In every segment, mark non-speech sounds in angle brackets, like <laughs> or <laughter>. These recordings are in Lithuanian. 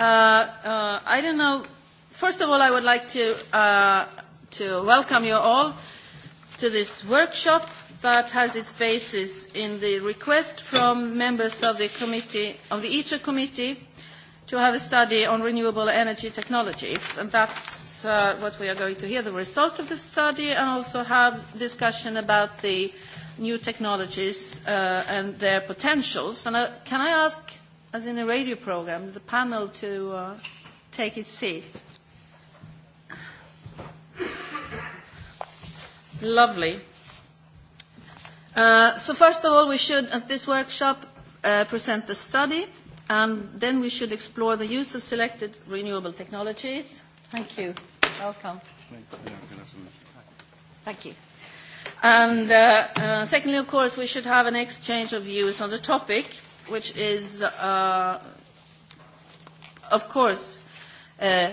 Uh, uh, I don't know. First of all, I would like to, uh, to welcome you all to this workshop that has its basis in the request from members of the, committee, of the ITRE committee to have a study on renewable energy technologies. And that's uh, what we are going to hear, the result of the study, and also have discussion about the new technologies uh, and their potentials. And uh, can I ask as in a radio program, the panel to uh, take its seat. Lovely. Uh, so first of all, we should, at this workshop, uh, present the study, and then we should explore the use of selected renewable technologies. Thank you. Welcome. Thank you. And uh, uh, secondly, of course, we should have an exchange of views on the topic. Uh, which is, uh, of course, uh,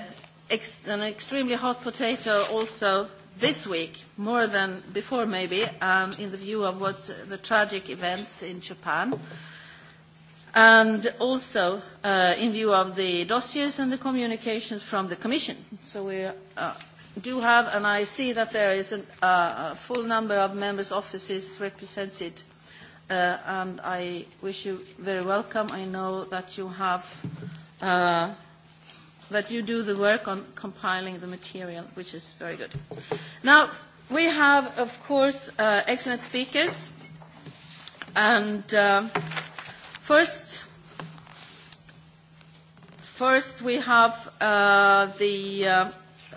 ex an extremely hot potato also this week, more than before maybe, um, in the view of what's the tragic events in Japan, and also uh, in view of the dossiers and the communications from the Commission. So we uh, do have, and I see that there is uh, a uh, full number of members' offices represented uh, and I wish you very welcome. I know that you have uh, that you do the work on compiling the material, which is very good. Now we have, of course, uh, excellent speakers, and uh, first. First, we have uh, the uh,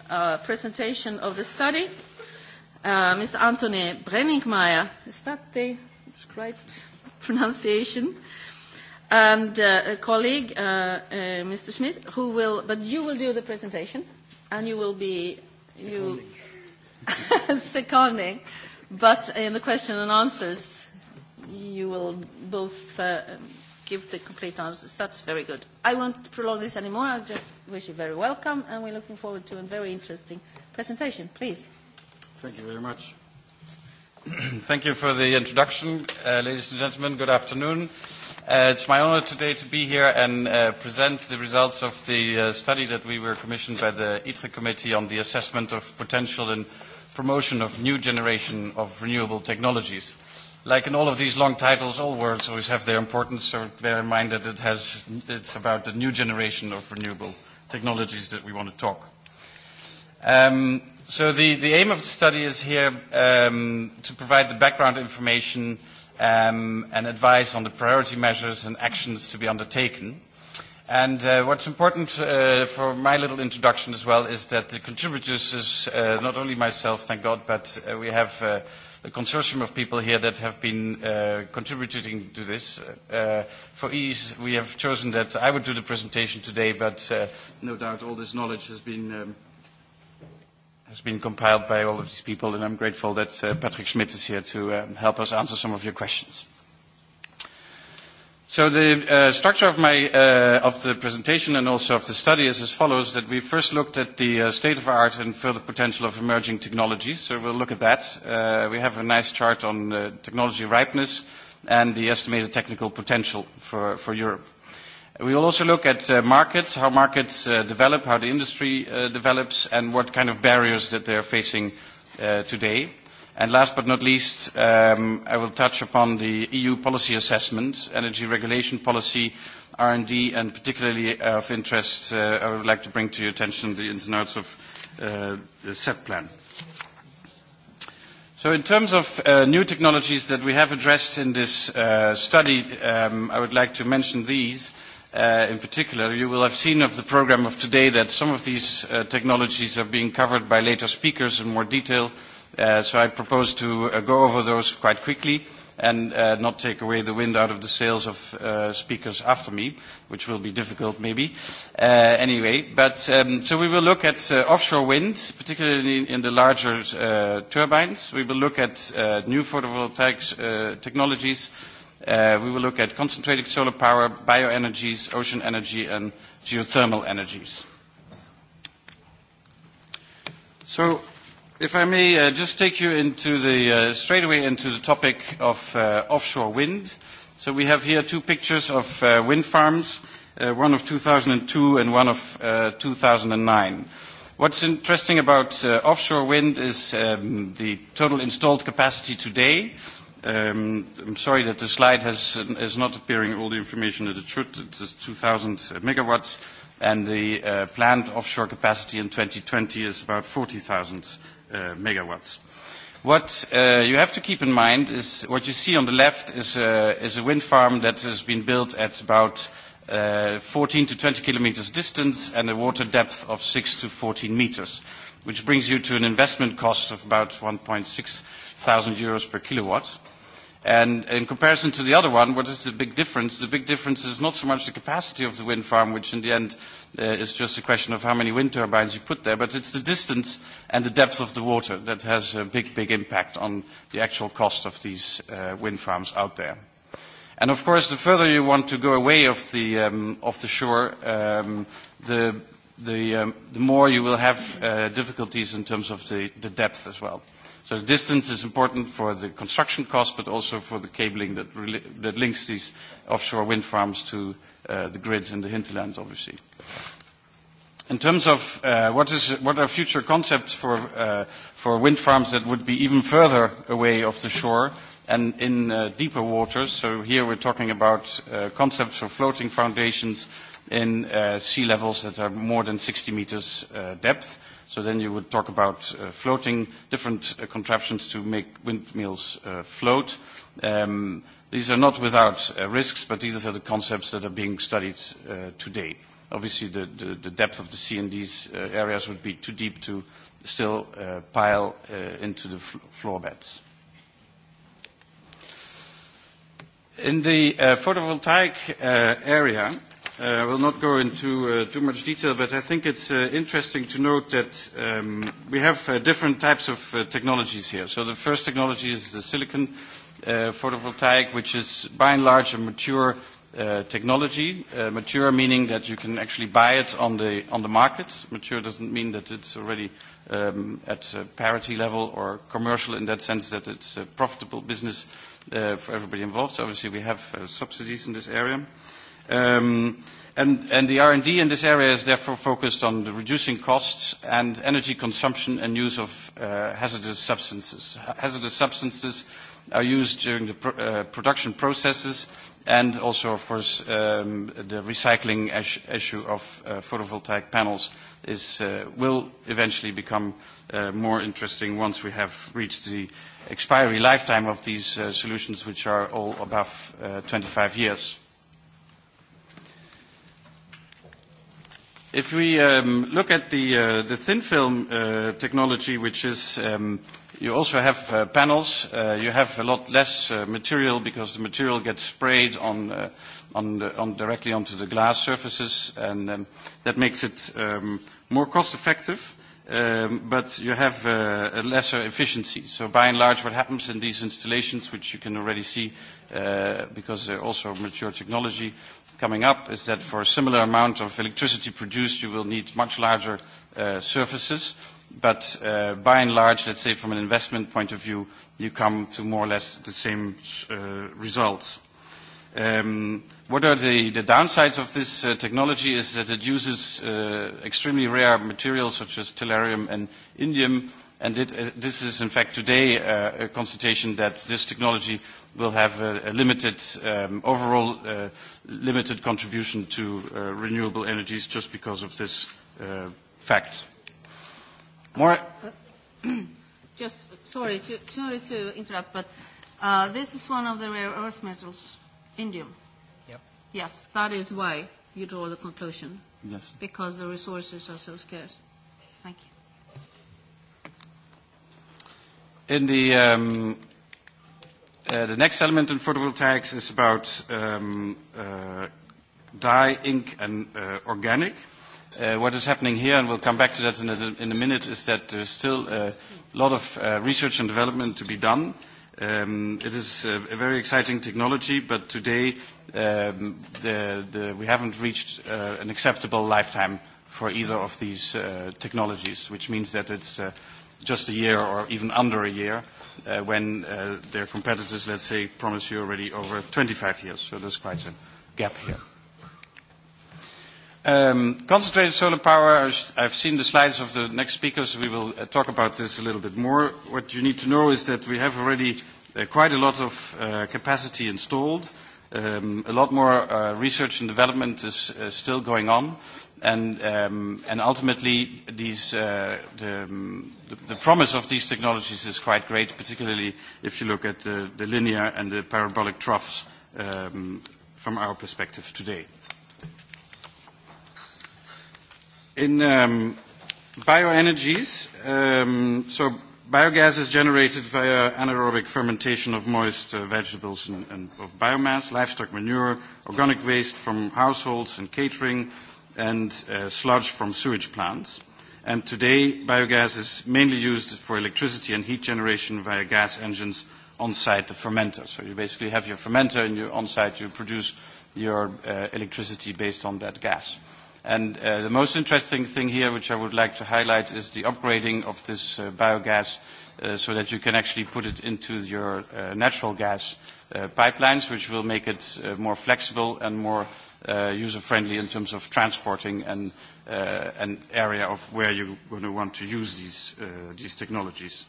uh, presentation of the study. Uh, Mr. Anthony Brenningmeier, is that the right pronunciation, and uh, a colleague, uh, uh, Mr. Schmidt, who will, but you will do the presentation, and you will be, seconding. you, <laughs> seconding, but in the question and answers, you will both uh, give the complete answers. That's very good. I won't prolong this anymore. I just wish you very welcome, and we're looking forward to a very interesting presentation. Please. Thank you very much. <clears throat> Thank you for the introduction, uh, ladies and gentlemen. Good afternoon. Uh, it's my honor today to be here and uh, present the results of the uh, study that we were commissioned by the ITRE Committee on the assessment of potential and promotion of new generation of renewable technologies. Like in all of these long titles, all words always have their importance, so bear in mind that it has, it's about the new generation of renewable technologies that we want to talk. Um, So the, the aim of the study is here um, to provide the background information um, and advice on the priority measures and actions to be undertaken. And uh, what's important uh, for my little introduction as well is that the contributors is uh, not only myself, thank God, but uh, we have uh, the consortium of people here that have been uh, contributing to this. Uh, for ease, we have chosen that I would do the presentation today, but uh, no doubt all this knowledge has been um, – has been compiled by all of these people, and I'm grateful that uh, Patrick Schmidt is here to um, help us answer some of your questions. So the uh, structure of, my, uh, of the presentation and also of the study is as follows, that we first looked at the uh, state of art and further potential of emerging technologies, so we'll look at that. Uh, we have a nice chart on uh, technology ripeness and the estimated technical potential for, for Europe. We will also look at uh, markets, how markets uh, develop, how the industry uh, develops, and what kind of barriers that they're facing uh, today. And last but not least, um, I will touch upon the EU policy assessment, energy regulation policy, R&D, and particularly uh, of interest, uh, I would like to bring to your attention the ins and outs of uh, the SEP plan. So in terms of uh, new technologies that we have addressed in this uh, study, um, I would like to mention these uh, in particular, you will have seen of the program of today that some of these uh, technologies are being covered by later speakers in more detail. Uh, so I propose to uh, go over those quite quickly and uh, not take away the wind out of the sails of uh, speakers after me, which will be difficult maybe. Uh, anyway, but um, so we will look at uh, offshore wind, particularly in the larger uh, turbines. We will look at uh, new photovoltaic uh, technologies, uh, Uh, we will look at concentrated solar power, bioenergies, ocean energy, and geothermal energies. So, if I may uh, just take you into the, uh, straight away into the topic of uh, offshore wind. So we have here two pictures of uh, wind farms, uh, one of 2002 and one of uh, 2009. What's interesting about uh, offshore wind is um, the total installed capacity today, uh, Um, I'm sorry that the slide has, is not appearing all the information that it should. It's 2,000 megawatts, and the uh, planned offshore capacity in 2020 is about 40,000 uh, megawatts. What uh, you have to keep in mind is what you see on the left is a, is a wind farm that has been built at about 14 uh, to 20 kilometers distance and a water depth of 6 to 14 meters, which brings you to an investment cost of about 1,600 euros per kilowatt. And in comparison to the other one, what is the big difference? The big difference is not so much the capacity of the wind farm, which in the end uh, is just a question of how many wind turbines you put there, but it's the distance and the depth of the water that has a big, big impact on the actual cost of these uh, wind farms out there. And of course, the further you want to go away of the, um, of the shore, um, the, the, um, the more you will have uh, difficulties in terms of the, the depth as well. Uh, So distance is important for the construction cost, but also for the cabling that, that links these offshore wind farms to uh, the grid and the hinterland, obviously. In terms of uh, what, is, what are future concepts for, uh, for wind farms that would be even further away off the shore and in uh, deeper waters, so here we're talking about uh, concepts for floating foundations in uh, sea levels that are more than 60 meters uh, depth, So then you would talk about uh, floating different uh, contraptions to make windmills uh, float. Um, these are not without uh, risks, but these are the concepts that are being studied uh, today. Obviously, the, the, the depth of the sea in these uh, areas would be too deep to still uh, pile uh, into the fl floor beds. In the uh, photovoltaic uh, area, Uh, I will not go into uh, too much detail, but I think it's uh, interesting to note that um, we have uh, different types of uh, technologies here. So the first technology is the silicon uh, photovoltaic, which is by and large a mature uh, technology. Uh, mature meaning that you can actually buy it on the, on the market. Mature doesn't mean that it's already um, at uh, parity level or commercial in that sense that it's a profitable business uh, for everybody involved. So obviously we have uh, subsidies in this area. Um, and, and the R&D in this area is therefore focused on the reducing costs and energy consumption and use of uh, hazardous substances. Hazardous substances are used during the pro uh, production processes and also, of course, um, the recycling issue of uh, photovoltaic panels is, uh, will eventually become uh, more interesting once we have reached the expiry lifetime of these uh, solutions, which are all above uh, 25 years. If we um, look at the, uh, the thin film uh, technology, which is um, you also have uh, panels, uh, you have a lot less uh, material because the material gets sprayed on, uh, on the, on directly onto the glass surfaces, and um, that makes it um, more cost effective. Um, but you have uh, a lesser efficiency. So by and large, what happens in these installations, which you can already see uh, because they're also mature technology, coming up is that for a similar amount of electricity produced, you will need much larger uh, surfaces. But uh, by and large, let's say from an investment point of view, you come to more or less the same uh, results. Um, what are the, the downsides of this uh, technology is that it uses uh, extremely rare materials such as tellurium and indium, and it, uh, this is in fact today uh, a constatation that this technology will have a, a limited um, overall uh, limited contribution to uh, renewable energies just because of this uh, fact. More. Uh, <clears throat> just sorry to, sorry to interrupt, but uh, this is one of the rare earth metals, indium. Yep. Yes, that is why you draw the conclusion. Yes. Because the resources are so scarce. Thank you. In the um, Uh, the next element in photovoltaics is about um, uh, dye, ink, and uh, organic. Uh, what is happening here, and we'll come back to that in a, in a minute, is that there's still a lot of uh, research and development to be done. Um, it is a, a very exciting technology, but today um, the, the, we haven't reached uh, an acceptable lifetime for either of these uh, technologies, which means that it's uh, just a year or even under a year uh, when uh, their competitors, let's say, promise you already over 25 years. So there's quite a gap here. Um, concentrated solar power, I've seen the slides of the next speakers. We will uh, talk about this a little bit more. What you need to know is that we have already uh, quite a lot of uh, capacity installed. Um, a lot more uh, research and development is uh, still going on. Uh, And, um, and ultimately, these, uh, the, the, the promise of these technologies is quite great, particularly if you look at the, the linear and the parabolic troughs um, from our perspective today. In um, bioenergies, um, so biogas is generated via anaerobic fermentation of moist uh, vegetables and, and of biomass, livestock manure, organic waste from households and catering, and uh, sludge from sewage plants. And today, biogas is mainly used for electricity and heat generation via gas engines on-site, the fermenter. So you basically have your fermenter and you on-site you produce your uh, electricity based on that gas. And uh, the most interesting thing here, which I would like to highlight, is the upgrading of this uh, biogas uh, so that you can actually put it into your uh, natural gas uh, pipelines, which will make it uh, more flexible and more uh, user-friendly in terms of transporting and, uh, and area of where you're going to want to use these, uh, these technologies.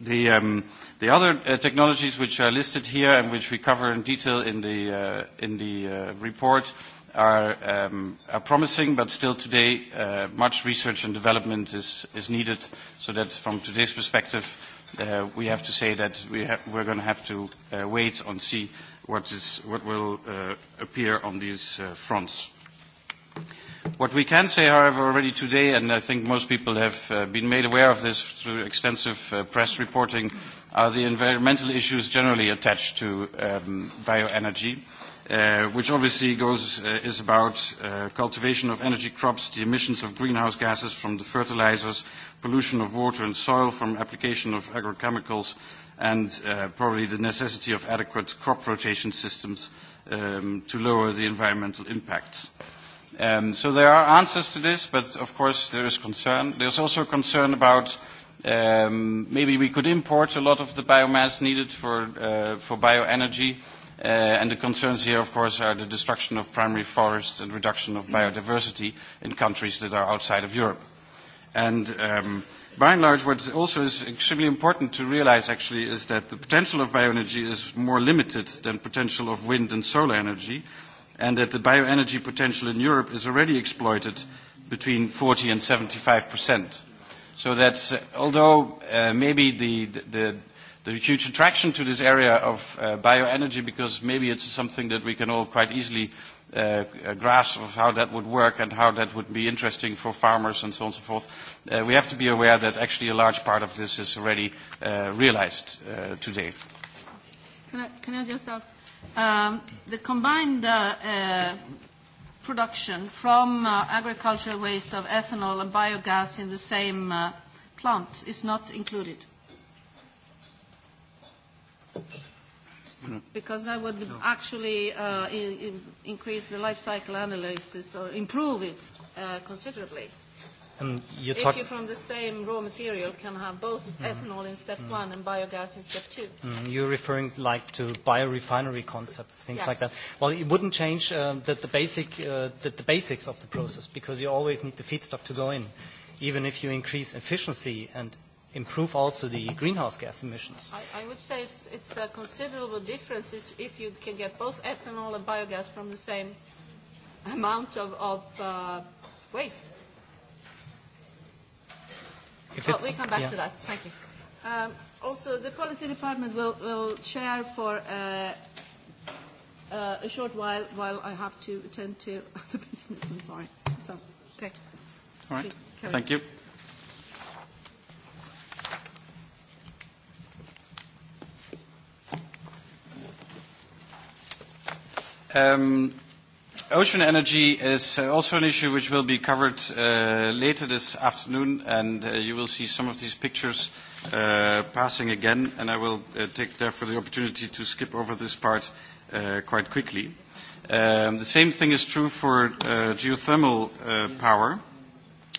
The, um, the other uh, technologies which are listed here and which we cover in detail in the, uh, in the uh, report are, um, are promising, but still today uh, much research and development is, is needed. So that from today's perspective, uh, we have to say that we ha we're going to have to uh, wait and see what, is, what will uh, appear on these uh, fronts. What we can say, however, already today, and I think most people have uh, been made aware of this through extensive uh, press reporting, are the environmental issues generally attached to um, bioenergy, uh, which obviously goes, uh, is about uh, cultivation of energy crops, the emissions of greenhouse gases from the fertilizers, pollution of water and soil from application of agrochemicals, and uh, probably the necessity of adequate crop rotation systems um, to lower the environmental impacts. Um, so there are answers to this, but of course there is concern. There's also concern about um, maybe we could import a lot of the biomass needed for, uh, for bioenergy. Uh, and the concerns here, of course, are the destruction of primary forests and reduction of mm. biodiversity in countries that are outside of Europe. And um, uh, by and large, what also is extremely important to realize actually is that the potential of bioenergy is more limited than potential of wind and solar energy, and that the bioenergy potential in Europe is already exploited between 40 and 75 percent. So that's, uh, although uh, maybe the, the, the huge attraction to this area of uh, bioenergy, because maybe it's something that we can all quite easily uh, uh, a grasp of how that would work and how that would be interesting for farmers and so on and so forth, uh, we have to be aware that actually a large part of this is already uh, realized uh, today. Can I, can I just ask, um, the combined uh, uh, production from uh, agricultural waste of ethanol and biogas in the same uh, plant is not included? Thank you because that would no. actually uh, in, in increase the life cycle analysis or improve it uh, considerably. Um, you if you from the same raw material can have both mm. ethanol in step mm. one and biogas in step two. Mm. You're referring like to biorefinery concepts, things yes. like that. Well, it wouldn't change uh, the, the, basic, uh, the, the basics of the process because you always need the feedstock to go in. Even if you increase efficiency and improve also the greenhouse gas emissions. I, I would say it's, it's a considerable difference is if you can get both ethanol and biogas from the same amount of, of uh, waste. If well, we come back yeah. to that. Thank you. Um, also, the policy department will, will share for uh, uh, a short while while I have to attend to <laughs> other business. I'm sorry. So, okay. All right. Please, Thank on. you. Um, ocean energy is uh, also an issue which will be covered uh, later this afternoon, and uh, you will see some of these pictures uh, passing again, and I will uh, take therefore the opportunity to skip over this part uh, quite quickly. Um, the same thing is true for uh, geothermal uh, power.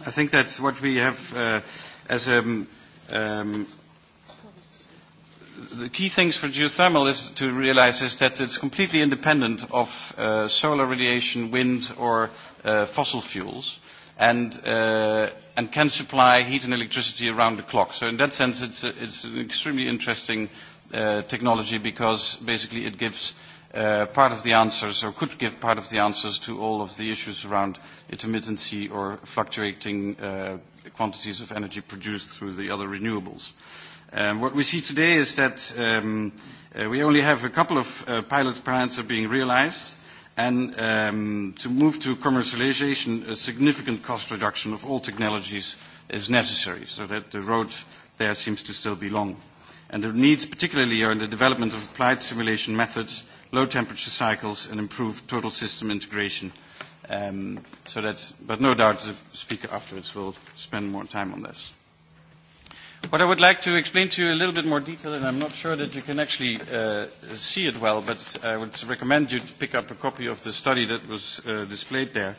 I think that what we have uh, as a um, um, the key things for geothermal is to realize is that it's completely independent of uh, solar radiation, wind, or uh, fossil fuels, and uh, and can supply heat and electricity around the clock. So in that sense, it's a, it's an extremely interesting uh, technology because basically it gives uh, part of the answers, or could give part of the answers to all of the issues around intermittency or fluctuating uh, quantities of energy produced through the other renewables. Uh, Um, what we see today is that um, uh, we only have a couple of uh, pilot plants are being realized, and um, to move to commercialization, a significant cost reduction of all technologies is necessary, so that the road there seems to still be long. And the needs particularly are in the development of applied simulation methods, low temperature cycles, and improved total system integration. Um, so that's, but no doubt the speaker afterwards will spend more time on this. What I would like to explain to you a little bit more detail, and I'm not sure that you can actually uh, see it well, but I would recommend you to pick up a copy of the study that was uh, displayed there.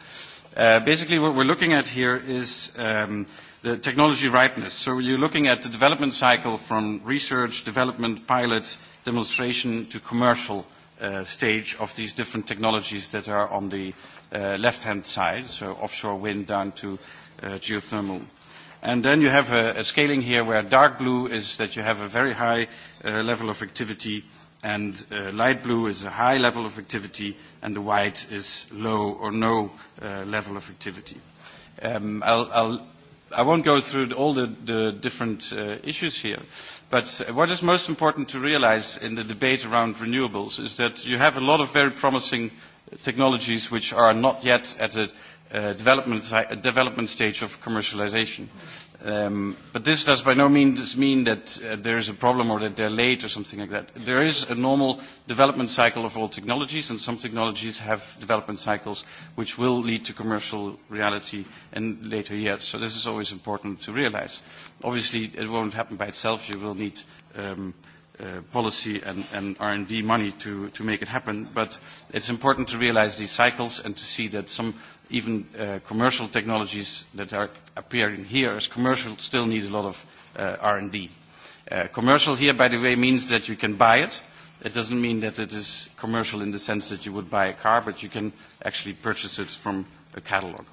Uh, basically, what we're looking at here is um, the technology ripeness. So you're looking at the development cycle from research, development, pilot, demonstration to commercial uh, stage of these different technologies that are on the uh, left-hand side, so offshore wind down to uh, geothermal And then you have a, a scaling here where dark blue is that you have a very high uh, level of activity, and uh, light blue is a high level of activity, and the white is low or no uh, level of activity. Um, I'll, I'll, I won't go through all the, the different uh, issues here, but what is most important to realize in the debate around renewables is that you have a lot of very promising technologies which are not yet at a uh, development, development stage of commercialization. Um, but this does by no means mean that uh, there is a problem or that they're late or something like that. There is a normal development cycle of all technologies, and some technologies have development cycles which will lead to commercial reality in later years. So this is always important to realize. Obviously, it won't happen by itself. You will need um, uh, uh, policy and, and R&D money to, to make it happen. But it's important to realize these cycles and to see that some even uh, commercial technologies that are appearing here as commercial still need a lot of uh, R&D. Uh, commercial here, by the way, means that you can buy it. It doesn't mean that it is commercial in the sense that you would buy a car, but you can actually purchase it from a catalog.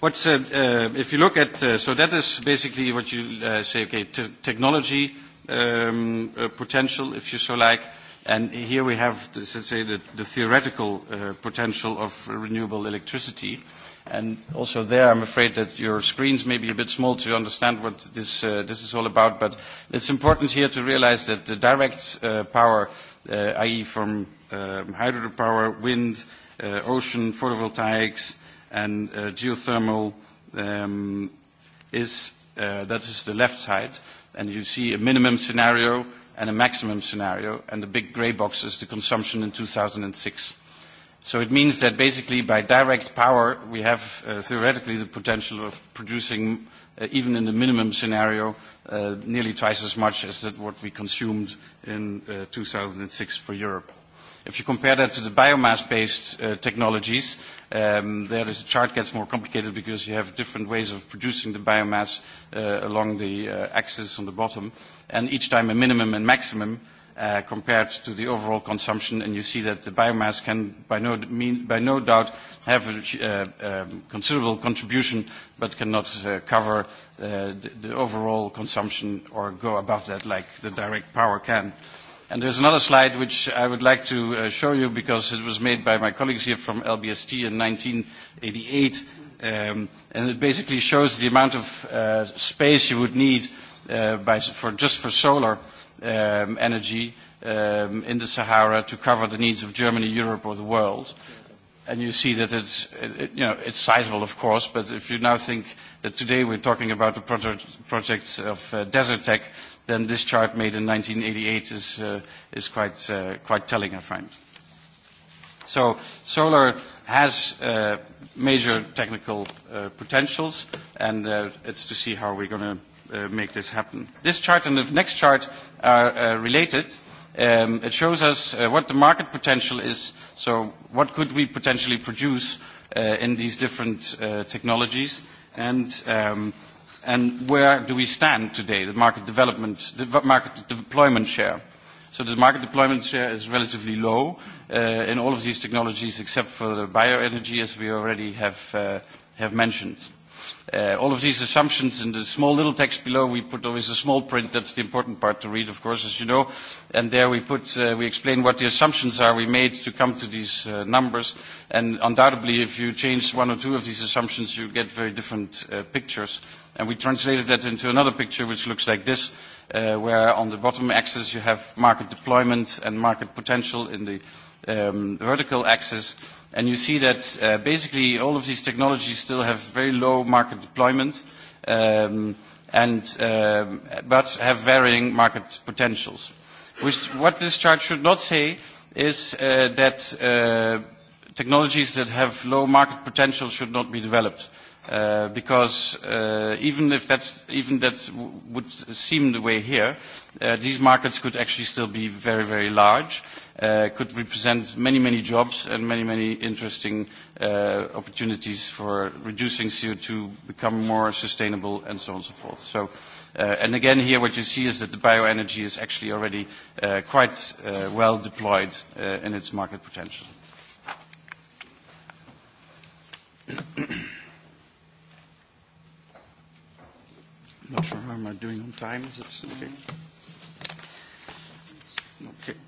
What's, uh, uh, if you look at, uh, so that is basically what you uh, say, okay, t technology, um, uh, potential, if you so like. And here we have, let's say, the, the theoretical uh, potential of renewable electricity. And also there, I'm afraid that your screens may be a bit small to understand what this, uh, this is all about, but it's important here to realize that the direct uh, power, uh, i.e. from um, hydropower, wind, uh, ocean, photovoltaics, and uh, geothermal, um, is, uh, that is the left side and you see a minimum scenario and a maximum scenario, and the big gray box is the consumption in 2006. So it means that basically by direct power, we have uh, theoretically the potential of producing, uh, even in the minimum scenario, uh, nearly twice as much as that what we consumed in uh, 2006 for Europe. If you compare that to the biomass-based uh, technologies, um, there is, the chart gets more complicated because you have different ways of producing the biomass uh, along the uh, axis on the bottom, and each time a minimum and maximum uh, compared to the overall consumption, and you see that the biomass can by no, mean, by no doubt have a uh, um, considerable contribution, but cannot uh, cover uh, the, the overall consumption or go above that like the direct power can. Uh, And there's another slide which I would like to uh, show you because it was made by my colleagues here from LBST in 1988. Um, and it basically shows the amount of uh, space you would need uh, by, for, just for solar um, energy um, in the Sahara to cover the needs of Germany, Europe, or the world. And you see that it's, it, you know, it's sizable, of course, but if you now think that today we're talking about the project, projects of uh, Desert Tech, than this chart made in 1988 is, uh, is quite, uh, quite telling, I find. So solar has uh, major technical uh, potentials, and uh, it's to see how we're going to uh, make this happen. This chart and the next chart are uh, related. Um, it shows us uh, what the market potential is, so what could we potentially produce uh, in these different uh, technologies. And um, and where do we stand today, the market development, the market deployment share. So the market deployment share is relatively low uh, in all of these technologies except for the bioenergy, as we already have, uh, have mentioned. Uh, all of these assumptions in the small little text below, we put always a small print. That's the important part to read, of course, as you know. And there we put, uh, we explain what the assumptions are we made to come to these uh, numbers. And undoubtedly, if you change one or two of these assumptions, you get very different uh, pictures. And we translated that into another picture which looks like this, uh, where on the bottom axis you have market deployment and market potential in the um, vertical axis. And you see that uh, basically all of these technologies still have very low market deployment, um, and, um, but have varying market potentials. Which, what this chart should not say is uh, that uh, technologies that have low market potential should not be developed. Uh, Uh, because uh, even if that's, even that would seem the way here, uh, these markets could actually still be very, very large, uh, could represent many, many jobs and many, many interesting uh, opportunities for reducing CO2, become more sustainable, and so on and so forth. So, uh, and again, here, what you see is that the bioenergy is actually already quite well deployed in its market potential. <coughs> Not sure how I'm doing on time. Is it okay? Okay.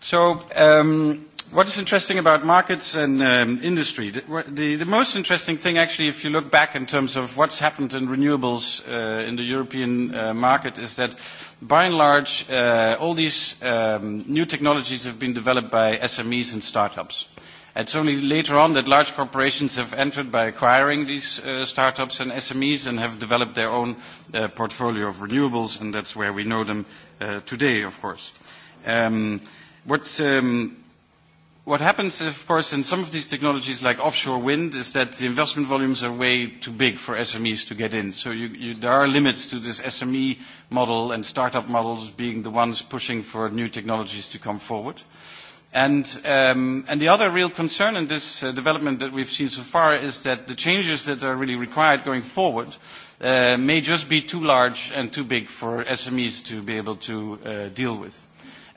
So, um, what is interesting about markets and um, industry? The, the, the most interesting thing, actually, if you look back in terms of what's happened in renewables uh, in the European uh, market, is that by and large, uh, all these um, new technologies have been developed by SMEs and startups. It's only later on that large corporations have entered by acquiring these uh, startups and SMEs and have developed their own uh, portfolio of renewables, and that's where we know them uh, today, of course. Um, what, um, what happens, of course, in some of these technologies like offshore wind is that the investment volumes are way too big for SMEs to get in. So you, you, there are limits to this SME model and startup models being the ones pushing for new technologies to come forward. Uh, And, um, and the other real concern in this uh, development that we've seen so far is that the changes that are really required going forward uh, may just be too large and too big for SMEs to be able to uh, deal with.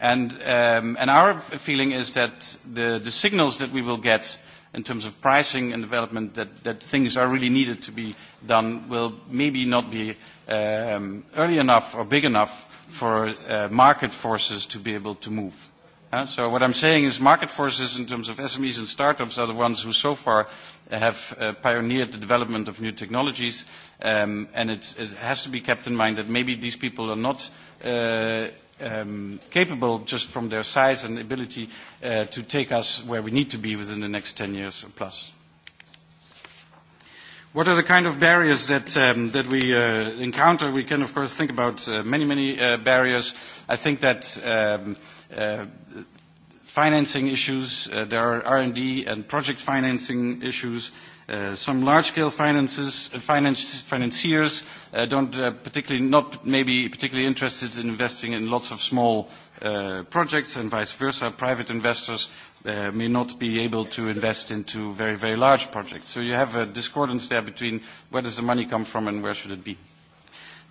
And, um, and our feeling is that the, the signals that we will get in terms of pricing and development that, that things are really needed to be done will maybe not be um, early enough or big enough for uh, market forces to be able to move. Uh, so what I'm saying is market forces in terms of SMEs and startups are the ones who so far have uh, pioneered the development of new technologies, um, and it's, it has to be kept in mind that maybe these people are not uh, um, capable just from their size and ability uh, to take us where we need to be within the next 10 years or plus. What are the kind of barriers that, um, that we uh, encounter? We can, of course, think about uh, many, many uh, barriers. I think that um, uh, uh, financing issues, uh, there are R&D and project financing issues. Uh, some large-scale finances, uh, finance, financiers uh, don't uh, particularly, not maybe particularly interested in investing in lots of small uh, projects and vice versa. Private investors uh, may not be able to invest into very, very large projects. So you have a discordance there between where does the money come from and where should it be. Uh,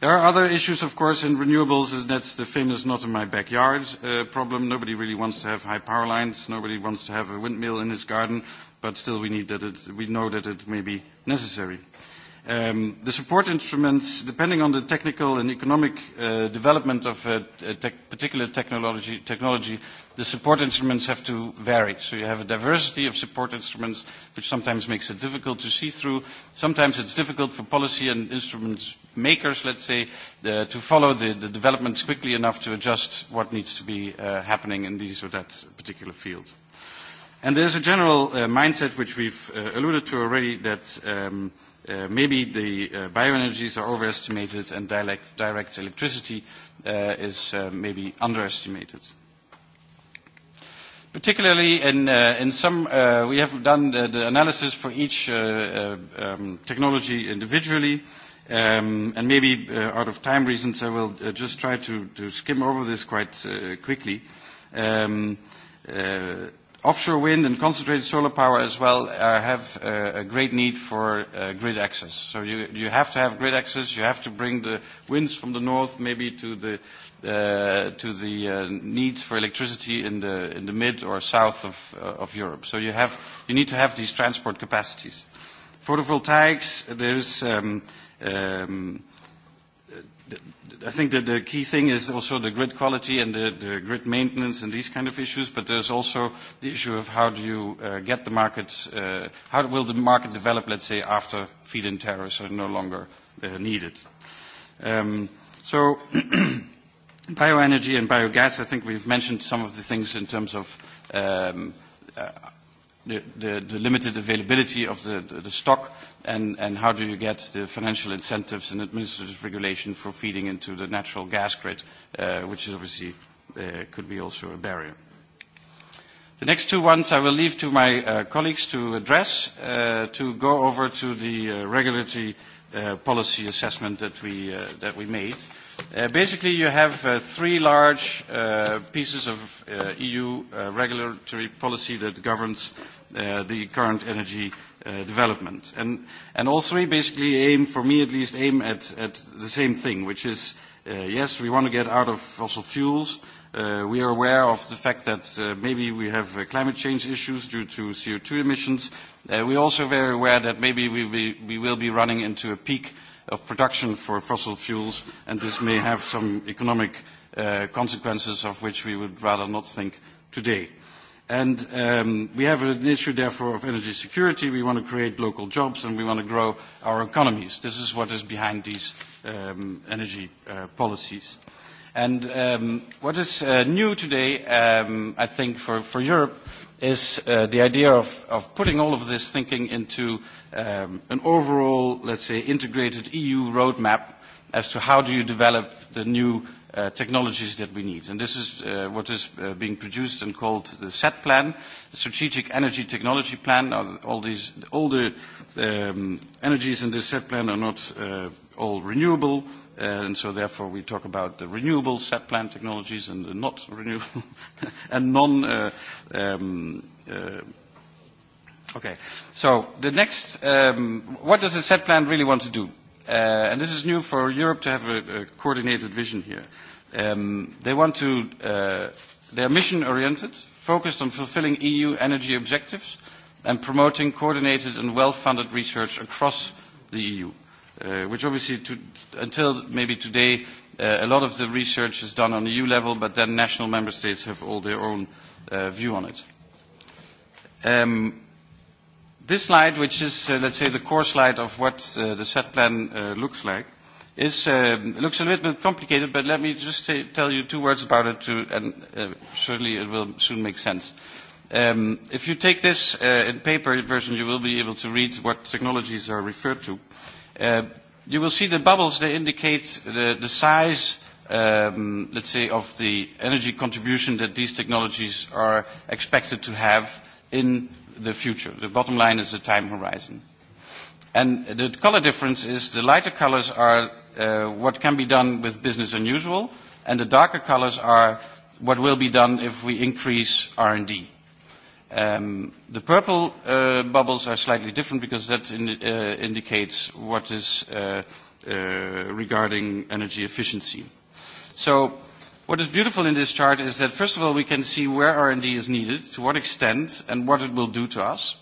There are other issues, of course, in renewables. Is that's the famous not in my backyard uh, problem. Nobody really wants to have high power lines. Nobody wants to have a windmill in his garden. But still, we, need that it, we know that it may be necessary. Um, the support instruments, depending on the technical and economic uh, development of a, a te particular technology, technology, the support instruments have to vary. So you have a diversity of support instruments, which sometimes makes it difficult to see through. Sometimes it's difficult for policy and instruments makers, let's say, the, to follow the, the developments quickly enough to adjust what needs to be uh, happening in these or that particular field. And there's a general uh, mindset which we've uh, alluded to already that um, uh, maybe the uh, bioenergies are overestimated and direct, direct electricity uh, is uh, maybe underestimated. Particularly in, uh, in some, uh, we have done the, the analysis for each uh, uh, um, technology individually. Uh, Um, and maybe uh, out of time reasons, I will uh, just try to, to skim over this quite uh, quickly. Um, uh, offshore wind and concentrated solar power as well are, uh, have uh, a great need for uh, grid access. So you, you have to have grid access. You have to bring the winds from the north maybe to the, uh, to the uh, needs for electricity in the, in the mid or south of, uh, of Europe. So you, have, you need to have these transport capacities. Photovoltaics, there's um, – Um, I think that the key thing is also the grid quality and the, the grid maintenance and these kind of issues, but there's also the issue of how do you uh, get the market, uh, how will the market develop, let's say, after feed-in tariffs are no longer uh, needed. Um, so <clears throat> bioenergy and biogas, I think we've mentioned some of the things in terms of um, uh, the, the, the limited availability of the, the, the stock and, and how do you get the financial incentives and administrative regulation for feeding into the natural gas grid, uh, which is obviously uh, could be also a barrier. The next two ones I will leave to my uh, colleagues to address, uh, to go over to the uh, regulatory uh, policy assessment that we, uh, that we made. Uh, Uh, basically, you have uh, three large uh, pieces of uh, EU uh, regulatory policy that governs uh, the current energy uh, development. And, and all three basically aim, for me at least, aim at, at the same thing, which is, uh, yes, we want to get out of fossil fuels. Uh, we are aware of the fact that uh, maybe we have uh, climate change issues due to CO2 emissions. Uh, we're also very aware that maybe we, be, we will be running into a peak uh, of production for fossil fuels, and this may have some economic uh, consequences of which we would rather not think today. And um, we have an issue, therefore, of energy security. We want to create local jobs, and we want to grow our economies. This is what is behind these um, energy uh, policies. And um, what is uh, new today, um, I think, for, for Europe is uh, the idea of, of putting all of this thinking into uh, um, an overall, let's say, integrated EU roadmap as to how do you develop the new uh, technologies that we need. And this is uh, what is uh, being produced and called the SET plan, the Strategic Energy Technology Plan. Now, all, these, all the um, energies in this SET plan are not uh, all renewable, uh, and so therefore we talk about the renewable SET plan technologies and the not renewable <laughs> and non uh, um, uh, Okay. So the next, um, what does the set plan really want to do? Uh, and this is new for Europe to have a, a coordinated vision here. Um, they want to, uh, they're mission-oriented, focused on fulfilling EU energy objectives and promoting coordinated and well-funded research across the EU, uh, which obviously to, until maybe today, uh, a lot of the research is done on EU level, but then national member states have all their own uh, view on it. Um, This slide, which is, uh, let's say, the core slide of what uh, the set plan uh, looks like, is, uh, looks a little bit complicated, but let me just say, tell you two words about it, to, and uh, surely it will soon make sense. Um, if you take this uh, in paper version, you will be able to read what technologies are referred to. Uh, you will see the bubbles, they indicate the, the size, um, let's say, of the energy contribution that these technologies are expected to have in the future. The bottom line is the time horizon. And the color difference is the lighter colors are uh, what can be done with business unusual, and the darker colors are what will be done if we increase R&D. Um, the purple uh, bubbles are slightly different because that in, uh, indicates what is uh, uh, regarding energy efficiency. So What is beautiful in this chart is that, first of all, we can see where R&D is needed, to what extent, and what it will do to us.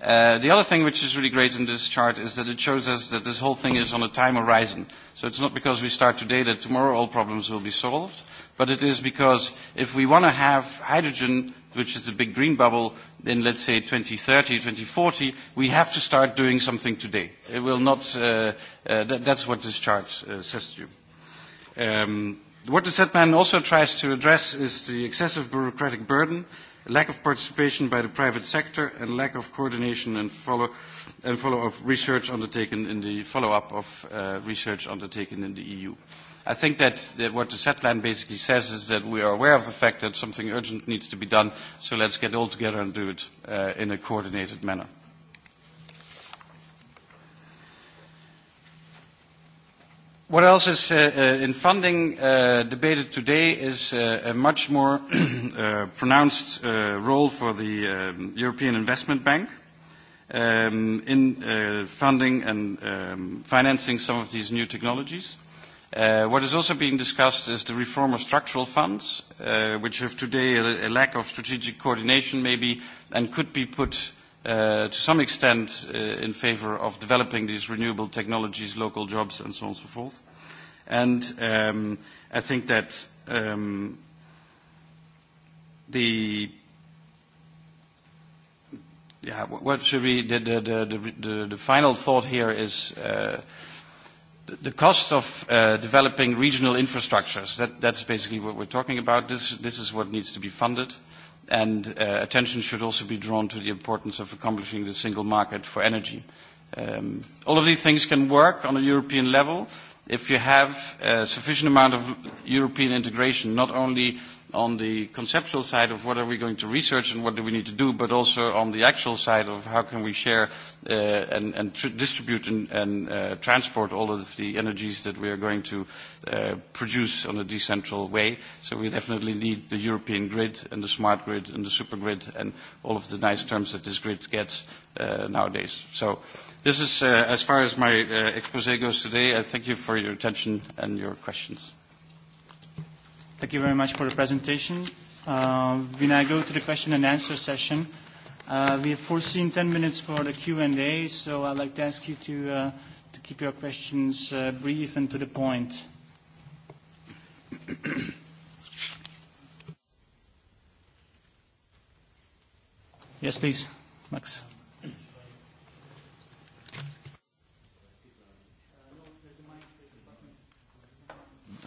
Uh, the other thing which is really great in this chart is that it shows us that this whole thing is on a time horizon. So it's not because we start today that tomorrow all problems will be solved, but it is because if we want to have hydrogen, which is the big green bubble, in let's say 2030, 2040, we have to start doing something today. It will not, uh, uh, that, that's what this chart uh, says to you. Um, What the set plan also tries to address is the excessive bureaucratic burden, lack of participation by the private sector, and lack of coordination and follow, and follow of research undertaken in the follow-up of uh, research undertaken in the EU. I think that, that what the set plan basically says is that we are aware of the fact that something urgent needs to be done, so let's get all together and do it uh, in a coordinated manner. What else is uh, uh, in funding uh, debated today is uh, a much more <clears throat> uh, pronounced uh, role for the um, European Investment Bank um, in uh, funding and um, financing some of these new technologies. Uh, what is also being discussed is the reform of structural funds, uh, which have today a, a lack of strategic coordination maybe and could be put uh, to some extent uh, in favor of developing these renewable technologies, local jobs, and so on and so forth. And um, I think that um, the yeah, what should we the the the the, the final thought here is. Uh, the cost of uh, developing regional infrastructures, that, that's basically what we're talking about. This, this is what needs to be funded. Uh, and uh, attention should also be drawn to the importance of accomplishing the single market for energy. Um, all of these things can work on a European level if you have a uh, sufficient amount of European integration, not only on the conceptual side of what are we going to research and what do we need to do, but also on the actual side of how can we share uh, and, and tr distribute and, and uh, transport all of the energies that we are going to uh, produce on a decentral way. So we definitely need the European grid and the smart grid and the super grid and all of the nice terms that this grid gets uh, nowadays. So this is uh, as far as my uh, expose goes today. I thank you for your attention and your questions. Thank you very much for the presentation. Uh, we now go to the question and answer session. Uh, we have foreseen 10 minutes for the Q&A, so I'd like to ask you to, uh, to keep your questions uh, brief and to the point. <coughs> yes, please, Max.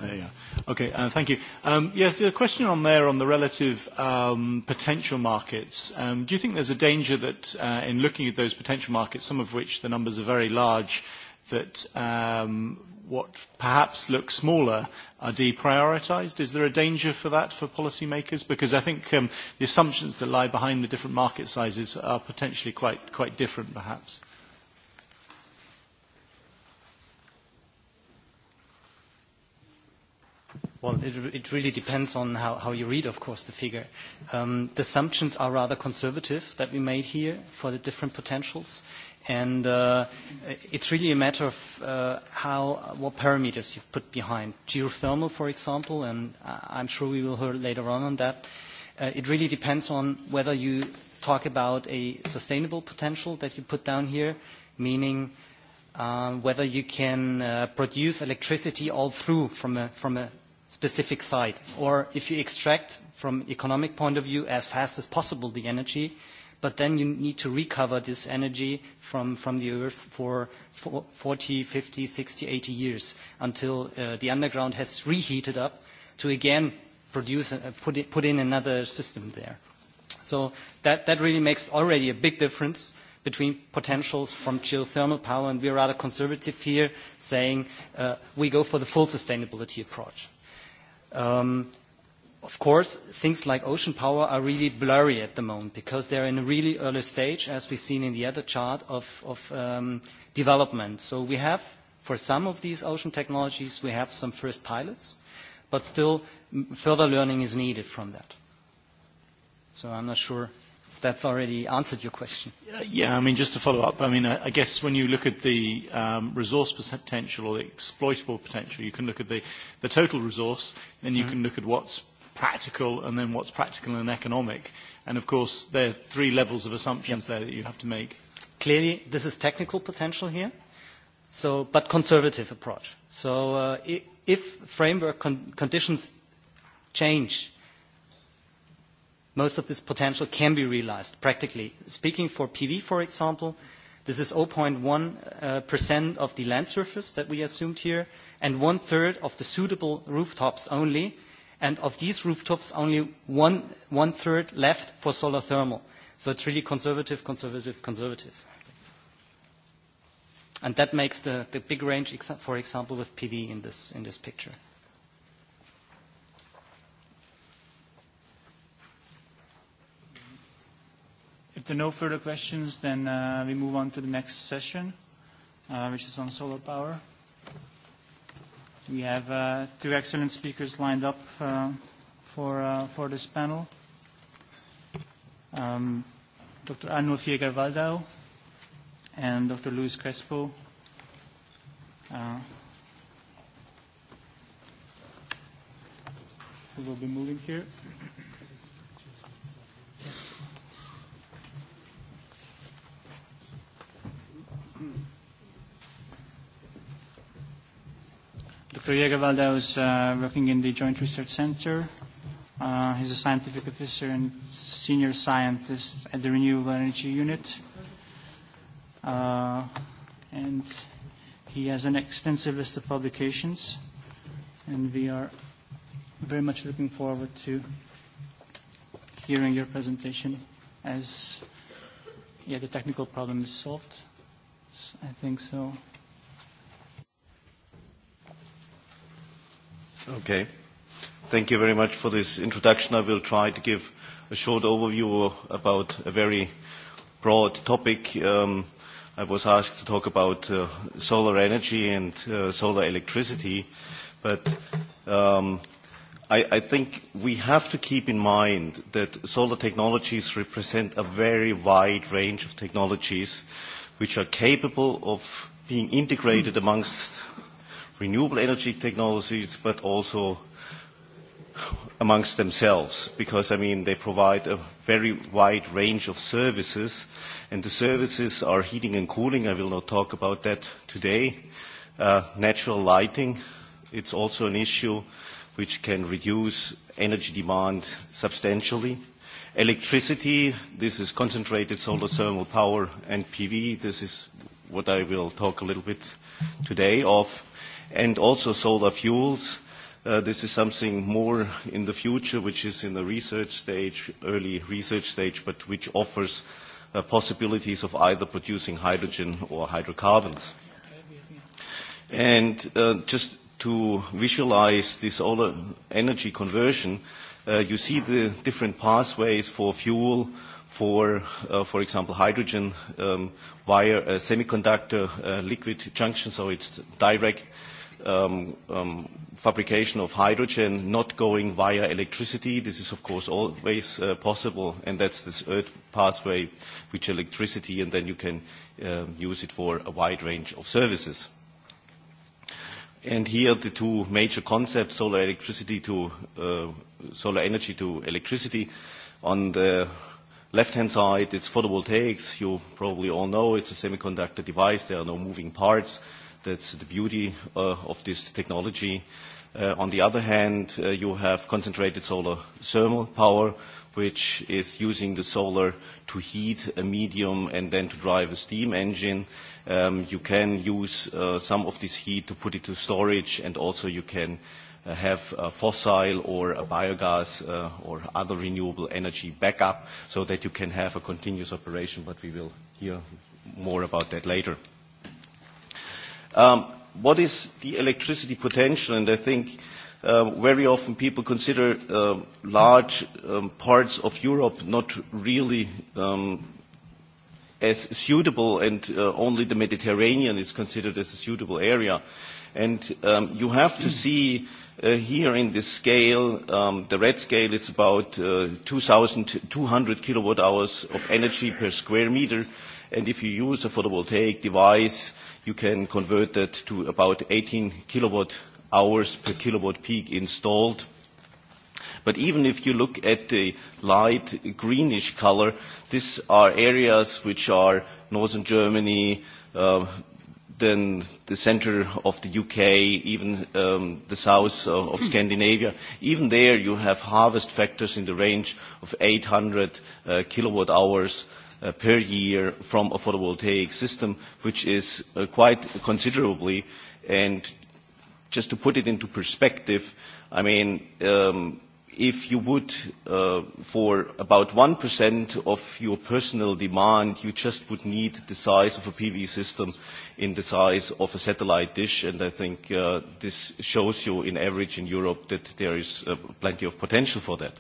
Uh, yeah. Okay, uh, thank you. Um, yes, a question on there on the relative um, potential markets. Um, do you think there's a danger that uh, in looking at those potential markets, some of which the numbers are very large, that um, what perhaps look smaller are deprioritized? Is there a danger for that for policymakers? Because I think um, the assumptions that lie behind the different market sizes are potentially quite, quite different, perhaps. Well, it, it really depends on how, how you read, of course, the figure. Um, the assumptions are rather conservative that we made here for the different potentials. And uh, it's really a matter of uh, how, what parameters you put behind. Geothermal, for example, and uh, I'm sure we will hear later on on that. Uh, it really depends on whether you talk about a sustainable potential that you put down here, meaning um, whether you can uh, produce electricity all through from a, from a specific site. Or if you extract from economic point of view as fast as possible the energy, but then you need to recover this energy from, from the earth for 40, 50, 60, 80 years until uh, the underground has reheated up to again produce, uh, put, it, put in another system there. So that, that really makes already a big difference between potentials from geothermal power, and we're rather conservative here, saying uh, we go for the full sustainability approach. Um, of course, things like ocean power are really blurry at the moment because they're in a really early stage, as we've seen in the other chart, of, of um, development. So we have, for some of these ocean technologies, we have some first pilots, but still further learning is needed from that. So I'm not sure that's already answered your question. Uh, yeah, I mean, just to follow up, I mean, I, I guess when you look at the um, resource potential or the exploitable potential, you can look at the, the total resource, then you mm-hmm. can look at what's practical and then what's practical and economic. And of course, there are three levels of assumptions yep. there that you have to make. Clearly, this is technical potential here, so, but conservative approach. So uh, if framework con- conditions change, most of this potential can be realized practically. Speaking for PV, for example, this is 0.1% uh, of the land surface that we assumed here, and one-third of the suitable rooftops only. And of these rooftops, only one, one-third left for solar thermal. So it's really conservative, conservative, conservative. And that makes the, the big range, for example, with PV in this, in this picture. If there are no further questions, then uh, we move on to the next session, uh, which is on solar power. We have uh, two excellent speakers lined up uh, for, uh, for this panel. Um, Dr. Arnulf Jäger-Waldau and Dr. Luis Crespo. Uh, who will be moving here. Dr. Diego Valdez, uh, working in the Joint Research Center. Uh, he's a scientific officer and senior scientist at the Renewable Energy Unit. Uh, and he has an extensive list of publications, and we are very much looking forward to hearing your presentation as yeah, the technical problem is solved. I think so. Okay. Thank you very much for this introduction. I will try to give a short overview about a very broad topic. Um, I was asked to talk about uh, solar energy and uh, solar electricity, but um, I, I think we have to keep in mind that solar technologies represent a very wide range of technologies which are capable of being integrated amongst renewable energy technologies, but also amongst themselves, because I mean they provide a very wide range of services, and the services are heating and cooling. I will not talk about that today. Uh, natural lighting, it's also an issue which can reduce energy demand substantially. Electricity, this is concentrated solar thermal power and PV. This is what I will talk a little bit today of and also solar fuels. Uh, this is something more in the future, which is in the research stage, early research stage, but which offers uh, possibilities of either producing hydrogen or hydrocarbons. And uh, just to visualize this solar energy conversion, uh, you see the different pathways for fuel, for, uh, for example, hydrogen um, via a semiconductor uh, liquid junction, so it's direct uh, um, um, fabrication of hydrogen not going via electricity. This is, of course, always uh, possible, and that's this third pathway, which electricity, and then you can um, use it for a wide range of services. And here the two major concepts, solar electricity to uh, solar energy to electricity. On the left-hand side, it's photovoltaics. You probably all know it's a semiconductor device. There are no moving parts. Uh, That's the beauty uh, of this technology. Uh, on the other hand, uh, you have concentrated solar thermal power, which is using the solar to heat a medium and then to drive a steam engine. Um, you can use uh, some of this heat to put it to storage, and also you can uh, have a fossil or a biogas uh, or other renewable energy backup so that you can have a continuous operation, but we will hear more about that later. Um, what is the electricity potential? And I think uh, very often people consider uh, large um, parts of Europe not really um, as suitable, and uh, only the Mediterranean is considered as a suitable area. And um, you have to see uh, here in this scale, um, the red scale is about uh, 2,200 kilowatt hours of energy per square meter. And if you use a photovoltaic device, uh, you can convert that to about 18 kilowatt hours per kilowatt peak installed. But even if you look at the light greenish color, these are areas which are northern Germany, uh, then the center of the UK, even um, the south of, of hmm. Scandinavia. Even there, you have harvest factors in the range of 800 uh, kilowatt hours uh, per year from a photovoltaic system, which is uh, quite considerably. And just to put it into perspective, I mean, um, if you would, uh, for about 1% of your personal demand, you just would need the size of a PV system in the size of a satellite dish. And I think uh, this shows you, in average, in Europe, that there is uh, plenty of potential for that.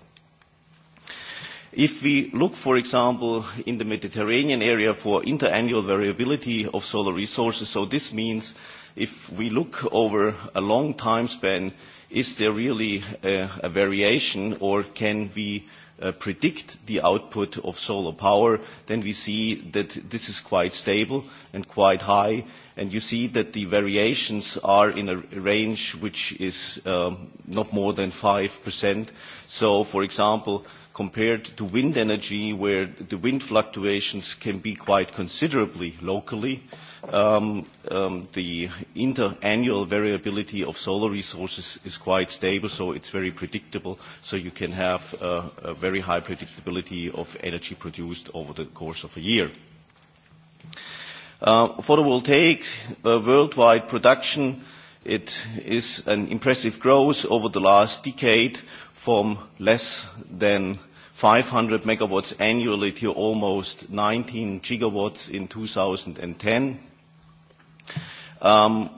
If we look, for example, in the Mediterranean area for interannual variability of solar resources, so this means if we look over a long time span, is there really a, a variation or can we uh, predict the output of solar power, then we see that this is quite stable and quite high. And you see that the variations are in a range which is um, not more than 5%. So, for example, uh, compared to wind energy, where the wind fluctuations can be quite considerably locally, um, um, the interannual variability of solar resources is quite stable, so it's very predictable. So you can have uh, a very high predictability of energy produced over the course of a year. Uh, photovoltaic uh, worldwide production, it is an impressive growth over the last decade from less than 500 MW annually to almost 19 GW in 2010. Um,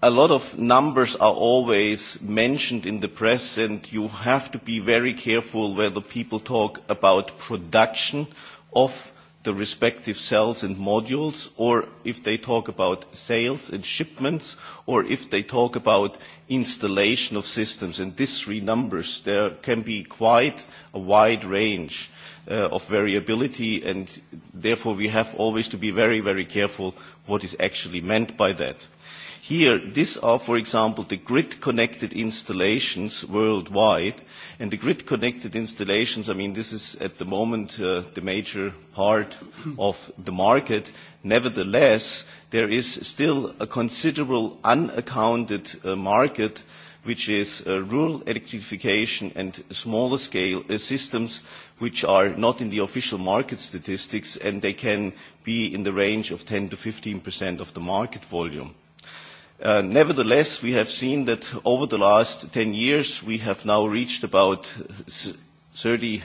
a lot of numbers are always mentioned in the press, and you have to be very careful whether people talk about production of the respective cells and modules, or if they talk about sales and shipments, or if they talk about installation of systems. And these three numbers, there can be quite a wide range uh, of variability, and therefore we have always to be very, very careful what is actually meant by that. Here, these are, for example, the grid-connected installations worldwide. And the grid-connected installations, I mean, this is at the moment uh, the major part of the market. Nevertheless, there is still a considerable unaccounted uh, market which is uh, rural electrification and smaller scale uh, systems which are not in the official market statistics and they can be in the range of 10 to 15 percent of the market volume. Uh, nevertheless, we have seen that over the last 10 years, we have now reached about 38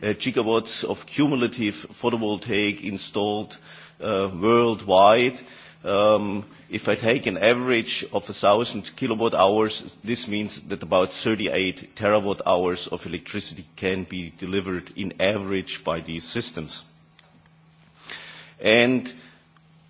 uh, gigawatts of cumulative photovoltaic installed uh, worldwide. Um, if I take an average of 1,000 kilowatt hours, this means that about 38 terawatt hours of electricity can be delivered in average by these systems. And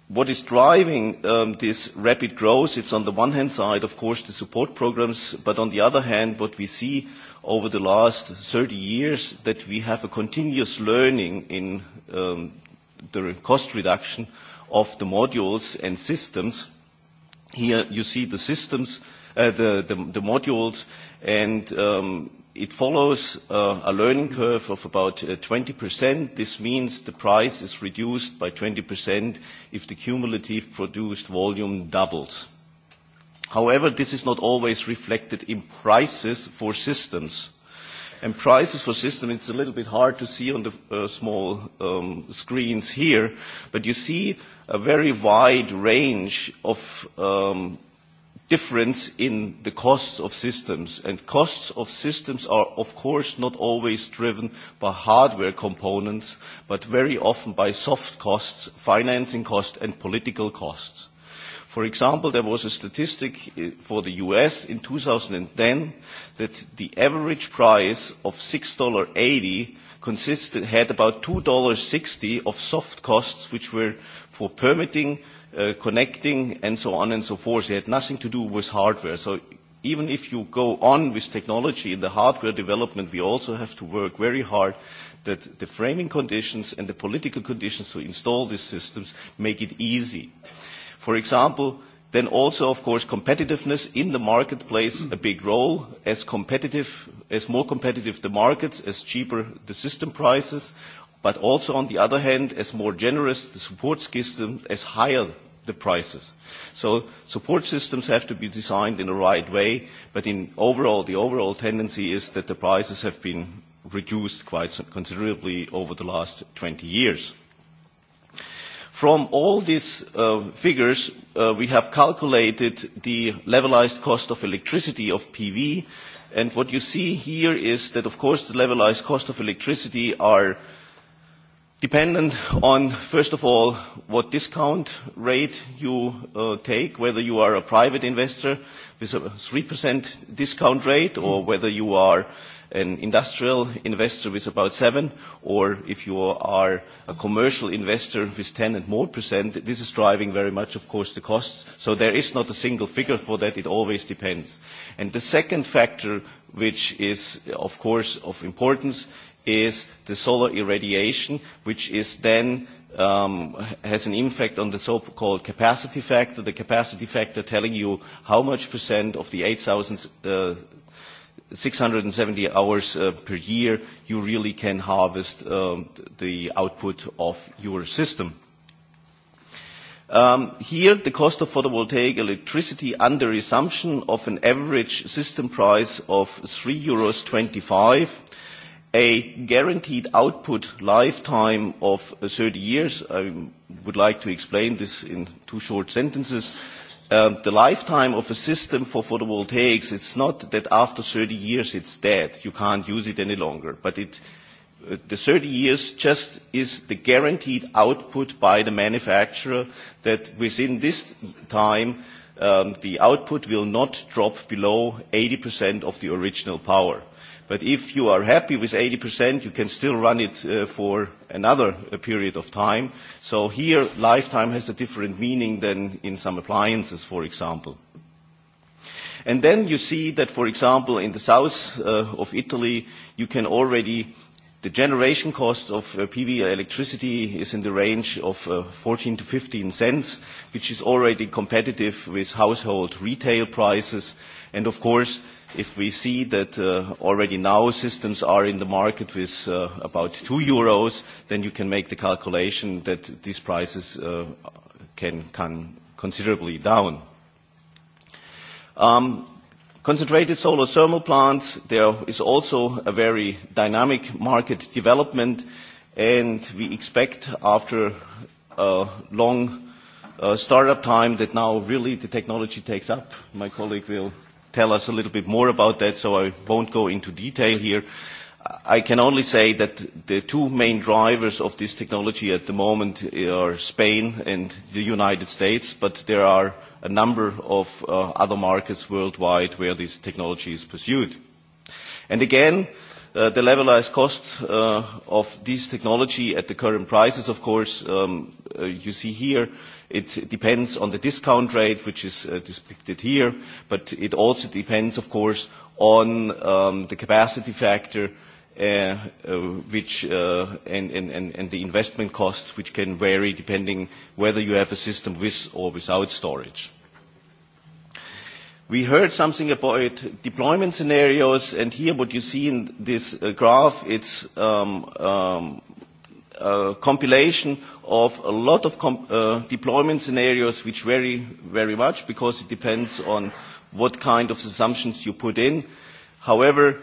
what is driving um, this rapid growth, it's on the one hand side, of course, the support programs, but on the other hand, what we see over the last 30 years, that we have a continuous learning in um, the cost reduction of the modules and systems. Here you see the systems, uh, the, the, the modules, and um, it follows uh, a learning curve of about uh, 20%. This means the price is reduced by 20% if the cumulative produced volume doubles. However, this is not always reflected in prices for systems. And prices for systems, it's a little bit hard to see on the uh, small um, screens here, but you see a very wide range of um, difference in the costs of systems. And costs of systems are, of course, not always driven by hardware components, but very often by soft costs, financing costs, and political costs. For example, there was a statistic eh, for the US in 2010 that the average price of $6.80 consisted, had about $2.60 of soft costs, which were for permitting, uh, connecting, and so on and so forth. It had nothing to do with hardware. So even if you go on with technology in the hardware development, we also have to work very hard that the framing conditions and the political conditions to install these systems make it easy. For example, then also, of course, competitiveness in the market plays a big role. As competitive, as more competitive the markets, as cheaper the system prices, but also on the other hand, as more generous the support system, as higher the prices. So support systems have to be designed in the right way, but in overall, the overall tendency is that the prices have been reduced quite considerably over the last 20 years. From all these uh, figures, uh, we have calculated the levelized cost of electricity of PV, and what you see here is that, of course, the levelized cost of electricity are uh, dependent on, first of all, what discount rate you uh, take, whether you are a private investor with a 3% discount rate or mm-hmm. whether you are an industrial investor with about 7 or if you are a commercial investor with 10 and more percent, this is driving very much, of course, the costs. So there is not a single figure for that. It always depends. And the second factor, which is, of course, of importance, is the solar irradiation, which is then um, has an impact on the so-called capacity factor, the capacity factor telling you how much percent of the 8,670 uh, hours uh, per year you really can harvest um, the output of your system. Um, here, the cost of photovoltaic electricity under assumption of an average system price of 3.25 euros a guaranteed output lifetime of 30 uh, years. I would like to explain this in two short sentences. Um, the lifetime of a system for photovoltaics, it's not that after 30 years it's dead, you can't use it any longer, but it, uh, the 30 years just is the guaranteed output by the manufacturer that within this time um, the output will not drop below 80% of the original power. Uh, But if you are happy with 80%, you can still run it uh, for another uh, period of time. So here, lifetime has a different meaning than in some appliances, for example. And then you see that, for example, in the south uh, of Italy, you can already the generation cost of uh, PV electricity is in the range of uh, 14 to 15 cents, which is already competitive with household retail prices. And of course, If we see that uh, already now systems are in the market with uh, about 2 euros, then you can make the calculation that these prices uh, can come considerably down. Um, concentrated solar thermal plants, there is also a very dynamic market development, and we expect after a long uh, startup time that now really the technology takes up. My colleague will tell us a little bit more about that, so I won't go into detail here. I can only say that the two main drivers of this technology at the moment are Spain and the United States, but there are a number of uh, other markets worldwide where this technology is pursued. And again, uh, the levelized cost uh, of this technology at the current prices, of course, um, uh, you see here, uh, It depends on the discount rate, which is uh, depicted here, but it also depends, of course, on um, the capacity factor, uh, uh, which uh, and, and, and the investment costs, which can vary depending whether you have a system with or without storage. We heard something about deployment scenarios, and here what you see in this uh, graph, it's um, um, uh, compilation of a lot of com uh, deployment scenarios which vary very much because it depends on what kind of assumptions you put in. However,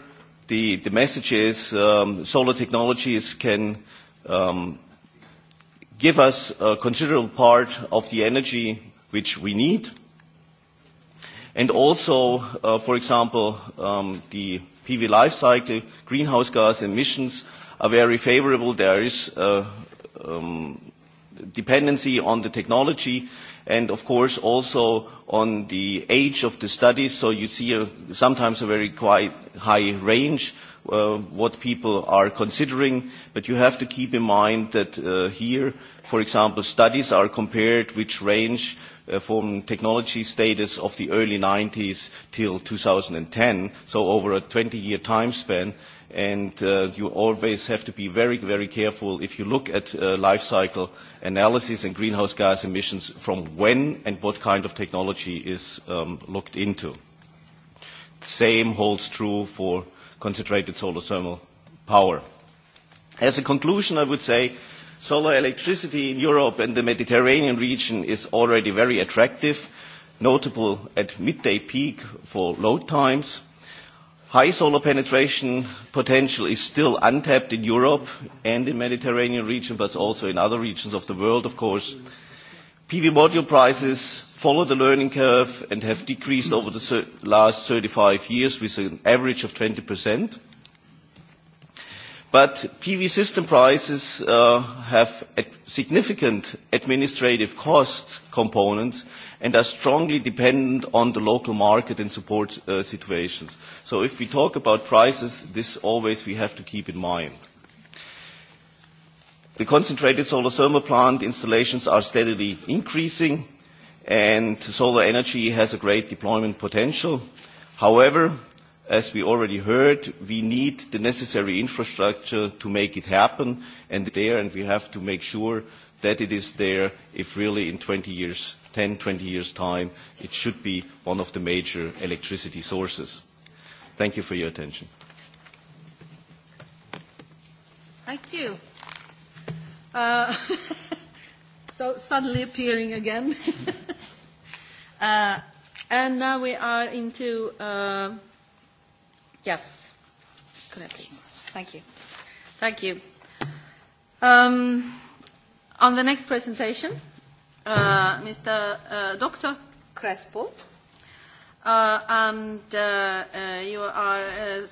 the, the message is um, solar technologies can um, give us a considerable part of the energy which we need. And also, uh, for example, um, the PV life cycle, greenhouse gas emissions are very favorable. There is uh, um, dependency on the technology and of course also on the age of the studies. So you see a, uh, sometimes a very quite high range uh, what people are considering, but you have to keep in mind that uh, here, for example, studies are compared which range uh, from technology status of the early 90s till 2010, so over a 20-year time span. Uh, and uh, you always have to be very, very careful if you look at uh, life cycle analysis and greenhouse gas emissions from when and what kind of technology is um, looked into. Same holds true for concentrated solar thermal power. As a conclusion, I would say solar electricity in Europe and the Mediterranean region is already very attractive, notable at midday peak for load times. High solar penetration potential is still untapped in Europe and in Mediterranean region, but also in other regions of the world, of course. PV module prices follow the learning curve and have decreased over the last 35 years with an average of 20%. But PV system prices uh, have a significant administrative costs components and are strongly dependent on the local market and support uh, situations. So if we talk about prices, this always we have to keep in mind. The concentrated solar thermal plant installations are steadily increasing, and solar energy has a great deployment potential. However, as we already heard, we need the necessary infrastructure to make it happen and there, and we have to make sure that it is there if really in 20 years, 10, 20 years' time, it should be one of the major electricity sources. Thank you for your attention. Thank you. Uh, <laughs> so suddenly appearing again. <laughs> uh, and now we are into uh, Yes. Could I please? Thank you. Thank you. Um, on the next presentation, uh, Mr. Uh, Dr. Crespo, uh, and uh, uh, you are uh,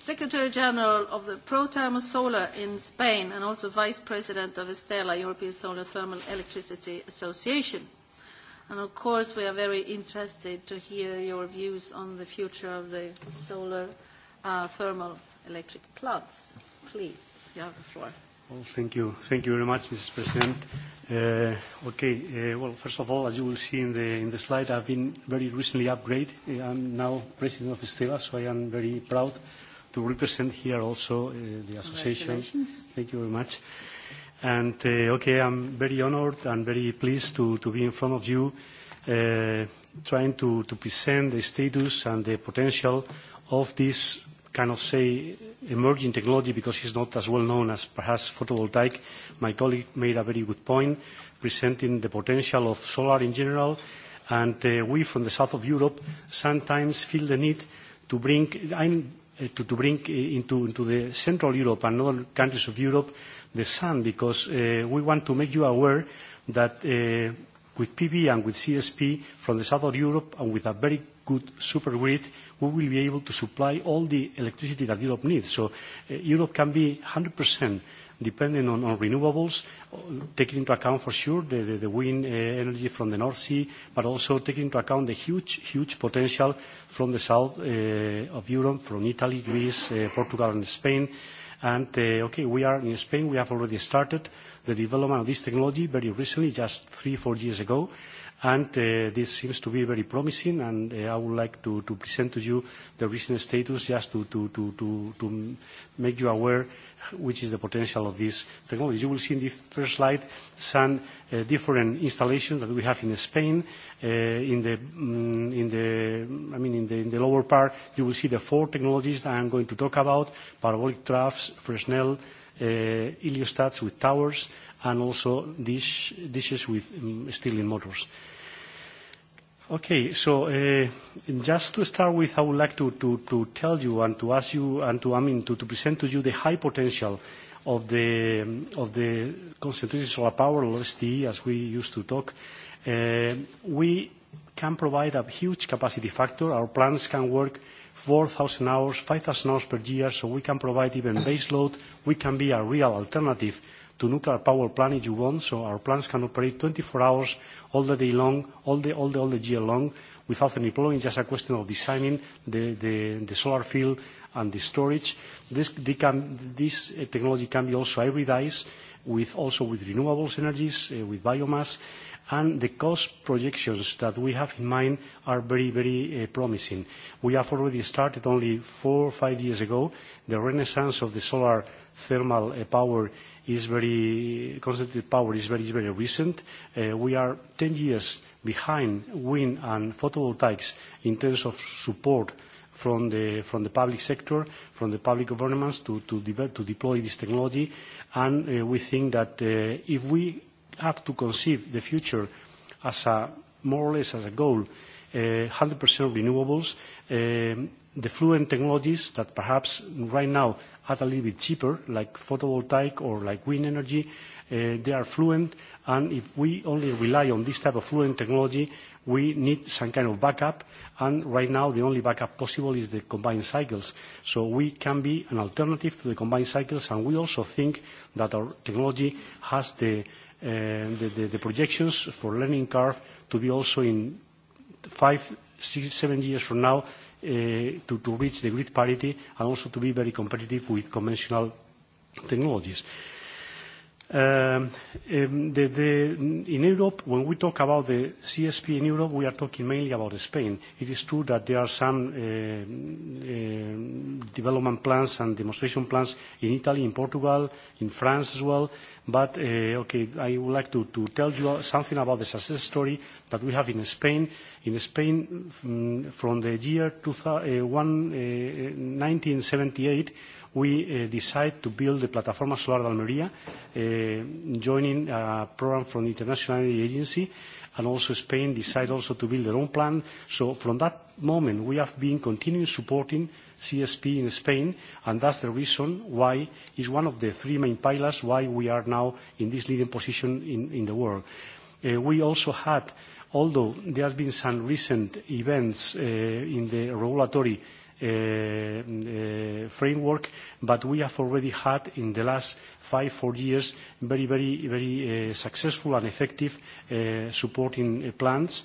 Secretary General of the Pro Termo Solar in Spain and also Vice President of Estela, European Solar Thermal Electricity Association. Uh, And of course, we are very interested to hear your views on the future of the solar uh, thermal electric plugs. Please, you have the floor. Well, thank you. Thank you very much, Mrs. President. Uh, okay, uh, well, first of all, as you will see in the, in the slide, I've been very recently upgraded. I'm now president of Stella, so I am very proud to represent here also uh, the association. Thank you very much. Uh, And uh, okay, I'm very honored and very pleased to, to be in front of you uh, trying to, to present the status and the potential of this kind of, say, emerging technology because it's not as well known as perhaps photovoltaic. My colleague made a very good point presenting the potential of solar in general. And uh, we from the south of Europe sometimes feel the need to bring, I'm, uh, to, to bring into, into the central Europe and other countries of Europe the sun because uh, we want to make you aware that uh, with PV and with CSP from the south of Europe and with a very good super grid, we will be able to supply all the electricity that Europe needs. So uh, Europe can be 100% dependent on, on renewables, taking into account for sure the, the, the wind uh, energy from the North Sea, but also taking into account the huge, huge potential from the south uh, of Europe, from Italy, Greece, uh, Portugal, and Spain. Uh, And, uh, okay, we are in Spain, we have already started the development of this technology very recently, just three, four years ago. And, uh, this seems to be very promising, and uh, I would like to, to present to you the recent status just to, to, to make you aware which is the potential of this technology. You will see in the first slide some uh, different installations that we have in Spain. Uh, in, the, mm, in, the, I mean, in, the, in the lower part, you will see the four technologies that I'm going to talk about, parabolic troughs, Fresnel, uh, heliostats with towers, and also dish, dishes with um, mm, steel in motors. Okay, so uh, just to start with, I would like to, to, to tell you and to ask you and to, I mean, to, to present to you the high potential of the, of the concentrated solar power, or STE, as we used to talk. Uh, we can provide a huge capacity factor. Our plants can work 4,000 hours, 5,000 hours per year, so we can provide even base load. We can be a real alternative to nuclear power plant if you want, so our plants can operate 24 hours all the day long, all the, all the, all the year long, without any problem. It's just a question of designing the, the, the solar field and the storage. This, they can, this uh, technology can be also hybridized with also with renewables energies, uh, with biomass, and the cost projections that we have in mind are very, very uh, promising. We have already started only four or five years ago, the renaissance of the solar thermal uh, power is very concentrated power is very, very recent. Uh, we are 10 years behind wind and photovoltaics in terms of support from the, from the public sector, from the public governments to, to, develop, to deploy this technology. And, uh, we think that uh, if we have to conceive the future as a more or less as a goal, 100% uh, renewables, um, the Fluence technologies that perhaps right now are a little bit cheaper, like photovoltaic or like wind energy. Uh, they are fluent, and if we only rely on this type of fluent technology, we need some kind of backup, and right now, the only backup possible is the combined cycles. So we can be an alternative to the combined cycles, and we also think that our technology has the, uh, the, the, the projections for learning curve to be also in five, six, seven years from now, Uh, to, to reach the grid parity and also to be very competitive with conventional technologies. Uh, Um, um, the, the, in Europe, when we talk about the CSP in Europe, we are talking mainly about Spain. It is true that there are some uh, uh, development plans and demonstration plans in Italy, in Portugal, in France as well. But, uh, okay, I would like to, to tell you something about the success story that we have in Spain. In Spain, mm, from the year 2000, 1978, we uh, decided to build the Plataforma Solar de Almería, uh, joining a program from the International Energy Agency, and also Spain decided also to build their own plant. So from that moment, we have been continuing supporting CSP in Spain, and that's the reason why it's one of the three main pillars why we are now in this leading position in, in the world. Uh, we also had, although there has been some recent events uh, in the regulatory uh, Uh, uh, framework, but we have already had in the last five, four years, very, very, very uh, successful and effective uh, supporting plans.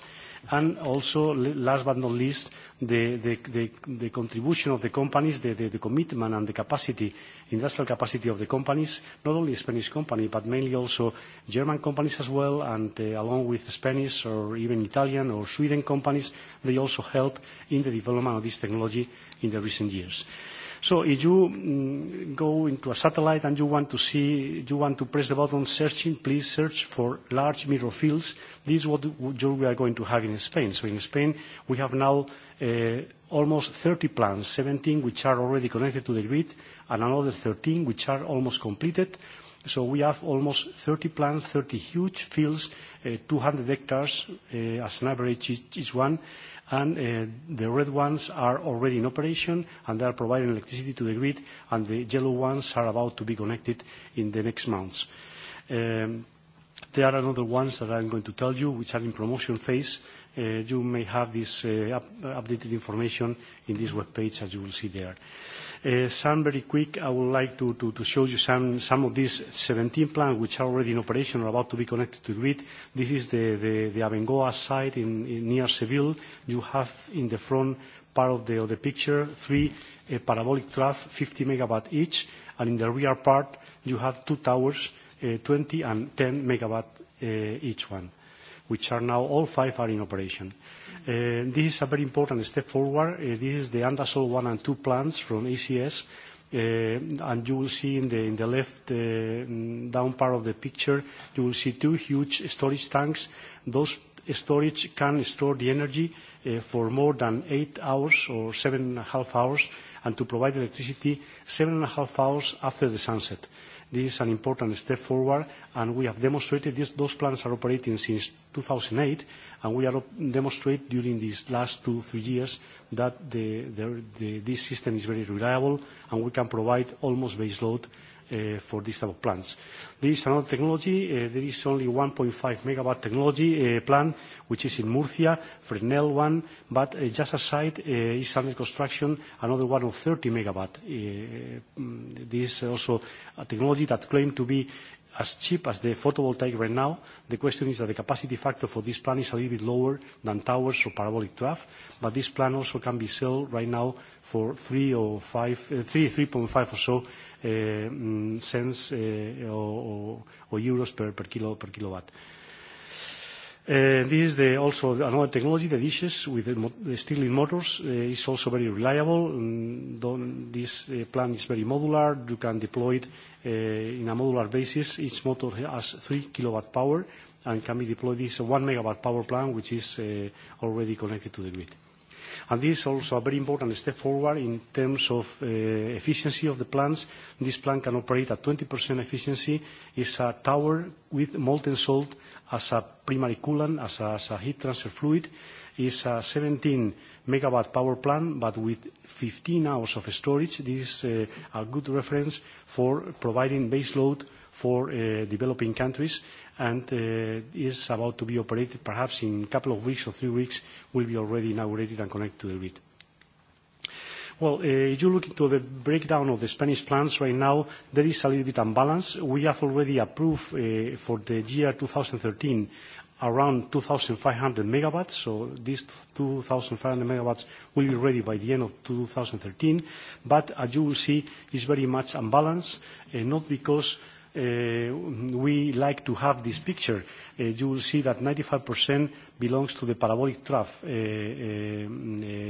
And also, last but not least, the, the, the, the contribution of the companies, the, the, the commitment and the capacity, industrial capacity of the companies, not only Spanish company, but mainly also German companies as well, and uh, along with Spanish or even Italian or Sweden companies, they also help in the development of this technology in the recent years. Uh, So if you mm, go into a satellite and you want to see, you want to press the button searching, please search for large mirror fields. This is what we are going to have in Spain. So in Spain, we have now uh, almost 30 plants, 17 which are already connected to the grid, and another 13 which are almost completed. So we have almost 30 plants, 30 huge fields, uh, 200 hectares uh, as an average each, each one and uh, the red ones are already in operation, and they are providing electricity to the grid, and the yellow ones are about to be connected in the next months. Um, there are another ones that I'm going to tell you, which are in promotion phase. Uh, you may have this uh, up updated information in this webpage, as you will see there. Uh, some very quick, I would like to, to, to show you some, some of these 17 plants which are already in operation or about to be connected to the grid. This is the, the, the Abengoa site in, in near Seville. You have in the front part of the, of the picture three uh, parabolic troughs, 50 MW each, and in the rear part, you have two towers, uh, 20 and 10 MW uh, each one, which are now all five are in operation. Uh, this is a very important step forward. Uh, this is the Andasol 1 and 2 plants from ACS. Uh, and you will see in the, in the left uh, mm, down part of the picture, you will see two huge storage tanks. Those storage can store the energy uh, for more than eight hours or seven and a half hours, and to provide electricity seven and a half hours after the sunset. This is an important step forward, and we have demonstrated this. Those plants are operating since 2008, and we are demonstrate during these last two, three years that the, the, the, this system is very reliable, and we can provide almost base load uh, for this type of plants. There is another technology. Uh, there is only 1.5 megawatt technology uh, plant, which is in Murcia, Fresnel one, but uh, just aside uh, is under construction another one of 30 megawatt. Uh, mm, this is also a technology that claimed to be as cheap as the photovoltaic right now. The question is that the capacity factor for this plant is a little bit lower than towers or parabolic trough, but this plant also can be sold right now for 3 or 5, uh, 3, 3.5 or so Eh, mm, cents or, eh, or euros per, per, kilo, per kilowatt. Uh, this is the, also another technology, the dishes with the steel in motors. Uh, it's also very reliable. Mm, this uh, plant is very modular. You can deploy it in a modular basis. Each motor has 3 kW power and can be deployed. It's a 1 MW power plant, which is already connected to the grid. And this is also a very important step forward in terms of uh, efficiency of the plants. This plant can operate at 20% efficiency. It's a tower with molten salt as a primary coolant, as a, as a heat transfer fluid. It's a 17 megawatt power plant, but with 15 hours of storage. This is uh, a good reference for providing base load for uh, developing countries and uh, is about to be operated. Perhaps in a couple of weeks or three weeks, will be already inaugurated and connected to the grid. Well, uh, if you look into the breakdown of the Spanish plans right now, there is a little bit imbalance. We have already approved uh, for the year 2013 around 2,500 MW, so these 2,500 MW will be ready by the end of 2013. But as you will see, it's very much unbalanced, not because Uh, we like to have this picture. Uh, you will see that 95% belongs to the parabolic trough uh,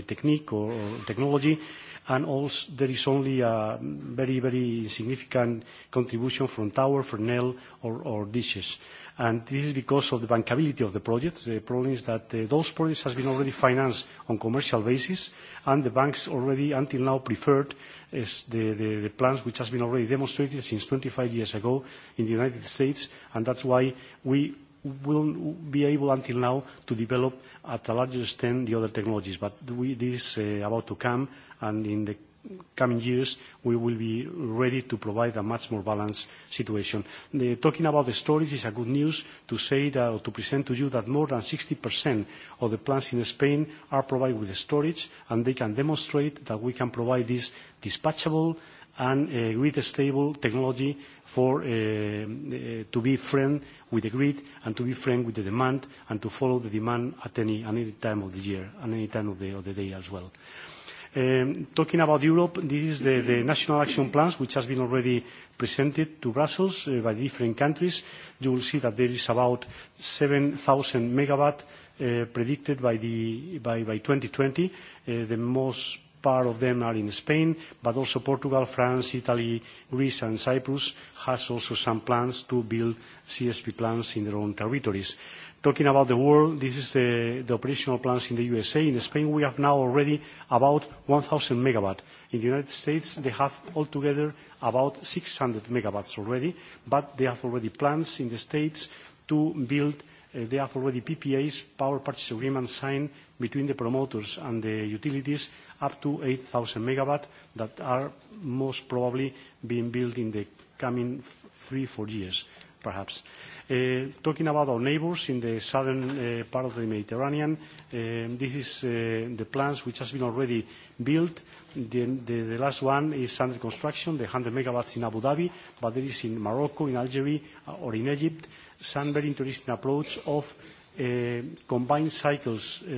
technique or technology, and also there is only a very, very significant contribution from tower, Fresnel, or, or dishes. And this is because of the bankability of the projects. The problem is that uh, those projects has been already financed on commercial basis, and the banks already, until now, preferred is the, the, the plans which has been already demonstrated since 25 years ago in the United States, and that's why we will be able until now to develop at a larger extent the other technologies. But we, this is uh, about to come, and in the coming years, we will be ready to provide a much more balanced situation. The, talking about the storage is a good news to say that, or to present to you that more than 60% of the plants in Spain are provided with storage, and they can demonstrate that we can provide this dispatchable and uh, grid-stable technology for uh, uh, to be friend with the grid and to be friend with the demand, and to follow the demand at any, at any time of the year, at any time of the, of the day as well. Uh, Um, talking about Europe, this is the, the national action plans, which has been already presented to Brussels uh, by different countries. You will see that there is about 7,000 megawatt uh, predicted by, the, by, by 2020. Uh, the most part of them are in Spain, but also Portugal, France, Italy, Greece, and Cyprus has also some plans to build CSP plants in their own territories. Uh, Talking about the world, this is the, the operational plans in the USA. In Spain, we have now already about 1,000 MW. In the United States, they have altogether about 600 MW already, but they have already plans in the States to build. Uh, they have already PPAs, power purchase agreements signed between the promoters and the utilities up to 8,000 MW that are most probably being built in the coming three, four years perhaps. Uh, talking about our neighbors in the southern uh, part of the Mediterranean, uh, this is uh, the plants which has been already built. The, the, the last one is under construction, the 100 megawatts in Abu Dhabi, but there is in Morocco, in Algeria, uh, or in Egypt, some very interesting approach of Uh, combined cycles, uh,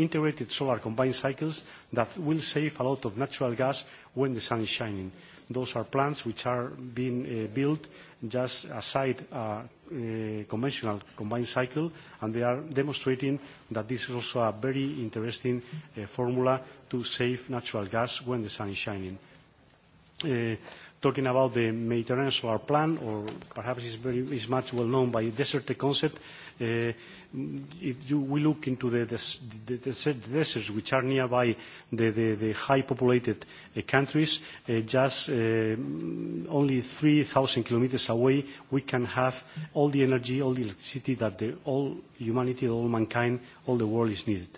integrated solar combined cycles that will save a lot of natural gas when the sun is shining. Those are plants which are being uh, built just a side uh, uh, conventional combined cycle, and they are demonstrating that this is also a very interesting uh, formula to save natural gas when the sun is shining. Uh, talking about the Mediterranean Solar Plan, or perhaps it's, very, it's much well known by Desertec concept, uh, Uh, if you, we look into the deserts which are nearby the, the, the high populated uh, countries, uh, just mm, only 3,000 kilometers away, we can have all the energy, all the electricity that the, all humanity, all mankind, all the world is needed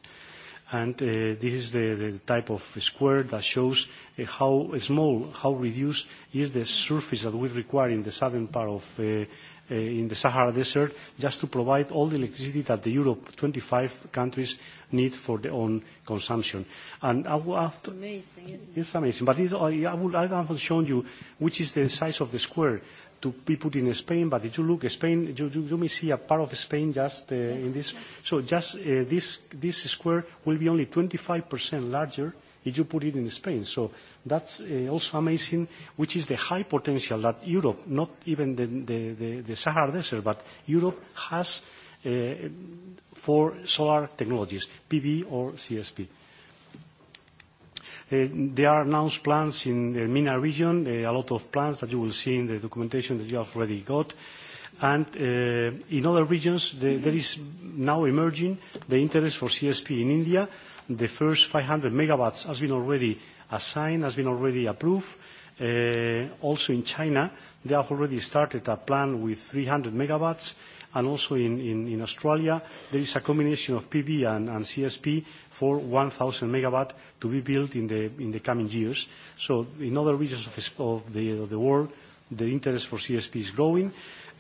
and uh, this is the, the type of square that shows uh, how small, how reduced is the surface that we require in the southern part of, uh, uh, in the Sahara Desert just to provide all the electricity that the Europe 25 countries need for their own consumption. And I will have to, it's amazing, isn't it? It's amazing. But it, I, will, I haven't shown you which is the size of the square to be put in Spain, but if you look, Spain, you, you, you may see a part of Spain just uh, yes, in this. Yes. So just uh, this, this square will be only 25% larger uh, if you put it in Spain. So that's uh, also amazing, which is the high potential that Europe, not even the, the, the, the Sahara Desert, but Europe has uh, for solar technologies, PV or CSP. Uh, there are announced plans in the MENA region, uh, a lot of plans that you will see in the documentation that you have already got. And uh, in other regions, the, there is now emerging the interest for CSP in India, The first 500 megawatts has been already assigned, has been already approved. Uh, also in China, they have already started a plan with 300 megawatts, and also in, in, in Australia, there is a combination of PV and, and CSP for 1,000 megawatt to be built in the, in the coming years. So in other regions of, of, the, of the world, the interest for CSP is growing.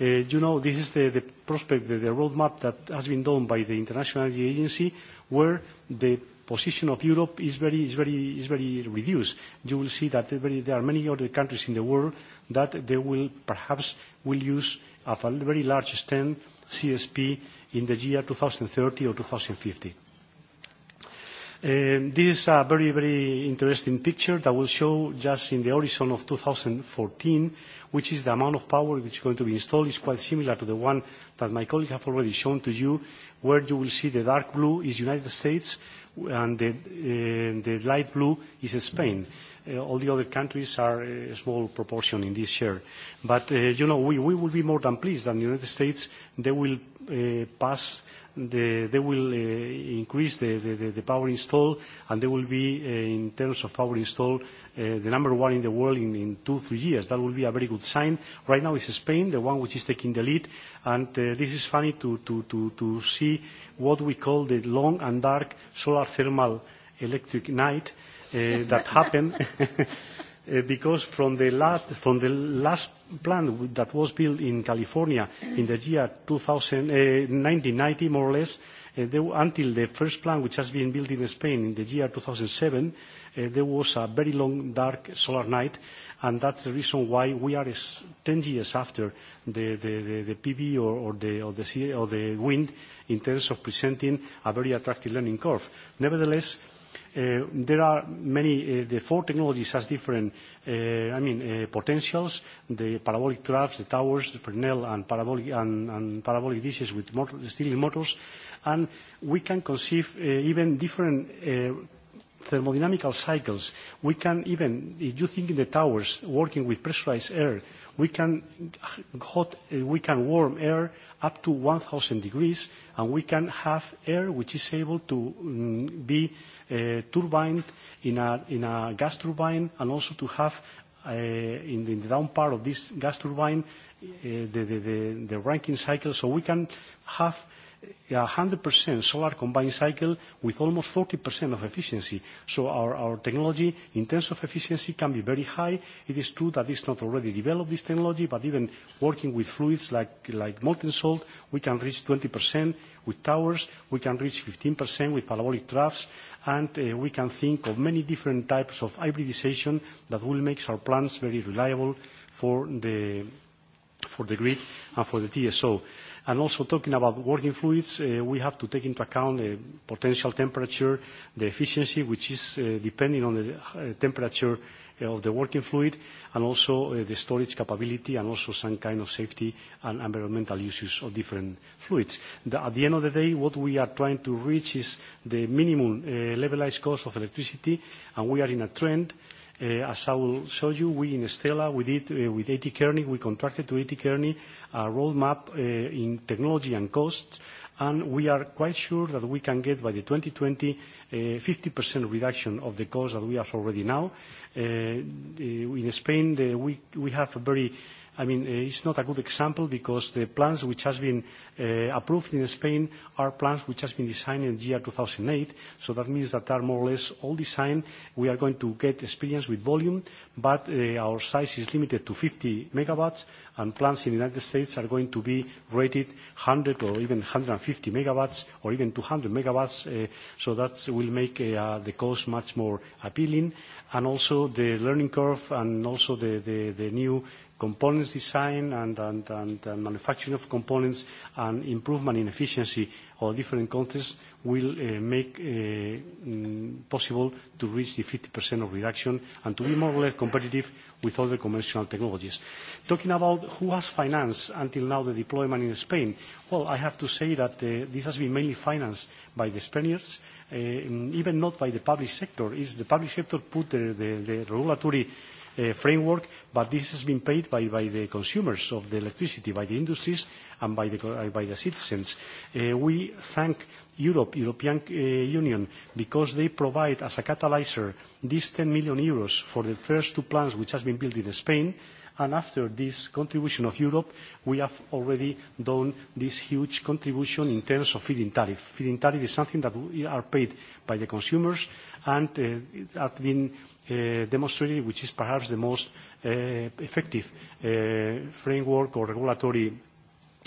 Uh, you know, this is the, the prospect, the, the roadmap that has been done by the International Energy Agency, where the position of Europe is very, is very, is very reduced. You will see that very, there are many other countries in the world that they will perhaps will use at a very large extent CSP in the year 2030 or 2050. Um, this is a very, very interesting picture that will show just in the horizon of 2014, which is the amount of power which is going to be installed. It's quite similar to the one that my colleague have already shown to you, where you will see the dark blue is United States, and the, uh, the light blue is Spain. Uh, all the other countries are a small proportion in this share. But, uh, you know, we, we will be more than pleased that the United States, they will uh, pass The, they will uh, increase the, the, the power install, and they will be, uh, in terms of power install, uh, the number one in the world in, in two, three years. That will be a very good sign. Right now it's Spain, the one which is taking the lead, and this is funny to, to, to, to see what we call the long and dark solar thermal electric night uh, that <laughs> happened <laughs> uh, because from the last from the last plant that was built in California in the year 2000, uh, 1990 more or less uh, there, until the first plant which has been built in Spain in the year 2007 uh, there was a very long dark solar night and that's the reason why we are 10 years after the, the, the, the PV or, or, the, or, the, or the wind uh, in terms of presenting a very attractive learning curve. Nevertheless, Uh, there are many, uh, the four technologies has different, uh, I mean, uh, potentials. The parabolic troughs, the towers, the Fresnel, and parabolic, and, and parabolic dishes with motor, steel motors. And we can conceive uh, even different uh, thermodynamical cycles. We can even, if you think in the towers, working with pressurized air, we can hot, we can warm air up to 1,000 degrees, and we can have air which is able to mm, be uh, turbined in a, in a gas turbine and also to have uh, in, the, in the down part of this gas turbine uh, the, the, the, the ranking cycle. So we can have uh, 100% solar combined cycle with almost 40% of efficiency. So our, our technology, in terms of efficiency, can be very high. It is true that it's not already developed, this technology, but even working with fluids like, like molten salt, we can reach 20%. With towers, we can reach 15% with parabolic troughs, and uh, we can think of many different types of hybridization that will make our plants very reliable for the, for the grid and for the TSO. And also talking about working fluids, uh, we have to take into account the potential temperature, the efficiency, which is uh, depending on the uh, temperature uh, of the working fluid, and also uh, the storage capability, and also some kind of safety and environmental uses of different fluids. The, at the end of the day, what we are trying to reach is the minimum uh, levelized cost of electricity, and we are in a trend uh, Uh, as I will show you, we in Stella, we did uh, with A.T. Kearney, we contracted to A.T. Kearney a roadmap uh, in technology and costs, and we are quite sure that we can get by the 2020 50% uh, reduction of the cost that we have already now. Uh, uh, in Spain, the, we, we have a very I mean, eh, it's not a good example because the plans which has been uh, approved in Spain are plans which has been designed in the year 2008. So that means that are more or less all designed. We are going to get experience with volume, but uh, our size is limited to 50 megawatts, and plants in the United States are going to be rated 100 or even 150 megawatts or even 200 megawatts. Uh, so that will make uh, the cost much more appealing. And also the learning curve and also the, the, the new components design and, and, and, and manufacturing of components and improvement in efficiency of different countries will uh, make uh, mm, possible to reach the 50% of reduction and to be more or less competitive with other conventional technologies. Talking about who has financed until now the deployment in Spain, well, I have to say that uh, this has been mainly financed by the Spaniards, uh, even not by the public sector. It's the public sector put the, uh, the, the regulatory uh, framework, but this has been paid by, by the consumers of the electricity, by the industries, and by the, uh, by the citizens. Uh, we thank Europe, European uh, Union, because they provide as a catalyzer these 10 million euros for the first two plants which has been built in Spain, and after this contribution of Europe, we have already done this huge contribution in terms of feed-in tariff. Feed-in tariff is something that are paid by the consumers and uh, have been uh, demonstrated, which is perhaps the most uh, effective uh, framework or regulatory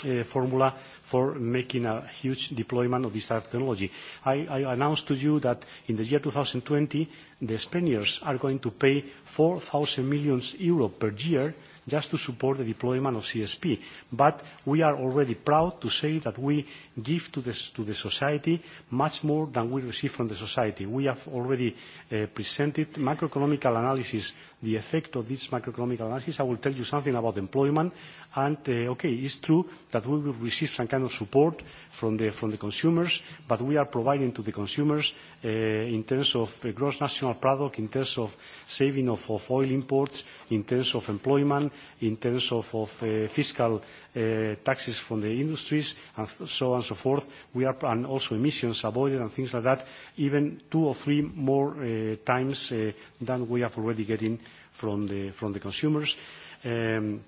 uh, formula for making a huge deployment of this type of technology. I, I announced to you that in the year 2020, the Spaniards are going to pay 4,000 million euros per year just to support the deployment of CSP. But we are already proud to say that we give to the, to the society much more than we receive from the society. We have already uh, presented macroeconomic analysis, the effect of this macroeconomic analysis. I will tell you something about employment. And uh, okay, it's true that we will receive some kind of support from the, from the consumers, but we are providing to the consumers uh, in terms of uh, gross national product, in terms of saving of, of oil imports, in terms of employment, in terms of, of uh, fiscal uh, taxes from the industries, and so on and so forth. We are, and also emissions avoided and things like that, even two or three more uh, times uh, than we are already getting from the, from the consumers. Um,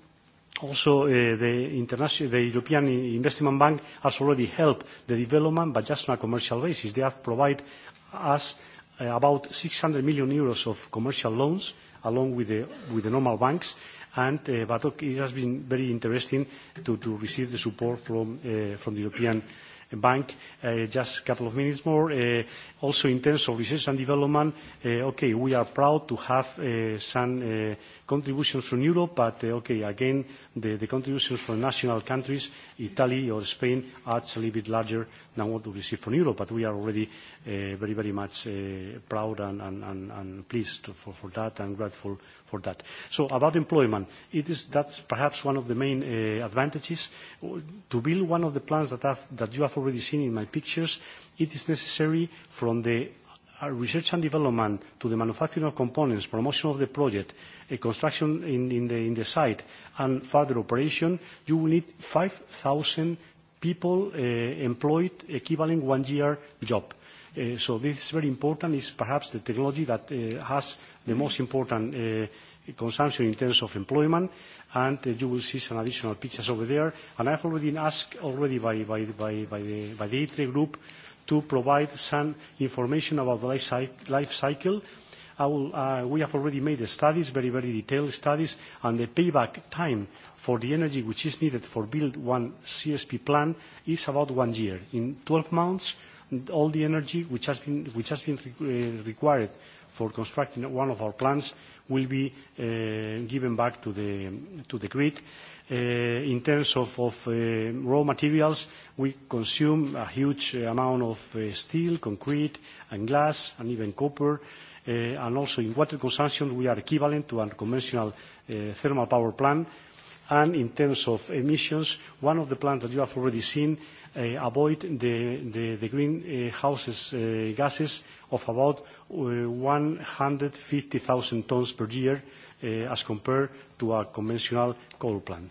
also uh, the, international, the European Investment Bank has already helped the development, but just on a commercial basis. They have provided us uh, about 600 million euros of commercial loans along with the, with the normal banks. And, uh, but it has been very interesting to, to receive the support from, uh, from the European Bank. Uh, just a couple of minutes more. Uh, also in terms of research and development, uh, okay, we are proud to have uh, some uh, contributions from Europe, but uh, okay, again, the, the contributions from national countries, Italy or Spain, are actually a bit larger than what we receive from Europe, but we are already uh, very, very much uh, proud and, and, and, and pleased for, for that and grateful for that. So about employment, it is, that's perhaps one of the main uh, advantages. To build one of the plans that, I've, that you have already seen in my pictures, it is necessary from the research and development to the manufacturing of components, promotion of the project, a construction in, in, the, in the site, and further operation, you will need 5,000 people uh, employed, equivalent one year job. Uh, so this is very important. It's perhaps the technology that uh, has the most important consumption in terms of employment, and uh, you will see some additional pictures over there. And I've already been asked already by, by, by, by the, the ITRE group to provide some information about the life cycle. Will, uh, we have already made studies, very, very detailed studies, and the payback time for the energy which is needed for build one CSP plant is about one year. In 12 months, all the energy which has been, which has been uh, required for constructing one of our plants will be uh, given back to the, to the grid. Uh, in terms of, of uh, raw materials, we consume a huge amount of uh, steel, concrete, and glass, and even copper. And also in water consumption, we are equivalent to a conventional thermal power plant. And in terms of emissions, one of the plants that you have already seen avoid the, the, the greenhouse gases of about 150,000 tons per year, as compared to a conventional coal plant.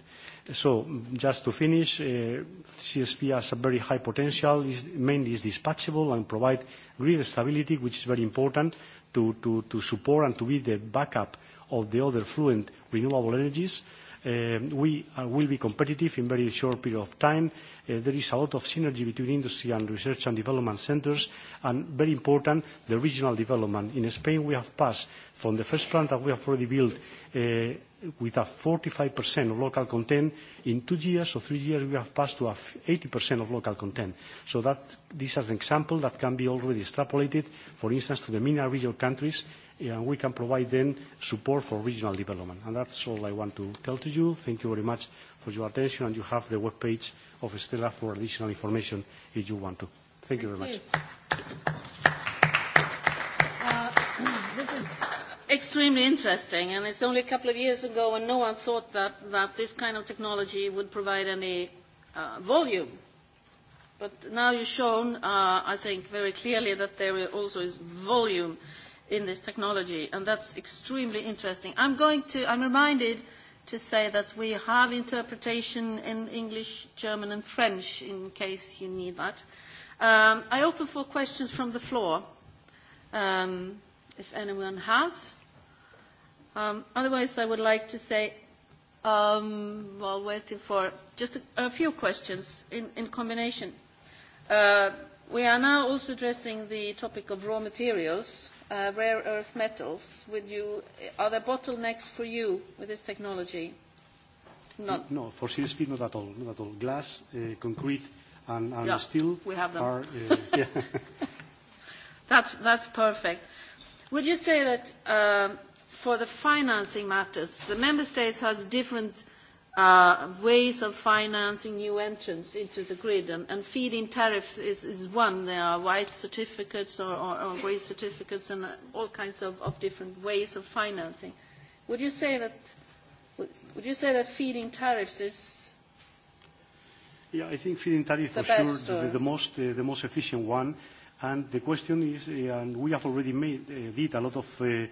So just to finish, uh, CSP has a very high potential, is mainly is dispatchable and provide grid stability, which is very important to, to, to support and to be the backup of the other fluent renewable energies. Uh, we uh, will be competitive in very short period of time. Uh, there is a lot of synergy between industry and research and development centers, and very important, the regional development. In Spain, we have passed from the first plant that we have already built, uh, with a 45% of local content. In two years or three years, we have passed to 80% of local content. So that, this is an example that can be already extrapolated, for instance, to the MENA region countries, and we can provide them support for regional development. And that's all I want to tell to you. Thank you very much for your attention, and you have the webpage of Stella for additional information if you want to. Thank you very much. Thank you. extremely interesting, and it's only a couple of years ago when no one thought that, that this kind of technology would provide any uh, volume. But now you've shown, uh, I think, very clearly that there also is volume in this technology, and that's extremely interesting. I'm going to, I'm reminded to say that we have interpretation in English, German, and French in case you need that. Um, I open for questions from the floor, um, if anyone has. Um, otherwise, I would like to say, um, while waiting for just a, a few questions in, in combination. Uh, we are now also addressing the topic of raw materials, uh, rare earth metals. With you, are there bottlenecks for you with this technology? None. No, for seriously, not at all. Not at all. Glass, uh, concrete, and, and yeah, steel we have them. are. Uh, <laughs> yeah. that, that's perfect. Would you say that? Um, for the financing matters, the member states has different uh, ways of financing new entrants into the grid, and, and feed-in tariffs is, is one. There are white certificates or, or, or grey certificates and uh, all kinds of, of different ways of financing. Would you say that, would, would you say that feed-in tariffs is Yeah, I think feed-in tariff the for best, sure or... the, the, most, uh, the most efficient one. And the question is, uh, and we have already made, uh, did a lot of uh,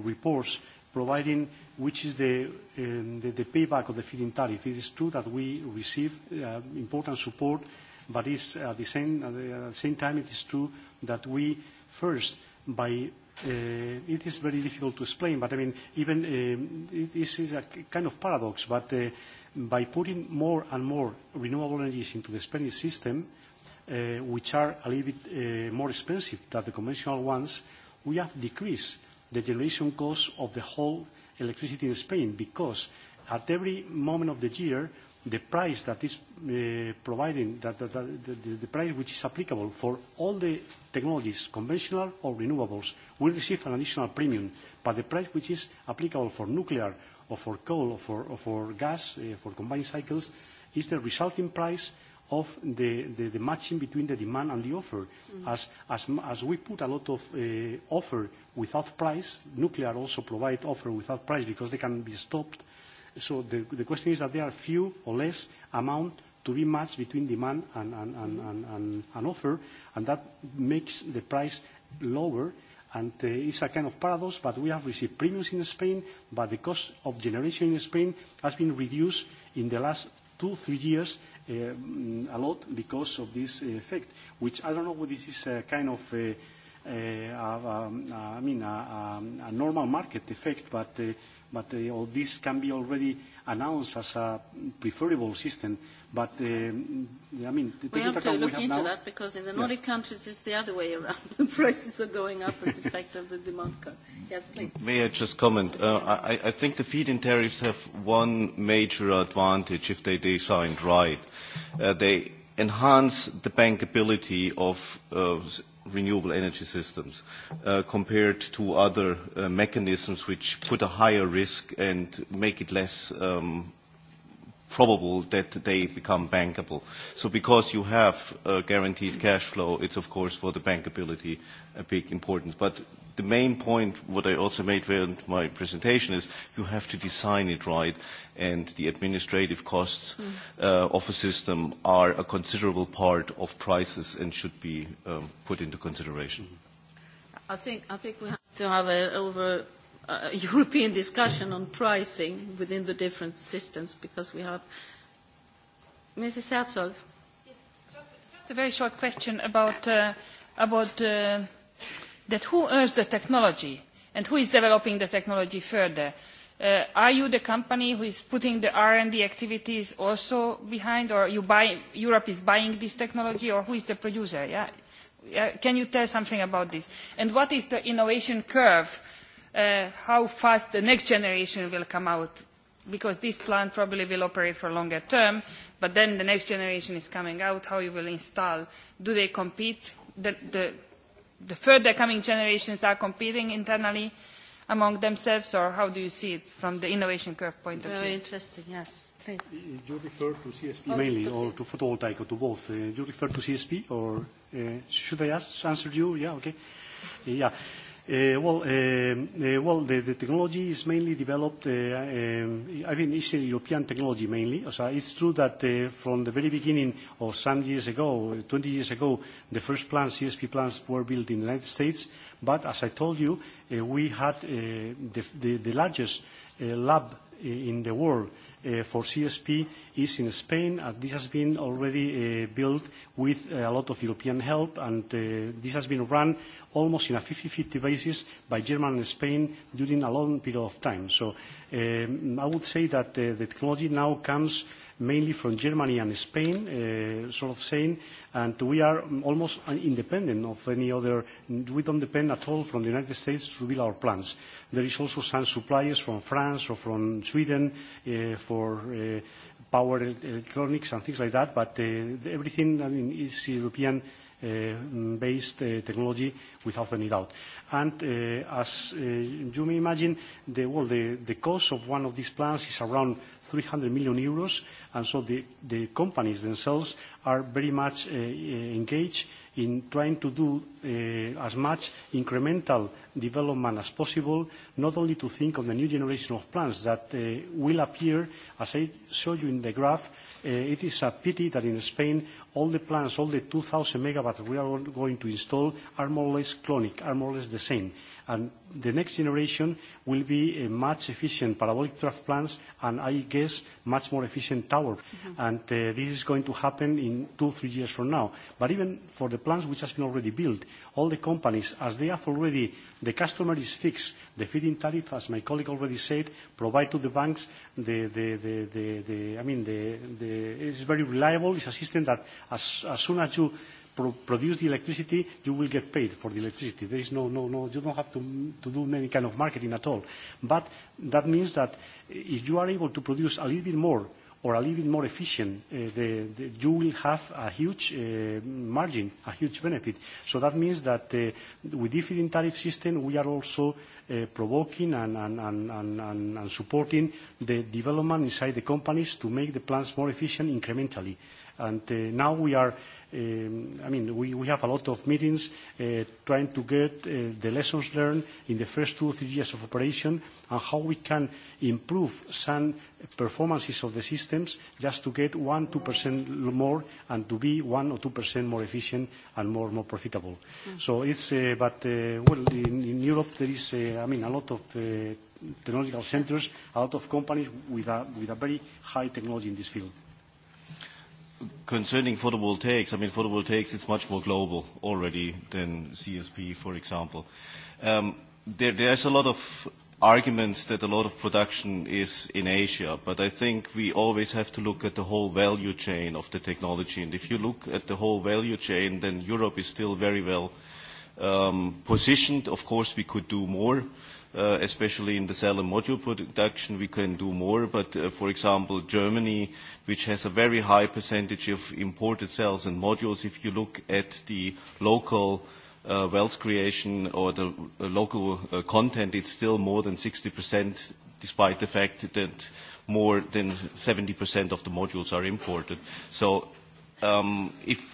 reports providing which is the, um, the, the payback of the feed-in tariff. It is true that we receive uh, important support, but it's uh, at the, same, at, the, at the same time it is true that we first, by uh, it is very difficult to explain, but I mean, even um, it is a kind of paradox, but uh, by putting more and more renewable energies into the Spanish system, uh, which are a little bit uh, more expensive than the conventional ones, we have decreased the generation cost of the whole electricity in Spain, because at every moment of the year, the price that is uh, providing, that, that, that, the, the price which is applicable for all the technologies, conventional or renewables, will receive an additional premium. But the price which is applicable for nuclear or for coal or for, or for gas, uh, for combined cycles, is the resulting price of the, the, the matching between the demand and the offer. Mm-hmm. As, as, as we put a lot of uh, offer without price, nuclear also provide offer without price because they can be stopped. So the, the question is that there are few or less amount to be matched between demand and, and, and, and, and, and offer, and that makes the price lower. And uh, it's a kind of paradox, but we have received premiums in Spain, but the cost of generation in Spain has been reduced in the last two, three years uh, a lot because of this effect, which I don't know whether this is a kind of a, uh, uh, a, a, a, I mean, a, a, a normal market effect, but, uh, but uh, all this can be already announced as a preferable system But, um, I mean, we have to look have into now, that because in the Nordic yeah. countries it's the other way around. <laughs> the prices are going up as effect of the demand cut. Yes, please. May I just comment? Uh, I, I think the feed-in tariffs have one major advantage if they designed right. Uh, they enhance the bankability of uh, renewable energy systems uh, compared to other uh, mechanisms which put a higher risk and make it less um, probable that they become bankable. So because you have uh, guaranteed cash flow, it's of course for the bankability a big importance. But the main point, what I also made in my presentation, is you have to design it right, and the administrative costs mm. uh, of a system are a considerable part of prices and should be um, put into consideration. I think, I think we have to have a, over uh, European discussion on pricing within the different systems because we have. Mrs. Herzog. Yes, just, just a very short question about, uh, about uh, that who owns the technology and who is developing the technology further. Uh, are you the company who is putting the R&D activities also behind or you buy, Europe is buying this technology or who is the producer? Yeah? Yeah, can you tell something about this? And what is the innovation curve uh, uh, how fast the next generation will come out, because this plant probably will operate for longer term, but then the next generation is coming out, how you will install. Do they compete? The, the, the further coming generations are competing internally among themselves, or how do you see it from the innovation curve point of view? Very interesting, yes. Please. Uh, you refer to CSP oh, mainly, okay. or to photovoltaic, or to both. Uh, you refer to CSP, or uh, should I ask, answer you? Yeah, okay. Yeah. Uh, well, uh, uh, well, the, the technology is mainly developed, uh, um, I mean, it's a European technology mainly. So it's true that uh, from the very beginning or some years ago, 20 years ago, the first plants, CSP plants, were built in the United States. But as I told you, uh, we had the, the, the largest lab Eh, in the world uh, for CSP is in Spain, and this has been already uh, built with a lot of European help, and uh, this has been run almost in a 50/50 basis by Germany and Spain during a long period of time. So, um, I would say that the technology now comes mainly from Germany and Spain, uh, sort of saying, and we are almost independent of any other. We don't depend at all from the United States to build our plants. There is also some suppliers from France or from Sweden uh, for uh, power electronics and things like that, but uh, everything, I mean, is European uh, based uh, technology without any doubt. And uh, as uh, you may imagine, the, well, the, the cost of one of these plants is around 300 million euros, and so the, the companies themselves are very much uh, uh, engaged in trying to do uh, as much incremental development as possible, not only to think of the new generation of plants that uh, will appear, as I showed you in the graph, uh, it is a pity that in Spain, all the plants, all the 2,000 MW we are going to install are more or less clonic, are more or less the same. And the next generation will be a uh, much efficient parabolic trough plants and I guess much more efficient tower. Mm-hmm. And uh, this is going to happen in two, three years from now. But even for the plants which has been already built, all the companies, as they have already, the customer is fixed. The feed-in tariff, as my colleague already said, provide to the banks the, the, the, the, the I mean, the, the, it's very reliable. It's a system that as, as soon as you pro produce the electricity, you will get paid for the electricity. There is no, no, no, you don't have to, to do any kind of marketing at all. But that means that if you are able to produce a little bit more or a little bit more efficient, uh, the, the, you will have a huge uh, margin, a huge benefit. So that means that uh, with different tariff system, we are also uh, provoking and, and, and, and, and supporting the development inside the companies to make the plants more efficient incrementally. And uh, now we are um, I mean, we, we have a lot of meetings uh, trying to get uh, the lessons learned in the first two or three years of operation and how we can improve some performances of the systems just to get 1%-2% more and to be 1% or 2% more efficient and more, more profitable. Mm. So it's, uh, but, uh, well, in, in Europe there is, uh, I mean, a lot of uh, technological centers, a lot of companies with a, with a very high technology in this field concerning photovoltaics, I mean, photovoltaics is much more global already than CSP, for example. Um, there, there's a lot of arguments that a lot of production is in Asia, but I think we always have to look at the whole value chain of the technology. And if you look at the whole value chain, then Europe is still very well um, positioned. Of course, we could do more. Uh, uh, especially in the cell and module production, we can do more. But uh, for example, Germany, which has a very high percentage of imported cells and modules, if you look at the local uh, wealth creation or the uh, local uh, content, it's still more than 60%, despite the fact that more than 70% of the modules are imported. So um, if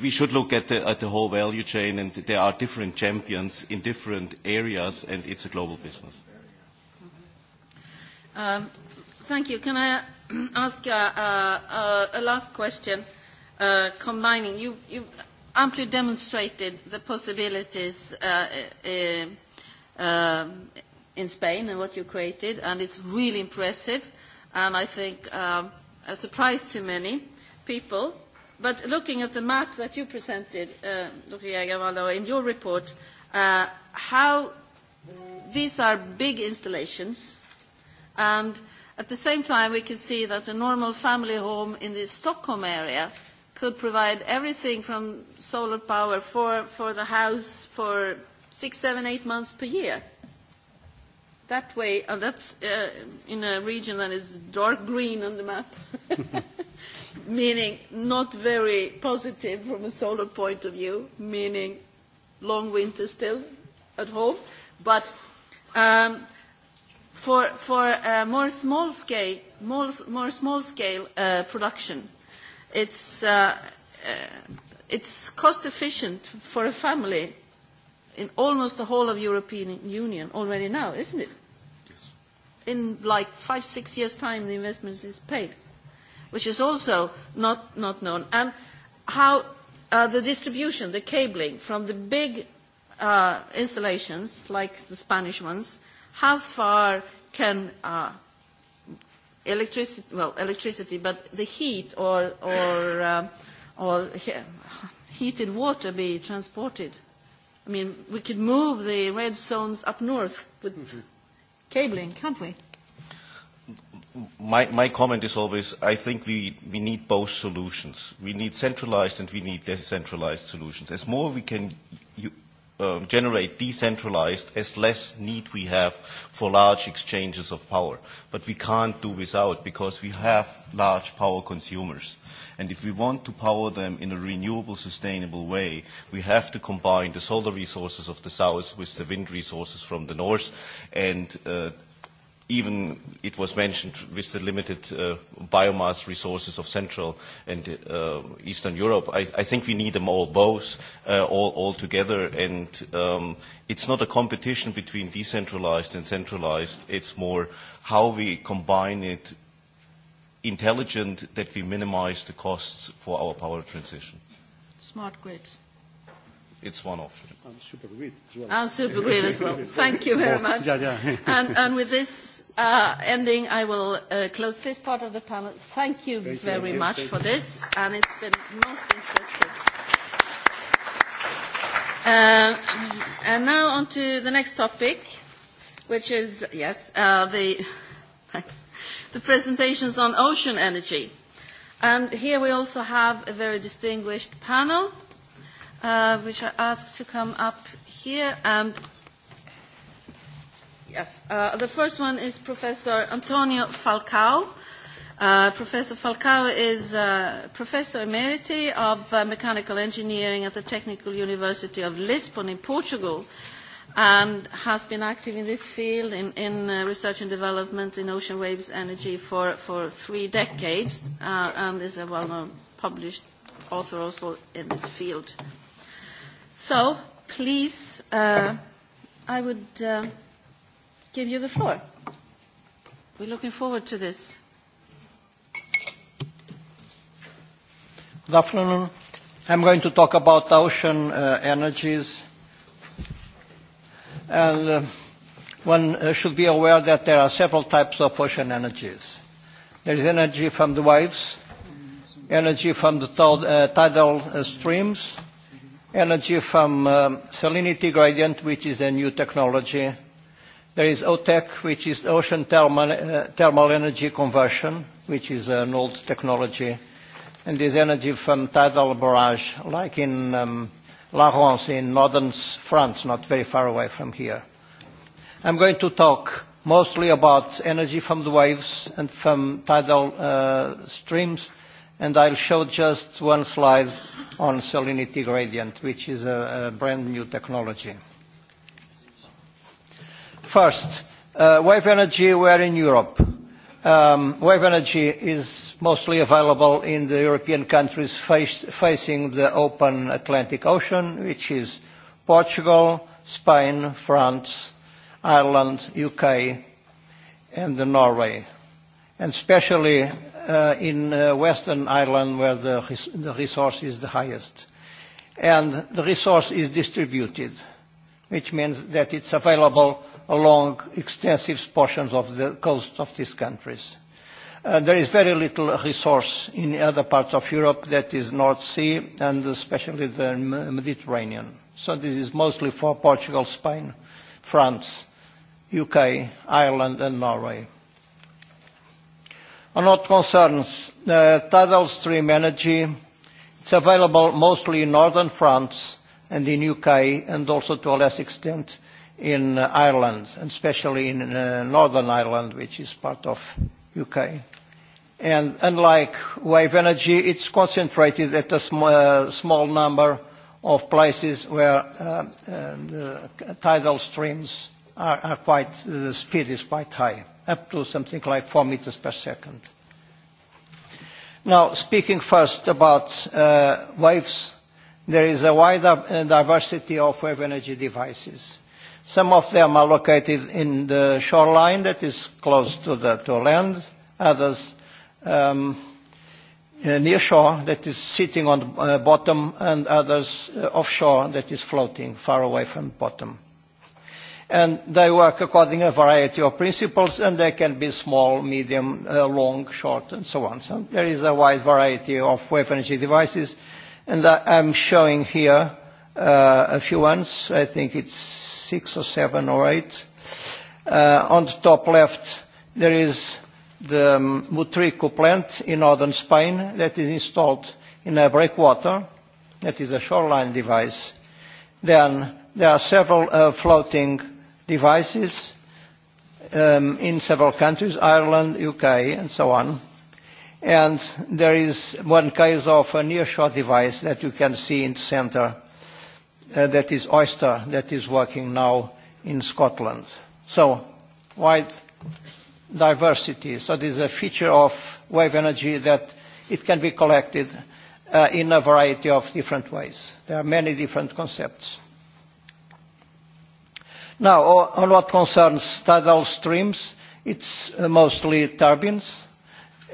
we should look at the, at the whole value chain, and there are different champions in different areas, and it's a global business. Um, thank you. Can I <clears throat> ask uh, uh, uh, a last question? Uh, combining, you, you amply demonstrated the possibilities uh, uh, uh, in Spain and what you created, and it's really impressive, and I think um, a surprise to many people But looking at the map that you presented, uh, Dr. Jagavallo, in your report, uh, how these are big installations, and at the same time, we can see that a normal family home in the Stockholm area could provide everything from solar power for, for the house for six, seven, eight months per year. That way, and that's uh, in a region that is dark green on the map. <laughs> meaning not very positive from a solar point of view, meaning long winter still at home. But um, for, for uh, more small scale, more, more small scale uh, production, it's, uh, uh, it's cost efficient for a family in almost the whole of European Union already now, isn't it? Yes. In like five, six years' time, the investment is paid which is also not, not known, and how uh, the distribution, the cabling from the big uh, installations, like the Spanish ones, how far can uh, electricity, well, electricity, but the heat or, or, um, or he heated water be transported? I mean, we could move the red zones up north with mm-hmm. cabling, can't we? my, my comment is always, I think we, we need both solutions. We need centralized and we need decentralized solutions. As more we can you, um, generate decentralized, as less need we have for large exchanges of power. But we can't do without because we have large power consumers. And if we want to power them in a renewable, sustainable way, we have to combine the solar resources of the south with the wind resources from the north and uh, even it was mentioned with the limited uh, biomass resources of Central and uh, Eastern Europe, I, I think we need them all both, uh, all, all together. And um, it's not a competition between decentralized and centralized. It's more how we combine it intelligent that we minimize the costs for our power transition. Smart grids. It's one option. And super grid as well. And super grid as well. Thank you very <laughs> much. yeah, yeah. and, and with this uh, ending, I will uh, close this part of the panel. Thank you Thank very you. much Thank for you. this, and it's been most interesting. Uh, and now on to the next topic, which is, yes, uh, the, <laughs> thanks, the presentations on ocean energy. And here we also have a very distinguished panel, uh, which I ask to come up here and Yes. Uh, the first one is Professor Antonio Falcao. Uh, professor Falcao is uh, Professor Emeriti of uh, Mechanical Engineering at the Technical University of Lisbon in Portugal and has been active in this field in, in uh, research and development in ocean waves energy for, for three decades uh, and is a well-known published author also in this field. So, please, uh, I would... Uh, give you the floor. We're looking forward to this. Good afternoon. I'm going to talk about ocean uh, energies. And uh, one uh, should be aware that there are several types of ocean energies. There is energy from the waves, energy from the uh, tidal uh, streams, energy from um, salinity gradient, which is a new technology, There is OTEC, which is ocean thermal, uh, thermal energy conversion, which is an old technology. And this energy from tidal barrage, like in um, La Rance in northern France, not very far away from here. I'm going to talk mostly about energy from the waves and from tidal uh, streams, and I'll show just one slide on salinity gradient, which is a, a brand new technology. First, uh, wave energy, we are in Europe. Um, wave energy is mostly available in the European countries face, facing the open Atlantic Ocean, which is Portugal, Spain, France, Ireland, UK, and Norway, and especially uh, in uh, Western Ireland, where the, res the resource is the highest. And the resource is distributed, which means that it's available along extensive portions of the coast of these countries. Uh, there is very little resource in other parts of Europe that is North Sea and especially the Mediterranean. So this is mostly for Portugal, Spain, France, UK, Ireland and Norway. On what concerns uh, tidal stream energy, it's available mostly in northern France and in UK and also to a less extent in uh, Ireland, and especially in uh, Northern Ireland, which is part of UK. And unlike wave energy, it's concentrated at a sm uh, small number of places where uh, um, uh, uh, tidal streams are, are quite, uh, the speed is quite high, up to something like 4 meters per second. Now, speaking first about uh, waves, there is a wide diversity of wave energy devices Some of them are located in the shoreline that is close to the to land, others um, uh, near shore that is sitting on the uh, bottom, and others uh, offshore that is floating far away from the bottom. And they work according to a variety of principles, and they can be small, medium, uh, long, short, and so on. So there is a wide variety of wave energy devices, and I, I'm showing here uh, a few ones. I think it's six or seven or eight. Uh, on the top left, there is the um, Mutrico plant in northern Spain that is installed in a breakwater. That is a shoreline device. Then there are several uh, floating devices um, in several countries, Ireland, UK, and so on. And there is one case of a nearshore device that you can see in the center uh, that is Oyster that is working now in Scotland. So wide diversity. So this is a feature of wave energy that it can be collected uh, in a variety of different ways. There are many different concepts. Now, on what concerns tidal streams, it's uh, mostly turbines,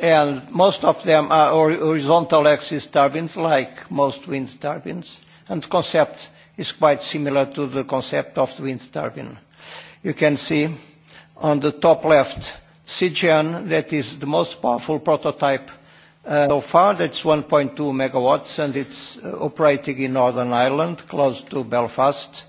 and most of them are horizontal axis turbines, like most wind turbines, and concept is quite similar to the concept of the wind turbine. You can see on the top left, CGN, that is the most powerful prototype uh, so far. That's 1.2 megawatts, and it's uh, operating in Northern Ireland, close to Belfast.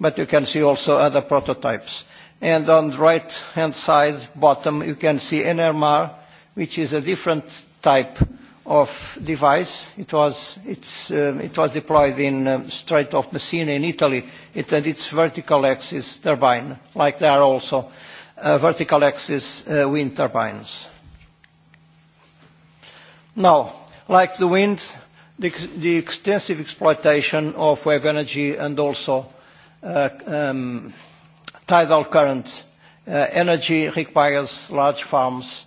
But you can see also other prototypes. And on the right-hand side, bottom, you can see NMR, which is a different type uh, of device. It was, it's, um, it was deployed in um, Strait of Messina in Italy. It had its vertical axis turbine, like there are also uh, vertical axis uh, wind turbines. Now, like the wind, the, the extensive exploitation of wave energy and also uh, um, tidal current uh, energy requires large farms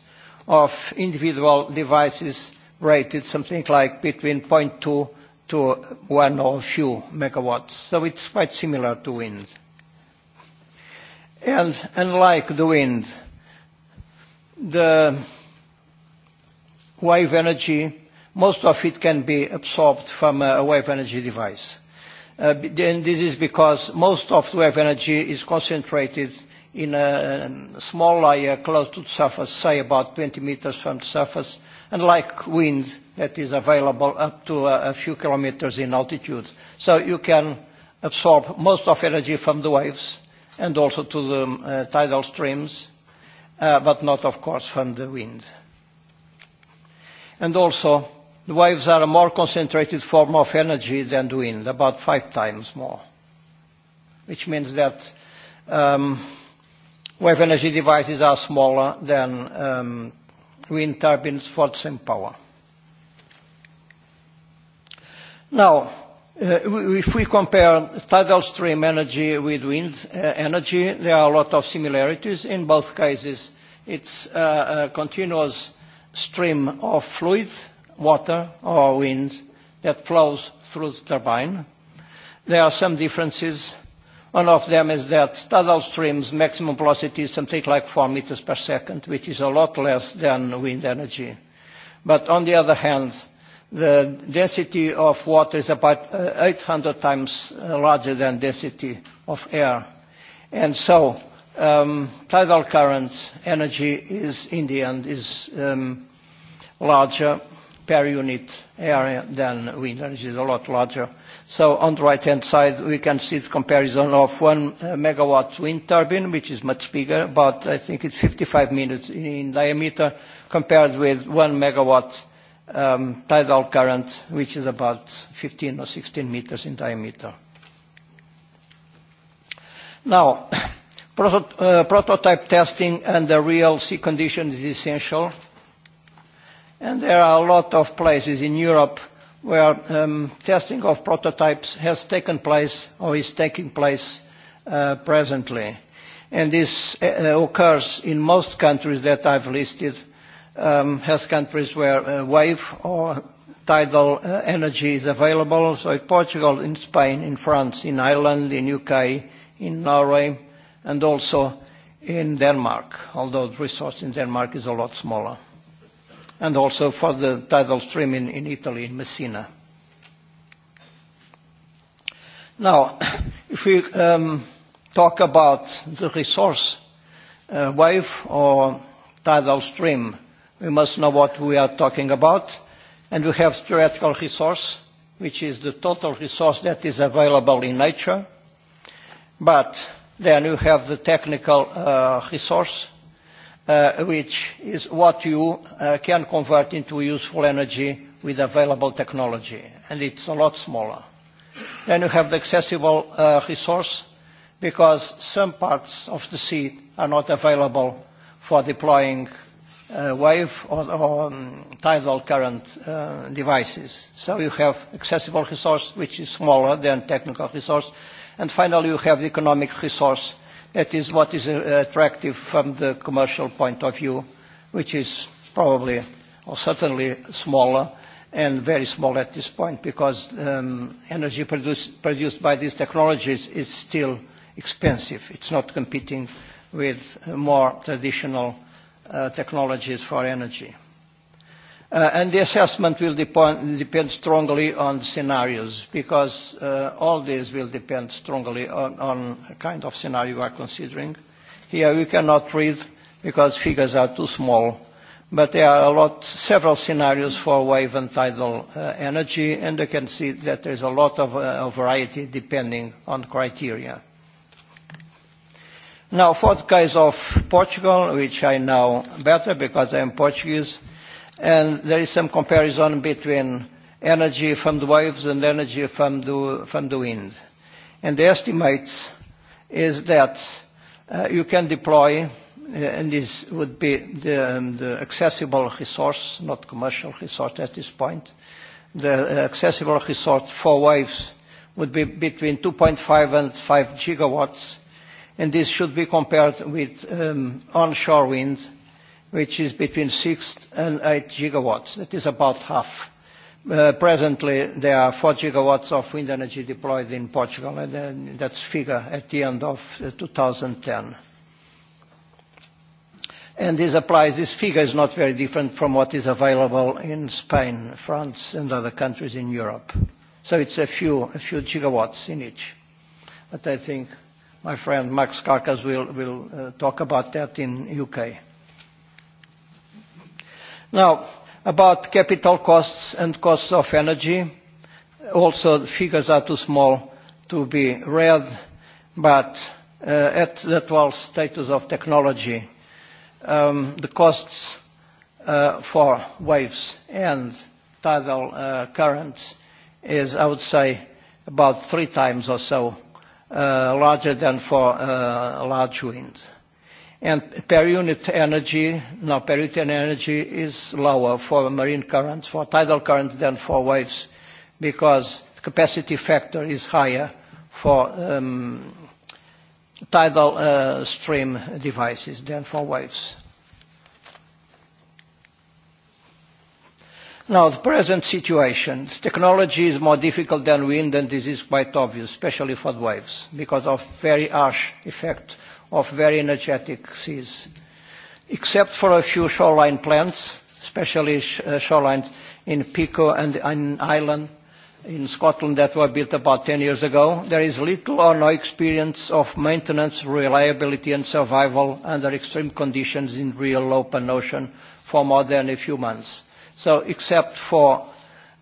of individual devices rate, it's something like between 0.2 to 1 or a few megawatts. So it's quite similar to wind. And unlike the wind, the wave energy, most of it can be absorbed from a wave energy device. Uh, and this is because most of the wave energy is concentrated in a small layer close to the surface, say about 20 meters from the surface, unlike wind that is available up to a, a few kilometers in altitude. So you can absorb most of energy from the waves and also to the um, uh, tidal streams, uh, but not, of course, from the wind. And also, the waves are a more concentrated form of energy than the wind, about five times more, which means that um, wave energy devices are smaller than um, wind turbines for wind power. Now, Uh, if we compare tidal stream energy with wind uh, energy, there are a lot of similarities. In both cases, it's uh, a continuous stream of fluid, water or wind, that flows through the turbine. There are some differences One of them is that tidal streams maximum velocity is something like 4 meters per second, which is a lot less than wind energy. But on the other hand, the density of water is about 800 uh, times uh, larger than density of air. And so um, tidal current energy is, in the end, is um, larger per unit area than wind energy is a lot larger. So on the right-hand side, we can see the comparison of 1 uh, MW wind turbine, which is much bigger, but I think it's 55 meters in diameter, compared with 1 MW um, tidal current, which is about 15 or 16 meters in diameter. Now, <coughs> uh, prototype testing under real sea conditions is essential And there are a lot of places in Europe where um, testing of prototypes has taken place or is taking place uh, presently. And this uh, uh, occurs in most countries that I've listed, um, has countries where uh, wave or tidal uh, energy is available. So in Portugal, in Spain, in France, in Ireland, in UK, in Norway, and also in Denmark, although the resource in Denmark is a lot smaller and also for the tidal stream in, in Italy, in Messina. Now, <coughs> if we um, talk about the resource uh, wave or tidal stream, we must know what we are talking about. And we have theoretical resource, which is the total resource that is available in nature. But then you have the technical uh, resource, uh, which is what you uh, can convert into useful energy with available technology, and it's a lot smaller. Then you have the accessible uh, resource, because some parts of the sea are not available for deploying uh, wave or, or um, tidal current uh, devices. So you have accessible resource, which is smaller than technical resource. And finally, you have the economic resource, That is what is uh, attractive from the commercial point of view, which is probably or certainly smaller and very small at this point because um, energy produce, produced by these technologies is still expensive. It's not competing with more traditional uh, technologies for energy. Uh, and the assessment will depend, depend strongly on scenarios because uh, all these will depend strongly on, on a kind of scenario we are considering. Here we cannot read because figures are too small, but there are a lot, several scenarios for wave and tidal uh, energy, and you can see that there's a lot of uh, variety depending on criteria. Now, for the case of Portugal, which I know better because I am Portuguese, and there is some comparison between energy from the waves and energy from the, from the wind. And the estimates is that uh, you can deploy, uh, and this would be the, um, the accessible resource, not commercial resource at this point, the uh, accessible resource for waves would be between 2.5 and 5 gigawatts, and this should be compared with um, onshore wind, which is between 6 and 8 gigawatts. That is about half. Uh, presently, there are 4 gigawatts of wind energy deployed in Portugal, and that's figure at the end of uh, 2010. And this applies, this figure is not very different from what is available in Spain, France, and other countries in Europe. So it's a few, a few gigawatts in each. But I think my friend Max Karkas will, will uh, talk about that in U.K. Now, about capital costs and costs of energy, also the figures are too small to be read, but uh, at the actual status of technology, um, the costs uh, for waves and tidal uh, currents is, I would say, about three times or so uh, larger than for uh, large winds. And per unit energy, now per unit energy is lower for marine currents, for tidal currents than for waves, because the capacity factor is higher for um, tidal uh, stream devices than for waves. Now, the present situation, the technology is more difficult than wind, and this is quite obvious, especially for the waves, because of very harsh effect of very energetic seas. Except for a few shoreline plants, especially sh uh, shorelines in Pico and in Ireland, in Scotland that were built about 10 years ago, there is little or no experience of maintenance, reliability and survival under extreme conditions in real open ocean for more than a few months. So except for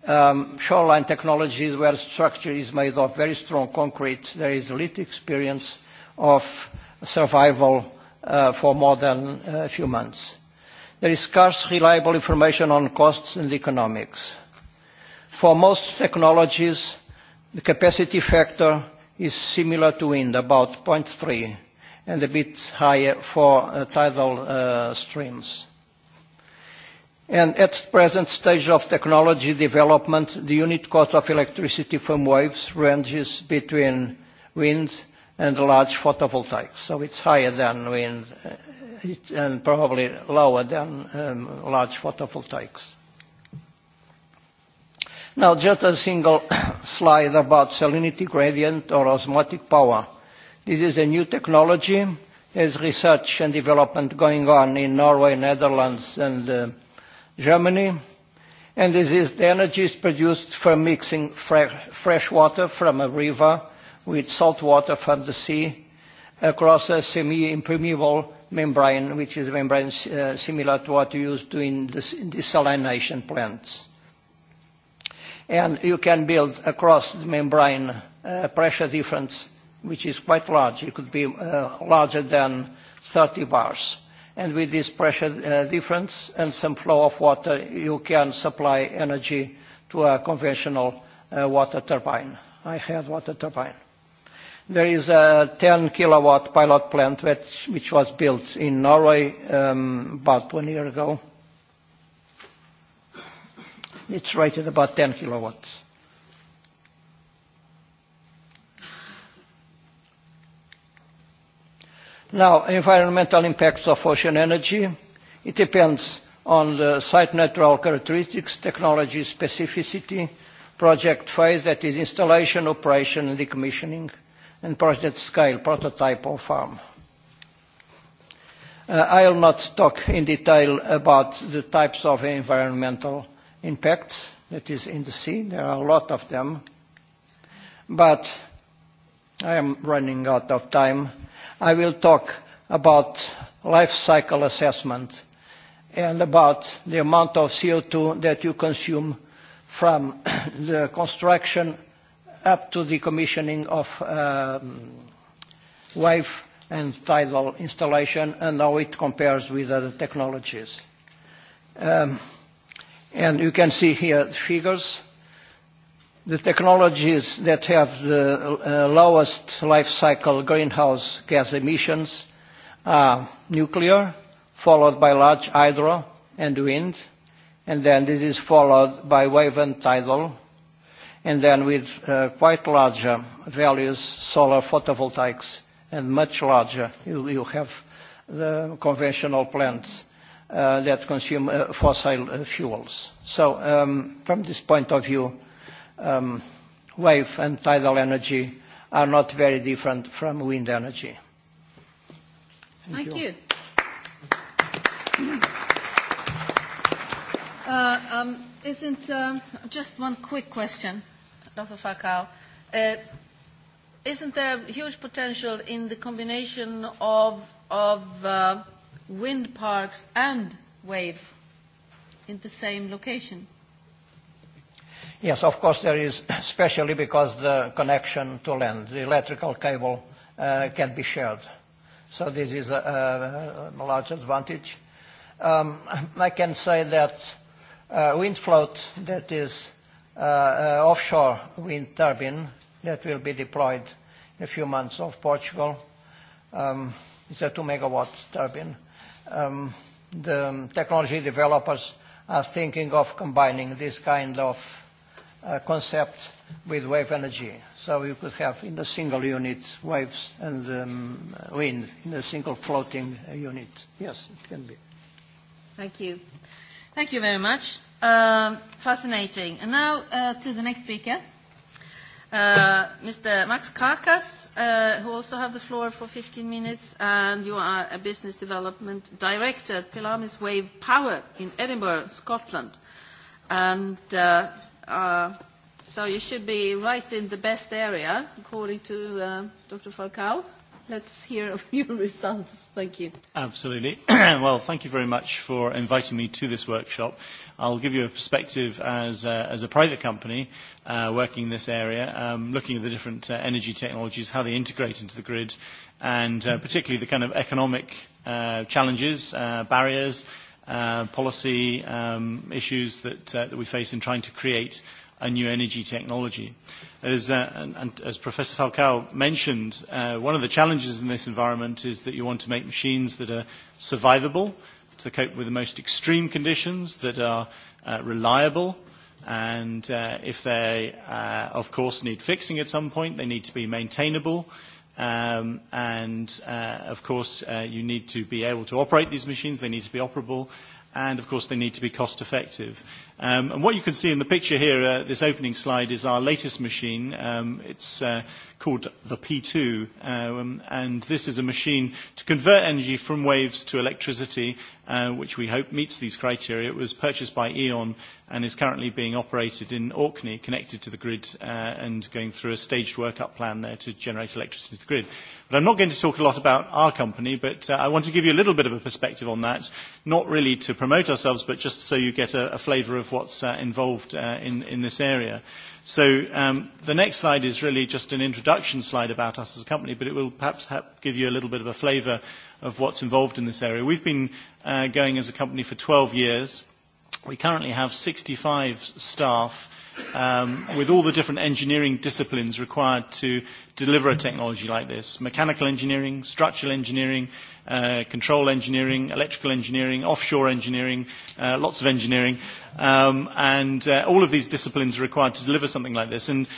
um, shoreline technologies where structure is made of very strong concrete, there is little experience of survival uh, for more than uh, a few months. There is scarce reliable information on costs and economics. For most technologies, the capacity factor is similar to wind, about 0.3, and a bit higher for uh, tidal uh, streams. And at the present stage of technology development, the unit cost of electricity from waves ranges between wind and large photovoltaics. So it's higher than wind uh, and probably lower than um, large photovoltaics. Now, just a single <coughs> slide about salinity gradient or osmotic power. This is a new technology. There's research and development going on in Norway, Netherlands, and uh, Germany. And this is the energy is produced from mixing fre fresh water from a river with salt water from the sea across a semi-impermeable membrane, which is a membrane uh, similar to what used in this desalination plants. And you can build across the membrane uh, pressure difference, which is quite large. It could be uh, larger than 30 bars. And with this pressure uh, difference and some flow of water, you can supply energy to a conventional uh, water turbine, a head water turbine. There is a 10 kilowatt pilot plant which, which was built in Norway um, about one year ago. It's rated about 10 kilowatts. Now, environmental impacts of ocean energy. It depends on the site natural characteristics, technology specificity, project phase, that is installation, operation, and decommissioning and project scale prototype or farm. Uh, I'll not talk in detail about the types of environmental impacts that is in the sea. There are a lot of them. But I am running out of time. I will talk about life cycle assessment and about the amount of CO2 that you consume from <coughs> the construction up to the commissioning of um, wave and tidal installation and how it compares with other technologies. Um, and you can see here the figures. The technologies that have the uh, lowest life cycle greenhouse gas emissions are nuclear, followed by large hydro and wind, and then this is followed by wave and tidal, and then with uh, quite larger values, solar photovoltaics, and much larger, you, you have the conventional plants uh, that consume uh, fossil uh, fuels. So um, from this point of view, um, wave and tidal energy are not very different from wind energy. Thank, Thank you. you. Uh, um, isn't uh, just one quick question not of Fakao. Uh, isn't there a huge potential in the combination of, of uh, wind parks and wave in the same location? Yes, of course there is, especially because the connection to land, the electrical cable uh, can be shared. So this is a, a, a large advantage. Um, I can say that uh, wind float that is Uh, uh, offshore wind turbine that will be deployed in a few months off Portugal. Um, it's a 2 MW turbine. Um, the technology developers are thinking of combining this kind of uh, concept with wave energy. So you could have in a single unit waves and um, wind in a single floating unit. Yes, it can be. Thank you. Thank you very much. Uh, fascinating. And now uh, to the next speaker, uh, Mr. Max Karkas, uh, who also have the floor for 15 minutes, and you are a business development director at Pilamis Wave Power in Edinburgh, Scotland. And uh, uh, so you should be right in the best area, according to uh, Dr. Falcao let's hear of <laughs> your results. Thank you. Absolutely. <clears throat> well, thank you very much for inviting me to this workshop. I'll give you a perspective as, uh, as a private company uh, working in this area, um, looking at the different uh, energy technologies, how they integrate into the grid, and uh, particularly the kind of economic uh, challenges, uh, barriers, uh, policy um, issues that, uh, that we face in trying to create and new energy technology. As, uh, and, and as Professor Falcao mentioned, uh, one of the challenges in this environment is that you want to make machines that are survivable, to cope with the most extreme conditions, that are uh, reliable, and uh, if they, uh, of course, need fixing at some point, they need to be maintainable. Um, and, uh, of course, uh, you need to be able to operate these machines. They need to be operable. And, of course, they need to be cost effective. Um, and what you can see in the picture here, uh, this opening slide, is our latest machine. Um, it's uh, called the P2, um, and this is a machine to convert energy from waves to electricity, uh, which we hope meets these criteria. It was purchased by E.ON and is currently being operated in Orkney, connected to the grid uh, and going through a staged workup plan there to generate electricity to the grid. But I'm not going to talk a lot about our company, but uh, I want to give you a little bit of a perspective on that, not really to promote ourselves, but just so you get a, a flavour of what's uh, involved uh, in, in this area. So um, the next slide is really just an introduction slide about us as a company, but it will perhaps ha- give you a little bit of a flavour of what's involved in this area. We've been uh, going as a company for 12 years. We currently have 65 staff um, with all the different engineering disciplines required to deliver a technology like this. Mechanical engineering, structural engineering, uh, control engineering, electrical engineering, offshore engineering, uh, lots of engineering. Um, and uh, all of these disciplines are required to deliver something like this. And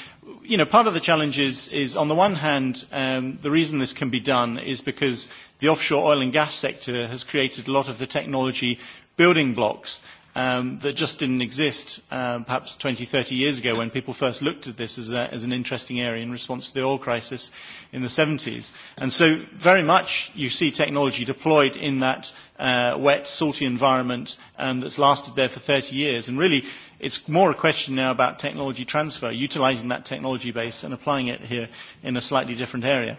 you know, part of the challenge is, is on the one hand, um, the reason this can be done is because the offshore oil and gas sector has created a lot of the technology building blocks um, that just didn't exist uh, perhaps 20, 30 years ago when people first looked at this as, a, as an interesting area in response to the oil crisis in the 70s. And so very much you see technology deployed in that uh, wet, salty environment um, that's lasted there for 30 years. And really, it's more a question now about technology transfer, utilizing that technology base and applying it here in a slightly different area.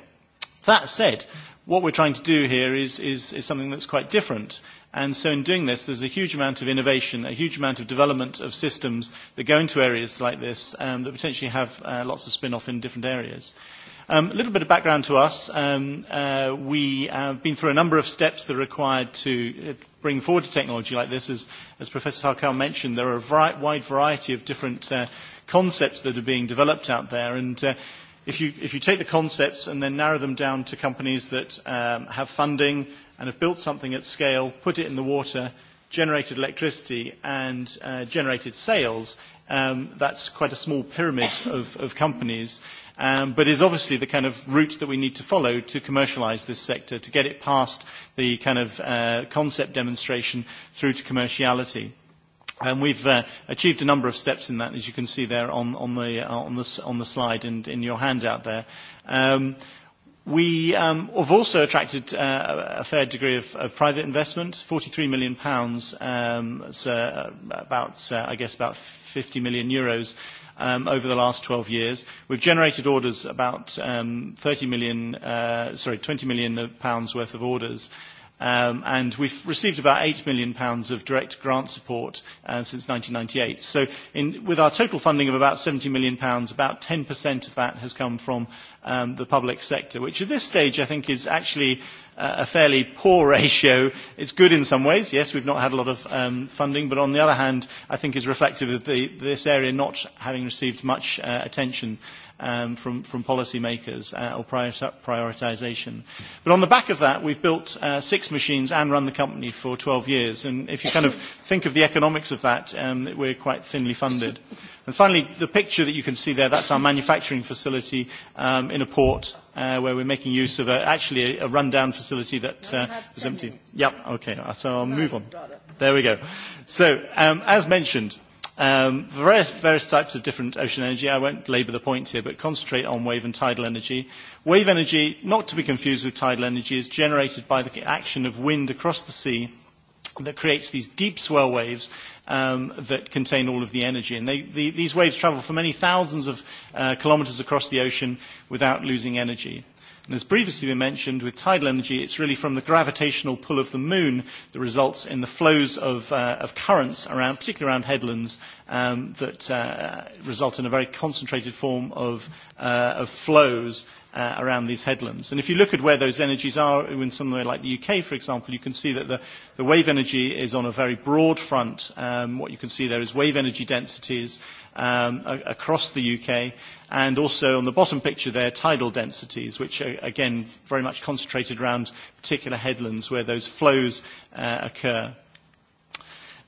That said, what we're trying to do here is, is, is something that's quite different And so in doing this, there's a huge amount of innovation, a huge amount of development of systems that go into areas like this um, that potentially have uh, lots of spin-off in different areas. Um, a little bit of background to us. Um, uh, we have been through a number of steps that are required to uh, bring forward a technology like this. As, as Professor Harkal mentioned, there are a vari- wide variety of different uh, concepts that are being developed out there. And uh, if, you, if you take the concepts and then narrow them down to companies that um, have funding, and have built something at scale, put it in the water, generated electricity and uh, generated sales, um, that's quite a small pyramid of, of companies, um, but is obviously the kind of route that we need to follow to commercialize this sector, to get it past the kind of uh, concept demonstration through to commerciality. And we've uh, achieved a number of steps in that, as you can see there on, on, the, uh, on, the, on the slide and in your handout there. Um, We um, have also attracted uh, a fair degree of, of private investment, 43 million pounds, um, so uh, about, uh, I guess, about 50 million euros um, over the last 12 years. We've generated orders about um, 30 million, uh, sorry, 20 million pounds worth of orders. Uh, um, and we've received about £8 million pounds of direct grant support uh, since 1998. So in, with our total funding of about £70 million, pounds, about 10% of that has come from um, the public sector, which at this stage I think is actually uh, a fairly poor <laughs> ratio. It's good in some ways. Yes, we've not had a lot of um, funding, but on the other hand, I think is reflective of the, this area not having received much uh, attention um, from, from policymakers uh, or prioritisation. But on the back of that, we've built uh, six machines and run the company for 12 years. And if you kind of <laughs> think of the economics of that, um, we're quite thinly funded. And finally, the picture that you can see there, that's our manufacturing facility um, in a port uh, where we're making use of a, actually a, a rundown facility that uh, is empty. Minutes. Yep, okay. So I'll move on. There we go. So, um, as mentioned, Um, various, various types of different ocean energy. I won't labour the point here, but concentrate on wave and tidal energy. Wave energy, not to be confused with tidal energy, is generated by the action of wind across the sea that creates these deep swell waves um, that contain all of the energy. And they, the, these waves travel for many thousands of uh, kilometres across the ocean without losing energy. And as previously we mentioned, with tidal energy, it's really from the gravitational pull of the moon that results in the flows of, uh, of currents, around, particularly around headlands, um, that uh, result in a very concentrated form of, uh, of flows uh, around these headlands. And if you look at where those energies are in somewhere like the UK, for example, you can see that the, the wave energy is on a very broad front. Um, what you can see there is wave energy densities um, a- across the UK, and also on the bottom picture there, tidal densities, which are again very much concentrated around particular headlands where those flows uh, occur.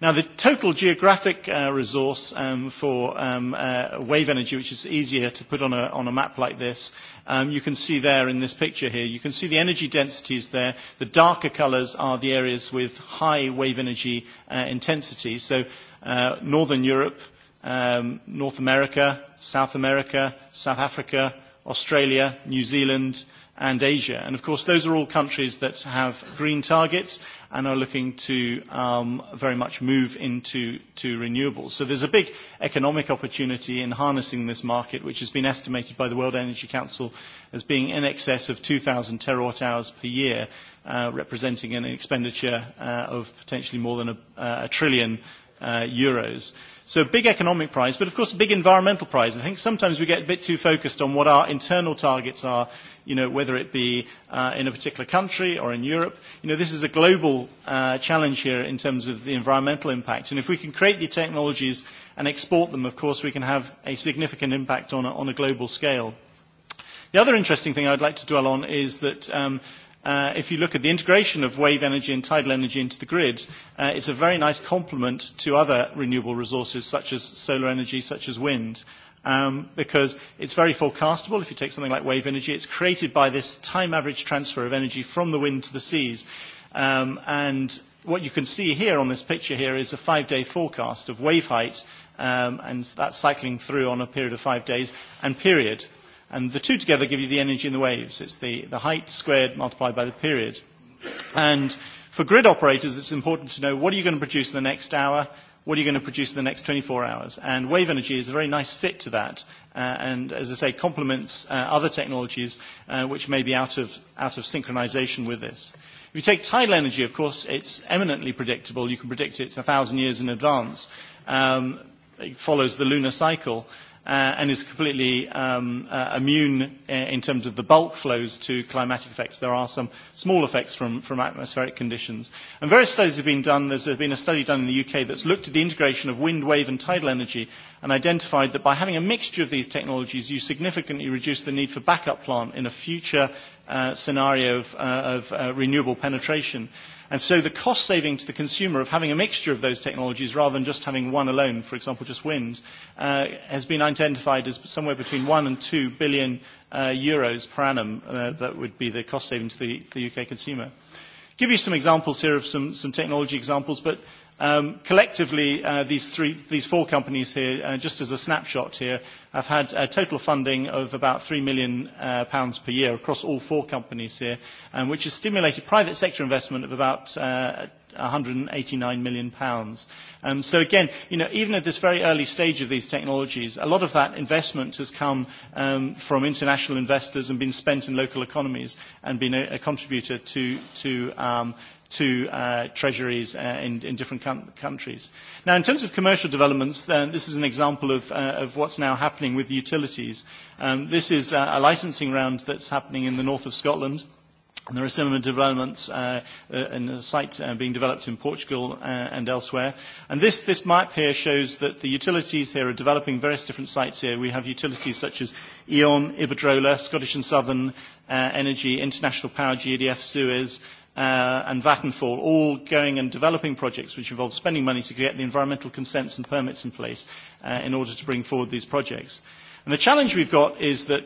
Now, the total geographic uh, resource um, for um, uh, wave energy, which is easier to put on a, on a map like this, um, you can see there in this picture here. You can see the energy densities there. The darker colours are the areas with high wave energy uh, intensity. So uh, Northern Europe, um, North America, South America, South Africa, Australia, New Zealand, uh, and Asia. And of course, those are all countries that have green targets and are looking to um, very much move into to renewables. So there's a big economic opportunity in harnessing this market, which has been estimated by the World Energy Council as being in excess of 2,000 terawatt hours per year, uh, representing an expenditure uh, of potentially more than a, uh, a trillion uh, euros. So big economic prize, but of course a big environmental prize. I think sometimes we get a bit too focused on what our internal targets are you know, whether it be uh, in a particular country or in Europe. You know, this is a global uh, challenge here in terms of the environmental impact. And if we can create the technologies and export them, of course, we can have a significant impact on a, on a global scale. The other interesting thing I'd like to dwell on is that um, uh, if you look at the integration of wave energy and tidal energy into the grid, uh, it's a very nice complement to other renewable resources such as solar energy, such as wind um, because it's very forecastable. If you take something like wave energy, it's created by this time average transfer of energy from the wind to the seas. Um, and what you can see here on this picture here is a five-day forecast of wave height, um, and that's cycling through on a period of five days, and period. And the two together give you the energy in the waves. It's the, the height squared multiplied by the period. And for grid operators, it's important to know what are you going to produce in the next hour, what are you going to produce in the next 24 hours? And wave energy is a very nice fit to that, uh, and as I say, complements uh, other technologies uh, which may be out of, out of synchronization with this. If you take tidal energy, of course, it's eminently predictable. You can predict it a thousand years in advance. Um, it follows the lunar cycle. Uh, uh, and is completely um, uh, immune uh, in terms of the bulk flows to climatic effects. There are some small effects from, from atmospheric conditions. And various studies have been done. There's been a study done in the UK that's looked at the integration of wind, wave and tidal energy and identified that by having a mixture of these technologies, you significantly reduce the need for backup plant in a future uh, scenario of, uh, of uh, renewable penetration. Uh, And so the cost saving to the consumer of having a mixture of those technologies rather than just having one alone, for example, just wind, uh, has been identified as somewhere between 1 and 2 billion uh, euros per annum. Uh, that would be the cost saving to the, the UK consumer. Give you some examples here of some, some technology examples, but Um, collectively, uh, these, three, these four companies here, uh, just as a snapshot here, have had a total funding of about £3 million uh, pounds per year across all four companies here, um, which has stimulated private sector investment of about uh, 189 million pounds. Um, so again, you know, even at this very early stage of these technologies, a lot of that investment has come um, from international investors and been spent in local economies and been a, a contributor to, to um, to uh, treasuries uh, in, in different com- countries. Now, in terms of commercial developments, uh, this is an example of, uh, of what's now happening with utilities. Um, this is uh, a licensing round that's happening in the north of Scotland. And there are similar developments uh, and uh, a site uh, being developed in Portugal uh, and elsewhere. And this, this map here shows that the utilities here are developing various different sites here. We have utilities such as E.ON, Iberdrola, Scottish and Southern uh, Energy, International Power, GDF, e Suez, uh, and Vattenfall, all going and developing projects which involve spending money to get the environmental consents and permits in place uh, in order to bring forward these projects. And the challenge we've got is that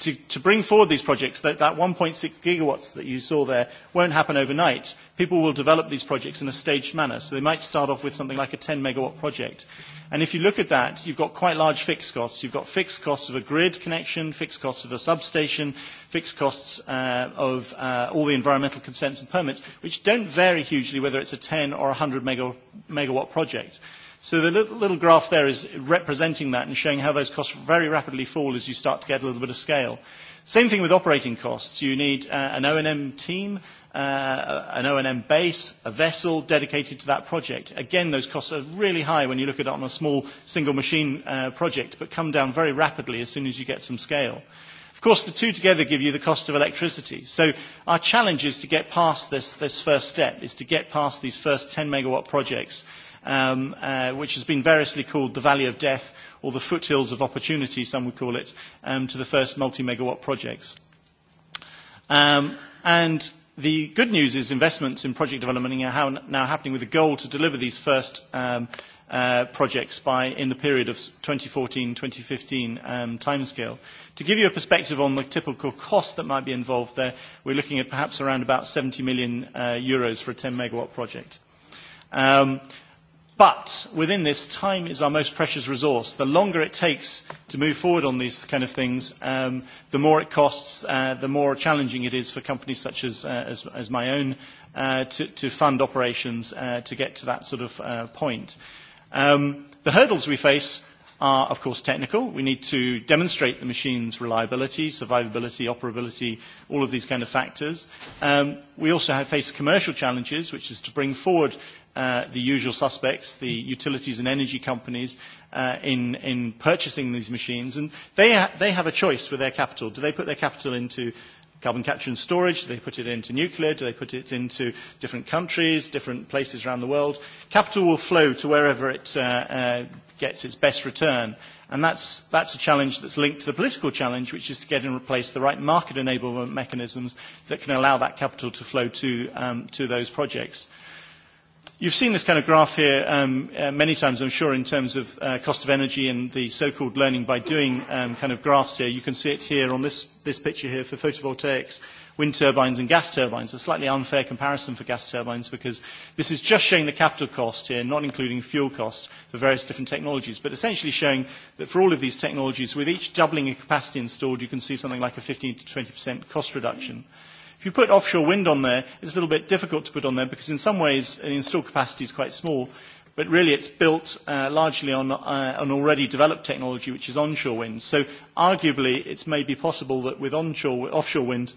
to, to bring forward these projects, that, that 1.6 gigawatts that you saw there won't happen overnight. People will develop these projects in a staged manner. So they might start off with something like a 10 megawatt project. And if you look at that, you've got quite large fixed costs. You've got fixed costs of a grid connection, fixed costs of a substation, fixed costs uh, of uh, all the environmental consents and permits, which don't vary hugely whether it's a 10 or 100 mega, megawatt project. So the little, little graph there is representing that and showing how those costs very rapidly fall as you start to get a little bit of scale. Same thing with operating costs. You need uh, an O&M team uh, an O&M base, a vessel dedicated to that project. Again, those costs are really high when you look at it on a small single machine uh, project, but come down very rapidly as soon as you get some scale. Of course, the two together give you the cost of electricity. So our challenge is to get past this, this first step, is to get past these first 10 megawatt projects, um, uh, which has been variously called the Valley of Death or the foothills of opportunity, some would call it, um, to the first multi-megawatt projects. Um, and The good news is investments in project development are now happening with a goal to deliver these first um, uh, projects by in the period of 2014-2015 um, timescale. To give you a perspective on the typical cost that might be involved there, we're looking at perhaps around about 70 million uh, euros for a 10 megawatt project. Um, But within this, time is our most precious resource. The longer it takes to move forward on these kind of things, um, the more it costs, uh, the more challenging it is for companies such as, uh, as, as my own uh, to, to fund operations uh, to get to that sort of uh, point. Um, the hurdles we face are, of course, technical. We need to demonstrate the machine's reliability, survivability, operability, all of these kind of factors. Um, we also have faced commercial challenges, which is to bring forward uh, the usual suspects, the utilities and energy companies, uh, in, in purchasing these machines. And they, ha- they have a choice with their capital. Do they put their capital into carbon capture and storage? Do they put it into nuclear? Do they put it into different countries, different places around the world? Capital will flow to wherever it uh, uh, gets its best return. And that's, that's a challenge that's linked to the political challenge, which is to get in place the right market enablement mechanisms that can allow that capital to flow to, um, to those projects. Uh, You've seen this kind of graph here um, uh, many times, I'm sure, in terms of uh, cost of energy and the so-called learning by doing um, kind of graphs here. You can see it here on this, this picture here for photovoltaics, wind turbines and gas turbines. A slightly unfair comparison for gas turbines because this is just showing the capital cost here, not including fuel cost for various different technologies, but essentially showing that for all of these technologies, with each doubling in capacity installed, you can see something like a 15 to 20% cost reduction. Mm-hmm If you put offshore wind on there, it's a little bit difficult to put on there because in some ways the install capacity is quite small, but really it's built uh, largely on uh, an already developed technology, which is onshore wind. So arguably, it's maybe possible that with onshore, offshore wind,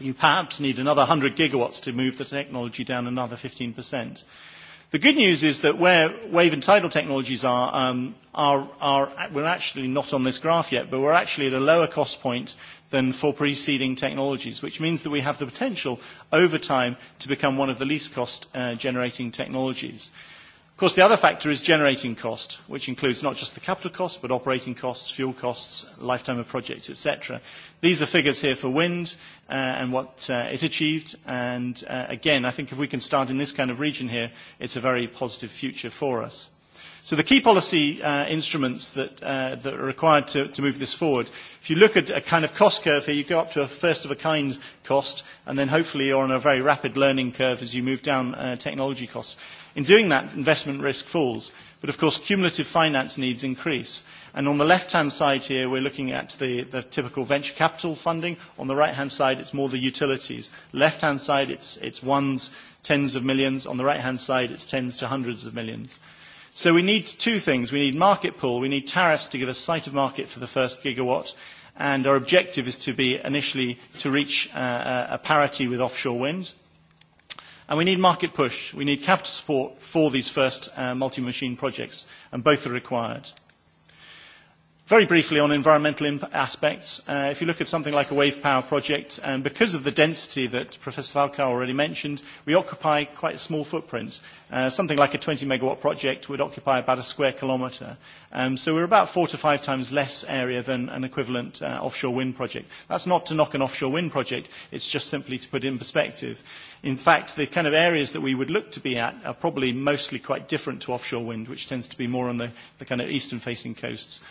you perhaps need another 100 gigawatts to move the technology down another 15%. The good news is that where wave and tidal technologies are, um, are, are, we're actually not on this graph yet, but we're actually at a lower cost point than for preceding technologies, which means that we have the potential over time to become one of the least cost uh, generating technologies. Of course, the other factor is generating cost, which includes not just the capital cost, but operating costs, fuel costs, lifetime of projects, etc. These are figures here for wind uh, and what uh, it achieved. And uh, again, I think if we can start in this kind of region here, it's a very positive future for us. So the key policy uh, instruments that, uh, that are required to, to move this forward, if you look at a kind of cost curve here, you go up to a first of a kind cost, and then hopefully you're on a very rapid learning curve as you move down uh, technology costs. In doing that, investment risk falls. But of course, cumulative finance needs increase. And on the left-hand side here, we're looking at the, the typical venture capital funding. On the right-hand side, it's more the utilities. Left-hand side, it's, it's ones, tens of millions. On the right-hand side, it's tens to hundreds of millions. Uh, So we need two things. We need market pull. We need tariffs to give us sight of market for the first gigawatt. And our objective is to be initially to reach uh, uh a parity with offshore wind. And we need market push. We need capital support for these first uh, multi-machine projects, and both are required. Uh, Very briefly on environmental imp- aspects, uh, if you look at something like a wave power project, um, because of the density that Professor Falcao already mentioned, we occupy quite a small footprint. Uh, something like a 20 megawatt project would occupy about a square kilometre. Um, so we're about four to five times less area than an equivalent uh, offshore wind project. That's not to knock an offshore wind project, it's just simply to put it in perspective. In fact, the kind of areas that we would look to be at are probably mostly quite different to offshore wind, which tends to be more on the, the kind of eastern facing coasts.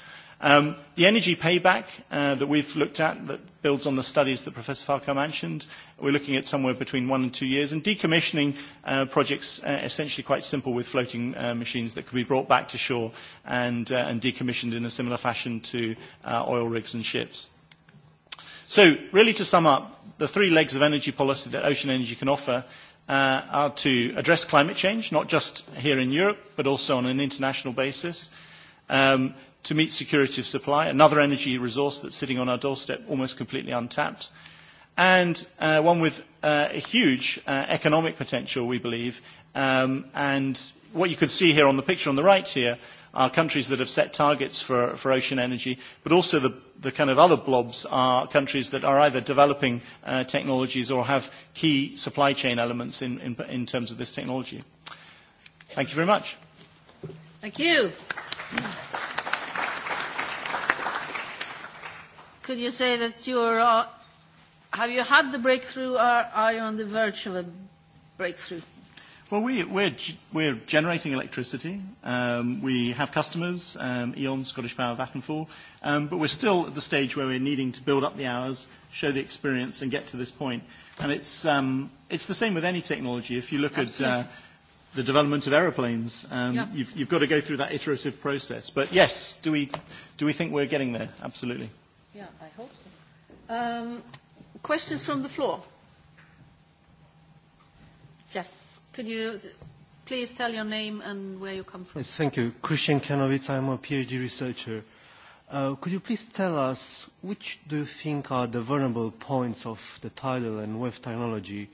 Um, the energy payback uh, that we've looked at that builds on the studies that Professor Falco mentioned, we're looking at somewhere between one and two years. And decommissioning uh, projects uh, essentially quite simple with floating uh, machines that could be brought back to shore and, uh, and decommissioned in a similar fashion to uh, oil rigs and ships. So really to sum up, the three legs of energy policy that ocean energy can offer uh, are to address climate change, not just here in Europe, but also on an international basis, um, to meet security of supply, another energy resource that's sitting on our doorstep almost completely untapped, and uh, one with uh, a huge uh, economic potential, we believe. Um, and what you can see here on the picture on the right here are countries that have set targets for, for ocean energy, but also the, the kind of other blobs are countries that are either developing uh, technologies or have key supply chain elements in, in, in terms of this technology. Thank you very much. Thank you. could you say that you're, uh, have you had the breakthrough or are you on the verge of a breakthrough? Well, we, we're, we're generating electricity. Um, we have customers, um, E.ON, Scottish Power, Vattenfall, um, but we're still at the stage where we're needing to build up the hours, show the experience, and get to this point. And it's, um, it's the same with any technology. If you look Absolutely. at uh, the development of aeroplanes, um, yeah. you've, you've got to go through that iterative process. But yes, do we, do we think we're getting there? Absolutely. Yeah, I hope so. Um, questions from the floor? Yes. Could you please tell your name and where you come from? Yes, thank you. Christian Kanovitz, I'm a PhD researcher. Uh, could you please tell us which do you think are the vulnerable points of the tidal and wave technology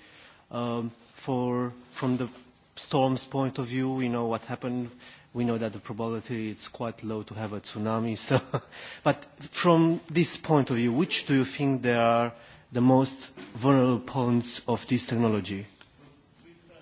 um, for, from the storm's point of view? We know what happened we know that the probability is quite low to have a tsunami. <laughs> So, but from this point of view, which do you think there are the most vulnerable points of this technology? With uh,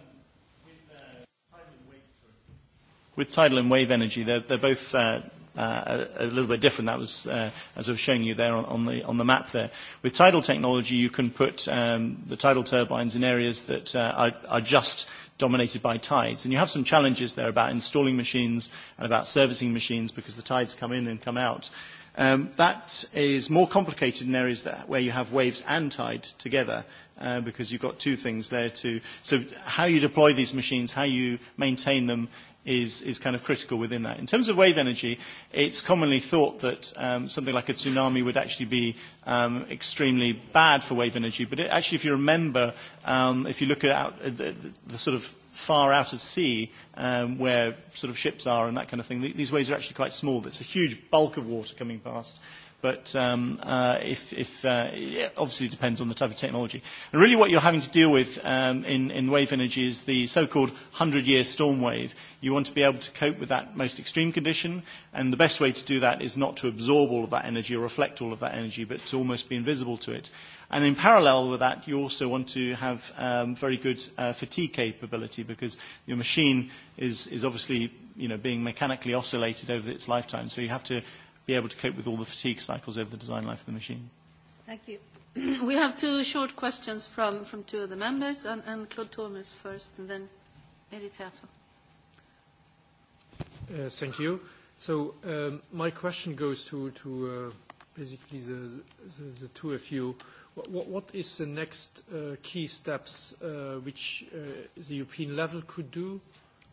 uh, tidal and wave energy, they're, they're both uh, uh, a, a little bit different. That was, uh, as I was showing you there on, on, the, on the map there. With tidal technology, you can put um, the tidal turbines in areas that uh, are, are just dominated by tides. And you have some challenges there about installing machines and about servicing machines because the tides come in and come out. Um, that is more complicated in areas that, where you have waves and tide together uh, because you've got two things there to... So how you deploy these machines, how you maintain them, is, is kind of critical within that. In terms of wave energy, it's commonly thought that um, something like a tsunami would actually be um, extremely bad for wave energy. But it, actually, if you remember, um, if you look at out, uh, the, the sort of far out at sea um, where sort of ships are and that kind of thing, th- these waves are actually quite small. It's a huge bulk of water coming past. But um, uh, if, if, uh, it obviously depends on the type of technology. And really what you're having to deal with um, in, in wave energy is the so-called 100-year storm wave. You want to be able to cope with that most extreme condition, and the best way to do that is not to absorb all of that energy or reflect all of that energy, but to almost be invisible to it. And in parallel with that, you also want to have um, very good uh, fatigue capability because your machine is, is obviously you know, being mechanically oscillated over its lifetime. So you have to be able to cope with all the fatigue cycles over the design life of the machine. Thank you. <clears throat> we have two short questions from, from two of the members, and, and Claude Thomas first, and then Edith Hertel. Uh, thank you. So um, my question goes to, to uh, basically the, the, the two of you. What, what is the next uh, key steps uh, which uh, the European level could do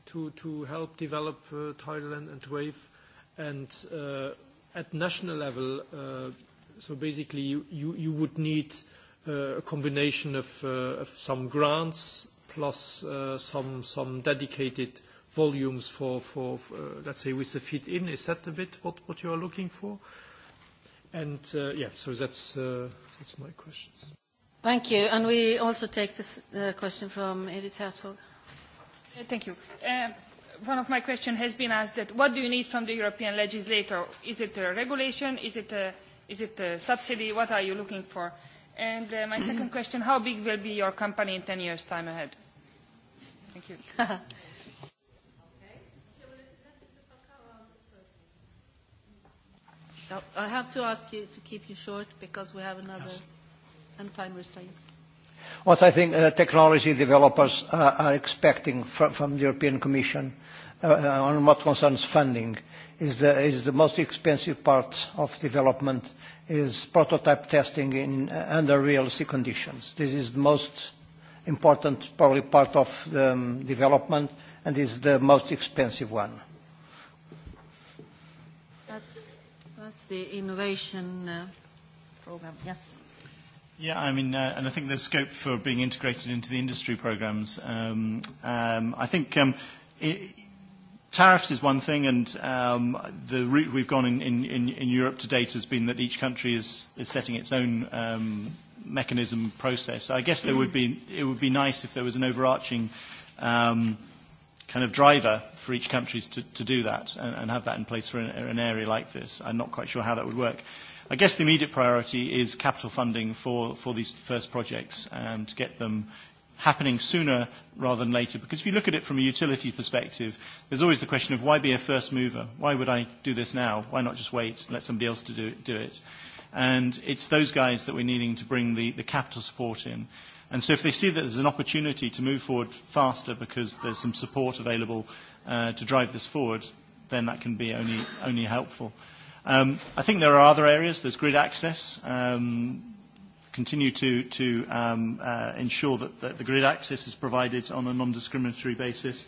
to, to help develop uh, Thailand and WAVE? And uh, at national level, uh, so basically you, you, you would need uh, a combination of, uh, of some grants plus uh, some, some dedicated volumes for, for, for uh, let's say, with the fit-in. Is that a bit what, what you are looking for? And uh, yeah, so that's, uh, that's my questions. Thank you. And we also take this uh, question from Edith Hertog. Thank you. Uh, one of my questions has been asked that what do you need from the European legislator? Is it a regulation? Is it a, is it a subsidy? What are you looking for? And uh, my second <clears throat> question, how big will be your company in 10 years' time ahead? Thank you. Now, <laughs> I have to ask you to keep you short because we have another yes. and time restraints. What I think uh, technology developers are, uh, are expecting from, from the European Commission Uh, uh, on what concerns funding is the, is the most expensive part of development is prototype testing in, uh, under real sea conditions. This is the most important probably part of the um, development and is the most expensive one. That's, that's the innovation uh, program, yes. Yeah, I mean, uh, and I think there's scope for being integrated into the industry programs. Um, um, I think um, it, Tariffs is one thing, and um, the route we've gone in, in, in Europe to date has been that each country is, is setting its own um, mechanism process. I guess there would be, it would be nice if there was an overarching um, kind of driver for each country to, to do that and, and have that in place for an, an area like this. I'm not quite sure how that would work. I guess the immediate priority is capital funding for, for these first projects um, to get them uh, happening sooner rather than later. Because if you look at it from a utility perspective, there's always the question of why be a first mover? Why would I do this now? Why not just wait and let somebody else to do, do it? And it's those guys that we're needing to bring the, the capital support in. And so if they see that there's an opportunity to move forward faster because there's some support available uh, to drive this forward, then that can be only, only helpful. Um, I think there are other areas. There's grid access. Um, continue to, to um, uh, ensure that, that the grid access is provided on a non-discriminatory basis,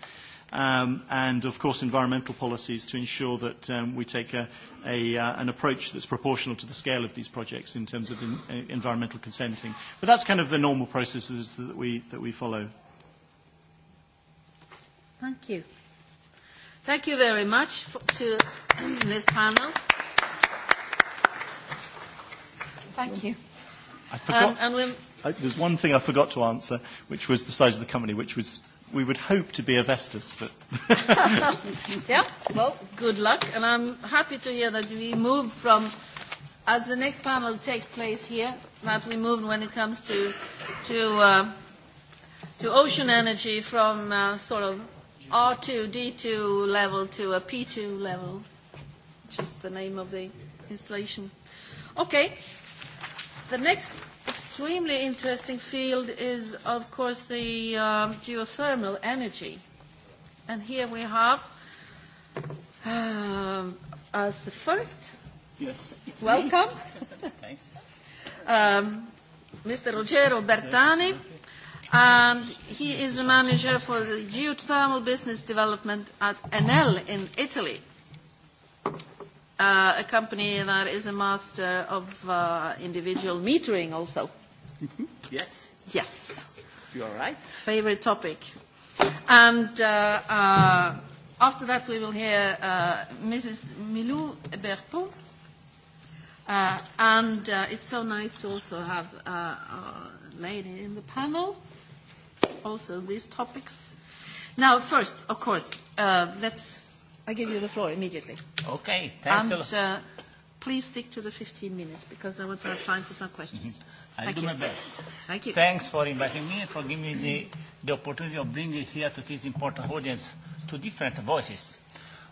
um, and of course environmental policies to ensure that um, we take a, a, uh, an approach that's proportional to the scale of these projects in terms of in, uh, environmental consenting. But that's kind of the normal processes that we, that we follow. Thank you. Thank you very much for, to <clears throat> this panel. Thank you. I forgot. Um, and we're... I, there's one thing I forgot to answer, which was the size of the company, which was we would hope to be a Vestas, but. <laughs> yeah, well, good luck. And I'm happy to hear that we moved from, as the next panel takes place here, that we moved when it comes to, to, uh, to ocean energy from uh, sort of R2, D2 level to a P2 level, which is the name of the installation. Okay. The next extremely interesting field is, of course, the um, geothermal energy. And here we have, um, as the first, yes, it's welcome, <laughs> Thanks. um, Mr. Ruggero Bertani. And he is the manager for the geothermal business development at Enel in Italy uh, a company that is a master of uh, individual metering also. Mm-hmm. Yes. Yes. You are right. Favorite topic. And uh, uh, after that, we will hear uh, Mrs. Milou Berpo. Uh, and uh, it's so nice to also have uh, a lady in the panel, also these topics. Now, first, of course, uh, let's I give you the floor immediately. Okay, thanks and, a lot. Uh, please stick to the 15 minutes because I want to have time for some questions. Mm-hmm. I'll Thank do you. my best. Thank you. Thanks for inviting me and for giving me the, the opportunity of bringing here to this important audience two different voices.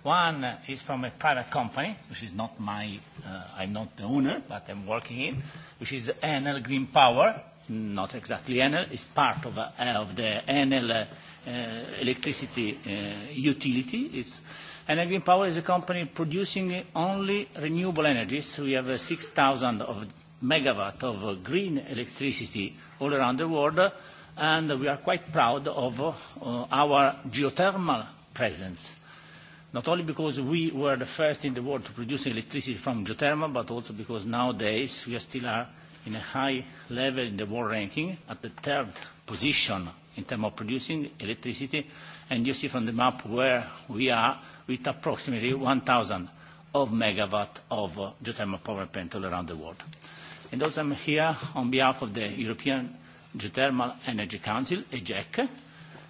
One is from a private company, which is not my, uh, I'm not the owner, but I'm working in, which is Enel Green Power. Not exactly Enel, it's part of, uh, of the Enel uh, uh, electricity uh, utility. It's And Green Power is a company producing only renewable energies. We have 6,000 uh, of megawatt of uh, green electricity all around the world, uh, and we are quite proud of our geothermal presence. Not only because we were the first in the world to produce electricity from geothermal, but also because nowadays we are still are in a high level in the world ranking, at the third position in terms of producing electricity, and you see from the map where we are with approximately 1,000 of megawatt of uh, geothermal power plant all around the world. And also I'm here on behalf of the European Geothermal Energy Council, EGEC,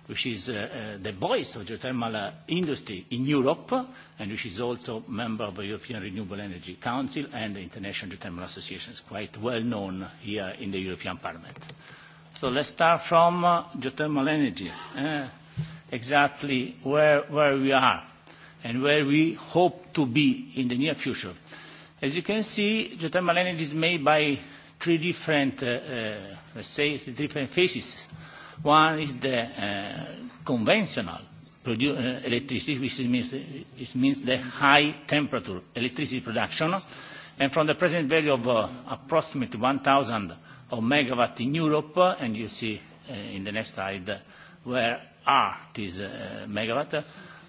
which is uh, uh, the voice of geothermal uh, industry in Europe, and which is also member of the European Renewable Energy Council and the International Geothermal Association. It's quite well known here in the European Parliament. So let's start from uh, geothermal energy. Uh, exactly where, where we are and where we hope to be in the near future. As you can see, geothermal energy is made by three different, uh, uh, let's say, three different phases. One is the uh, conventional produ- uh, electricity, which means, it means the high temperature electricity production. And from the present value of uh, approximately 1,000 of megawatt in Europe, uh, and you see uh, in the next slide uh, where are these uh, megawatt.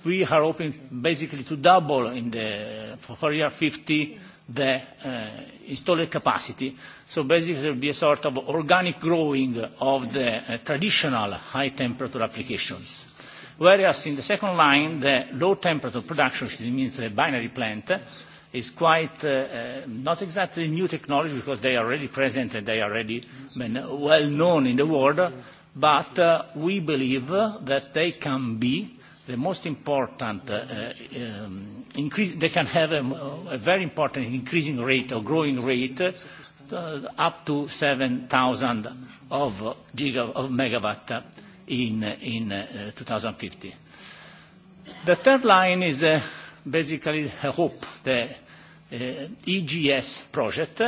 We are hoping basically to double in the, for year 50, the uh, installed capacity. So basically, there will be a sort of organic growing of the uh, traditional high temperature applications. Whereas in the second line, the low temperature production, which means the binary plant, is quite uh, uh, not exactly new technology because they are already present and they are already well known in the world, but uh, we believe that they can be the most important uh, uh, um, increase. They can have a, a very important increasing rate or growing rate uh, up to 7,000 of, giga, of megawatt in, in uh, 2050. The third line is uh, basically a hope, the uh, EGS project,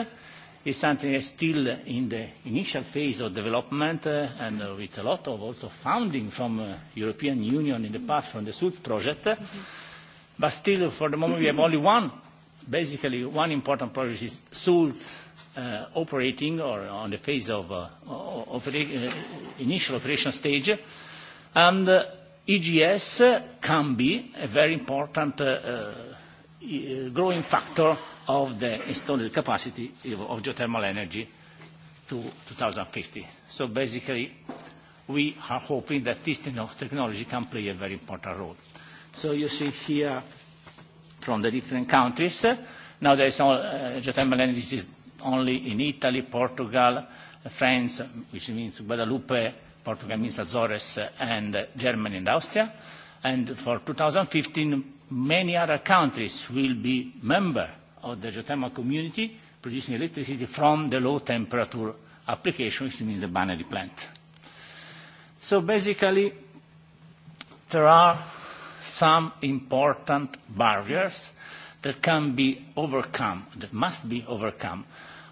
is something that's still in the initial phase of development uh, and uh, with a lot of also funding from uh, European Union in the past from the SUD project. Uh, but still, for the moment, we have only one, basically one important project is SULS uh, operating or on the phase of uh, opera uh, initial operation stage. And uh, EGS uh, can be a very important uh, uh, e, uh growing factor of the installed capacity of geothermal energy to 2050. So basically, we are hoping that this technology can play a very important role. So you see here from the different countries. Now there is all, uh, geothermal energy is only in Italy, Portugal, France, which means Guadalupe, Portugal means Azores, and Germany and Austria. And for 2015, many other countries will be member of the geothermal community producing electricity from the low temperature applications in the binary plant. So basically, there are some important barriers that can be overcome, that must be overcome.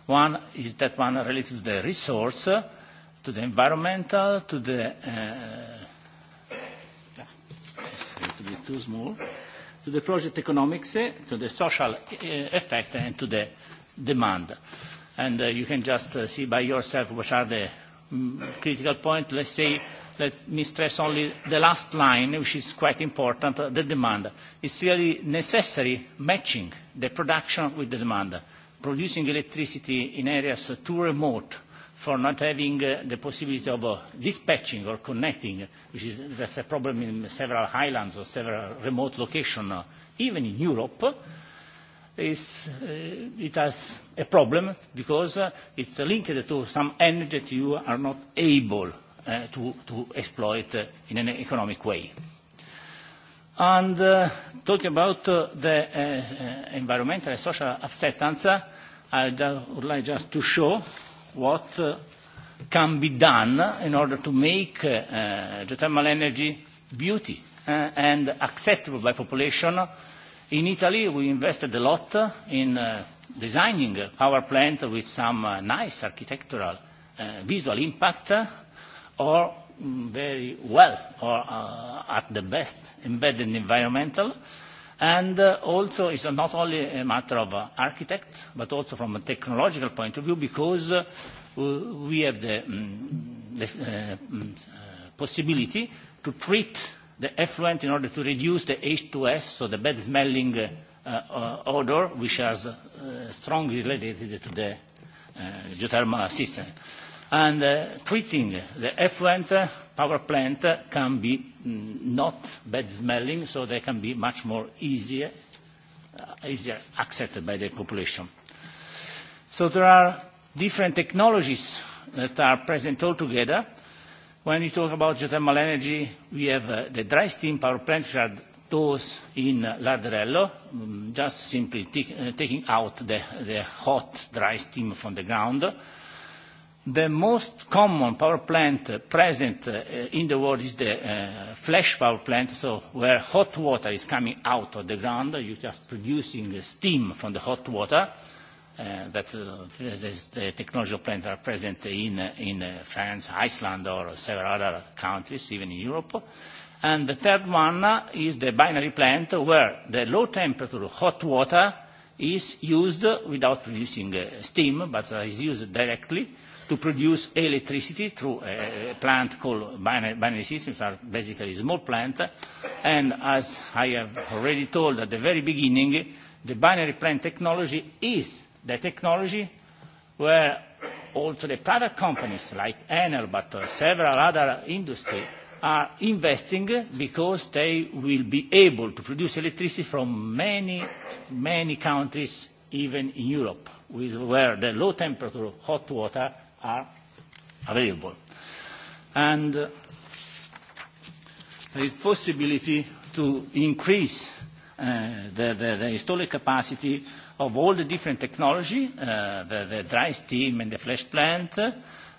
One is that one related to the resource, uh, to the environmental, to the... Uh, yeah, it's a little bit too small. Uh, to the project economics, uh, to the social uh, effect, and to the demand. And uh, you can just uh, see by yourself what are the mm, critical points. Let's say, let me stress only the last line, which is quite important, uh, the demand. It's really necessary matching the production with the demand. Producing electricity in areas too remote for not having uh, the possibility of uh, dispatching or connecting, which is that's a problem in several highlands or several remote locations, uh, even in Europe, is, uh, it has a problem because uh, it's linked to some energy that you are not able uh, to, to exploit uh, in an economic way. And uh, talking about uh, the uh, uh, environmental and social acceptance, uh, I would like just to show what uh, can be done in order to make uh, geothermal energy beauty uh, and acceptable by population. In Italy, we invested a lot in uh, designing a power plant with some uh, nice architectural uh, visual impact uh, or mm, very well or uh, at the best embedded environmental uh, And uh, also, it's not only a matter of uh, architect, but also from a technological point of view, because uh, we have the, um, the uh, mm, possibility to treat the effluent in order to reduce the H2S, so the bad-smelling uh, uh, odor, which is uh, strongly related to the uh, geothermal system. And uh, treating the effluent uh, power plant can be mm, not bad smelling, so they can be much more easier, uh, easier accepted by the population. So there are different technologies that are present altogether. When we talk about geothermal energy, we have uh, the dry steam power plant, which are those in Larderello, um, just simply uh, taking out the, the hot dry steam from the ground. Uh, The most common power plant present uh, in the world is the uh, flash power plant, so where hot water is coming out of the ground. You're just producing steam from the hot water. Uh, that is the technology plant are present in, in France, Iceland, or several other countries, even in Europe. And the third one is the binary plant, where the low temperature hot water is used without producing steam, but is used directly to produce electricity through a plant called binary, binary systems, are basically small plant. And as I have already told at the very beginning, the binary plant technology is the technology where also the private companies like Enel, but uh, several other industry are investing because they will be able to produce electricity from many, many countries, even in Europe, where the low temperature hot water are available. And uh, there is possibility to increase uh, the, the, the installed capacity of all the different technology, uh, the, the dry steam and the flash plant, uh,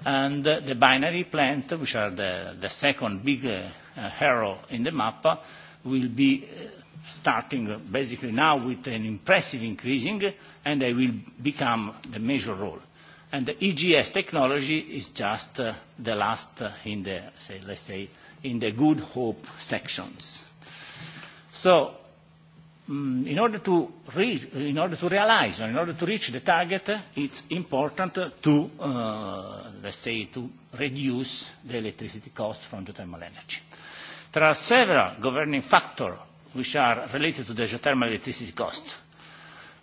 and uh, the binary plant, which are the, the second big uh, uh, arrow in the map, uh, will be uh, starting basically now with an impressive increasing, and they will become the major role. And the EGS technology is just uh, the last uh, in the, say, let's say, in the good hope sections. So um, in order to reach, in order to realize, or in order to reach the target, uh, it's important uh, to, uh, let's say, to reduce the electricity cost from geothermal energy. There are several governing factors which are related to the geothermal electricity cost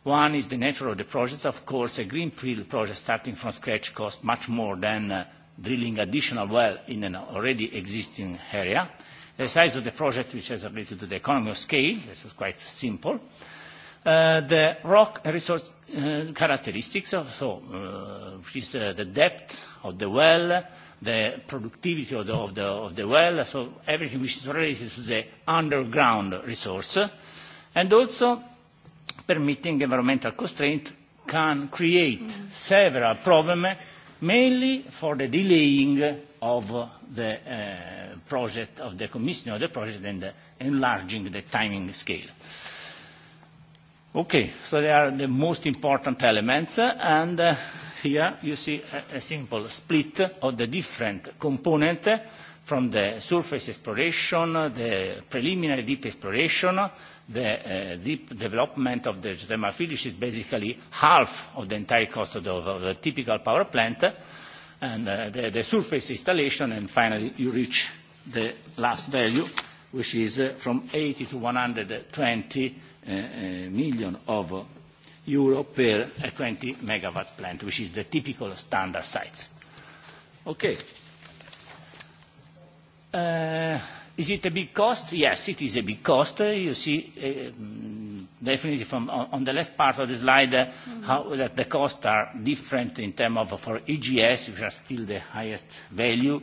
One is the nature of the project. Of course, a greenfield project starting from scratch costs much more than uh, drilling additional well in an already existing area. The size of the project, which is related to the economy of scale, this is quite simple. Uh, the rock resource uh, characteristics, of, so, uh, which is uh, the depth of the well, the productivity of the, of, the, of the well, so everything which is related to the underground resource, and also permitting environmental constraint can create several problems, mainly for the delaying of the uh, project, of the commission of the project and the enlarging the timing scale. Okay, so they are the most important elements, uh, and uh, here you see a, a simple split of the different components uh, from the surface exploration, the preliminary deep exploration, uh, the uh, deep development of the geothermal field, which is basically half of the entire cost of the, of the typical power plant, uh, and uh, the, the surface installation, and finally you reach the last value, which is uh, from 80 to 120 uh, uh, million of euro per uh, 20 megawatt plant, which is the typical standard size. Okay. Uh, Is it a big cost? Yes, it is a big cost. Uh, you see, uh, definitely from on, on the left part of the slide, uh, mm-hmm. how that the costs are different in terms of for EGS, which are still the highest value,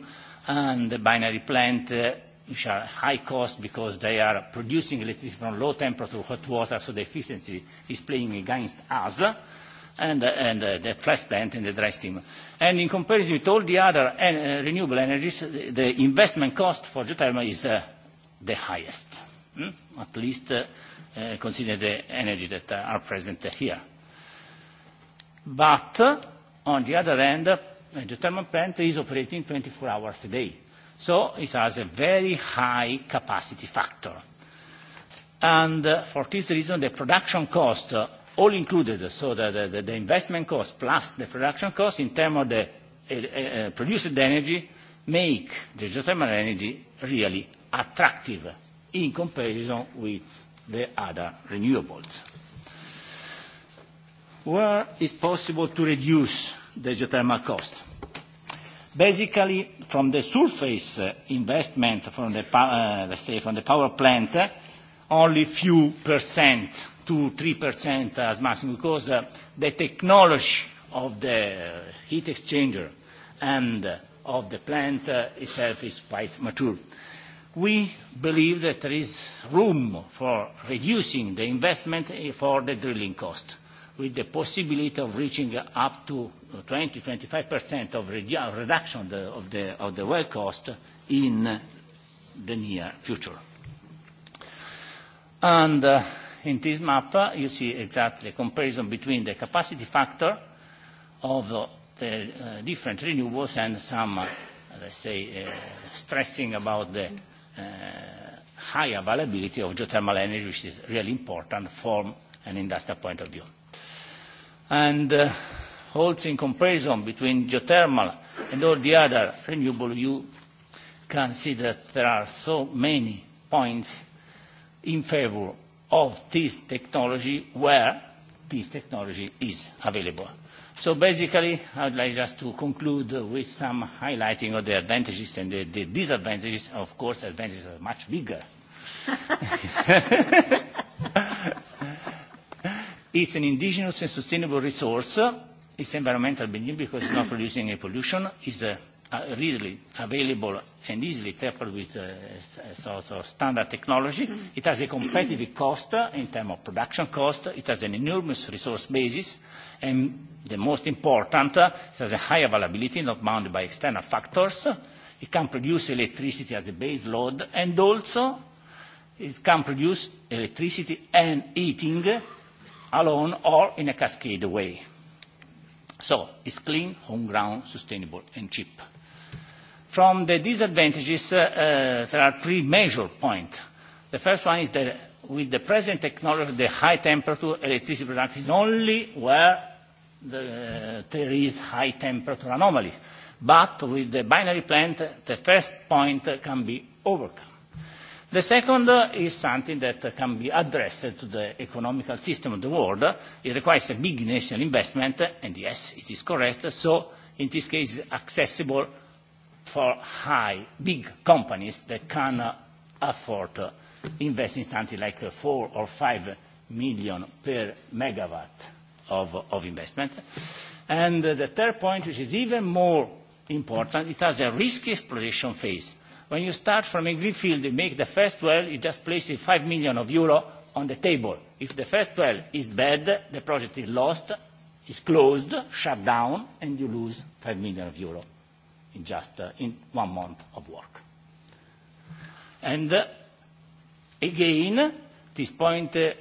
and the binary plant, uh, which are high cost because they are producing electricity from low temperature hot water, so the efficiency is playing against us. Uh, and, and uh, the flash plant and the dry steam. And in comparison with all the other en uh, renewable energies, the investment cost for geothermal is uh, the highest, hmm? at least uh, uh, considering the energy that uh, are present uh, here. But uh, on the other hand, uh, the thermal plant is operating 24 hours a day, so it has a very high capacity factor. And uh, for this reason, the production cost uh, all included, so the, the, the investment cost plus the production cost in terms of the uh, eh, uh, eh, produced energy make the geothermal energy really attractive in comparison with the other renewables. Where is possible to reduce the geothermal cost? Basically, from the surface eh, investment from the, uh, let's say, from the power plant, only few percent 2-3% as maximum because uh, the technology of the heat exchanger and uh, of the plant uh, itself is quite mature. We believe that there is room for reducing the investment for the drilling cost, with the possibility of reaching up to 20%-25% of redu reduction the, of, the, of the well cost in the near future. And, uh, in this map, you see exactly a comparison between the capacity factor of the uh, different renewables and some, uh, let's say, uh, stressing about the uh, high availability of geothermal energy, which is really important from an industrial point of view. And uh, also in comparison between geothermal and all the other renewable, you can see that there are so many points in favor of this technology where this technology is available. So basically, I would like just to conclude with some highlighting of the advantages and the, the disadvantages. Of course, advantages are much bigger. <laughs> it's an indigenous and sustainable resource. It's environmental benign because it's not producing any pollution. It's a Uh, readily available and easily coupled with uh, sort of standard technology. Mm-hmm. It has a competitive <clears throat> cost uh, in terms of production cost. It has an enormous resource basis. And the most important, uh, it has a high availability, not bound by external factors. It can produce electricity as a base load. And also, it can produce electricity and heating alone or in a cascade way. So it's clean, homegrown, sustainable, and cheap. From the disadvantages, uh, uh, there are three major points. The first one is that with the present technology, the high temperature electricity production only where the, uh, there is high temperature anomalies. But with the binary plant, the first point can be overcome. The second is something that can be addressed to the economical system of the world. It requires a big national investment, and yes, it is correct. So in this case, accessible for high, big companies that can uh, afford uh, investing something like uh, 4 or 5 million per megawatt of, of investment. And uh, the third point, which is even more important, it has a risky exploration phase. When you start from a green field, you make the first well, you just place 5 million of euro on the table. If the first well is bad, the project is lost, is closed, shut down, and you lose 5 million of euro in just uh, in one month of work. And uh, again, this point uh,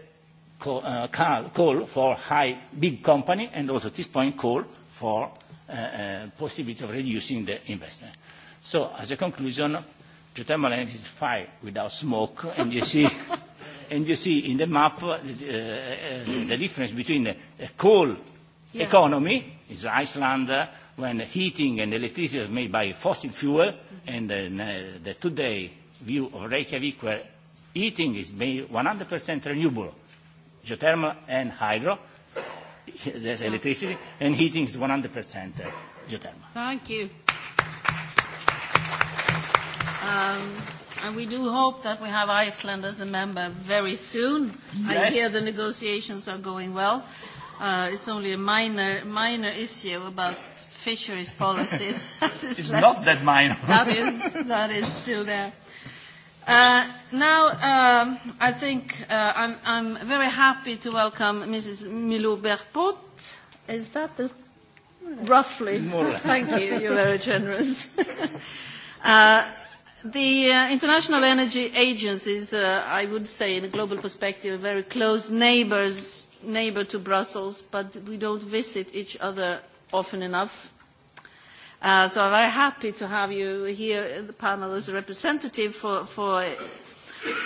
call, uh, call, call for high big company and also this point call for uh, uh, possibility of reducing the investment. So as a conclusion, geothermal energy is fire without smoke, and you see, <laughs> and you see in the map uh, uh, uh, the difference between a coal yeah. economy is Iceland. Uh, when heating and electricity is made by fossil fuel, and then, uh, the today view of Reykjavik, where heating is made 100% renewable, geothermal and hydro, <laughs> there's electricity, and heating is 100% geothermal. Thank you. Um, and we do hope that we have Iceland as a member very soon. Yes. I hear the negotiations are going well. Uh, it's only a minor, minor issue about fisheries policy. <laughs> it's left. not that minor. <laughs> that, is, that is still there. Uh, now, um, I think uh, I'm, I'm very happy to welcome Mrs. Milou Berpot. Is that the... Roughly. More. Thank you. You're very generous. <laughs> uh, The uh, International Energy Agency is, uh, I would say, in a global perspective, a very close neighbors, neighbor to Brussels, but we don't visit each other often enough. Uh, so I'm very happy to have you here in the panel as a representative for, for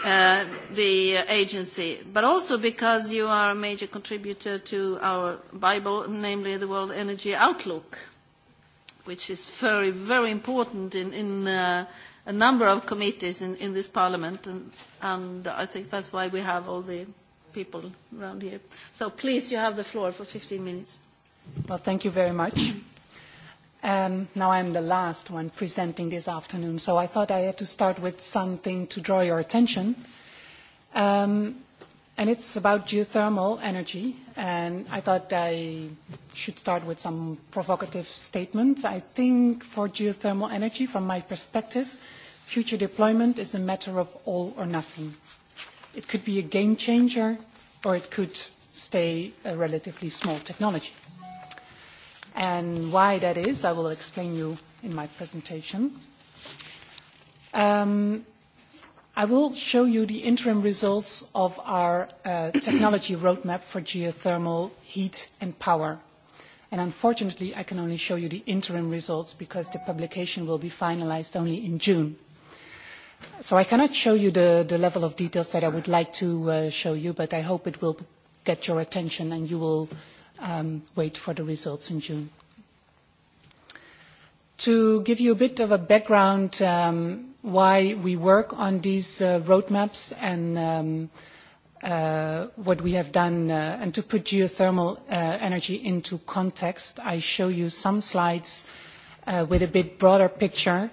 uh, the agency, but also because you are a major contributor to our Bible, namely the World Energy Outlook, which is very, very important in, in uh, a number of committees in, in this parliament, and, and I think that's why we have all the people around here. So please, you have the floor for 15 minutes. Well, thank you very much. Um, now I'm the last one presenting this afternoon, so I thought I had to start with something to draw your attention. Um, and it's about geothermal energy. And I thought I should start with some provocative statements. I think for geothermal energy, from my perspective, future deployment is a matter of all or nothing. It could be a game changer, or it could stay a relatively small technology and why that is, I will explain you in my presentation. Um, I will show you the interim results of our uh, technology roadmap for geothermal heat and power. And unfortunately, I can only show you the interim results because the publication will be finalized only in June. So I cannot show you the, the level of details that I would like to uh, show you, but I hope it will get your attention and you will um, wait for the results in June. To give you a bit of a background um, why we work on these uh, roadmaps and um, uh, what we have done, uh, and to put geothermal uh, energy into context, I show you some slides uh, with a bit broader picture.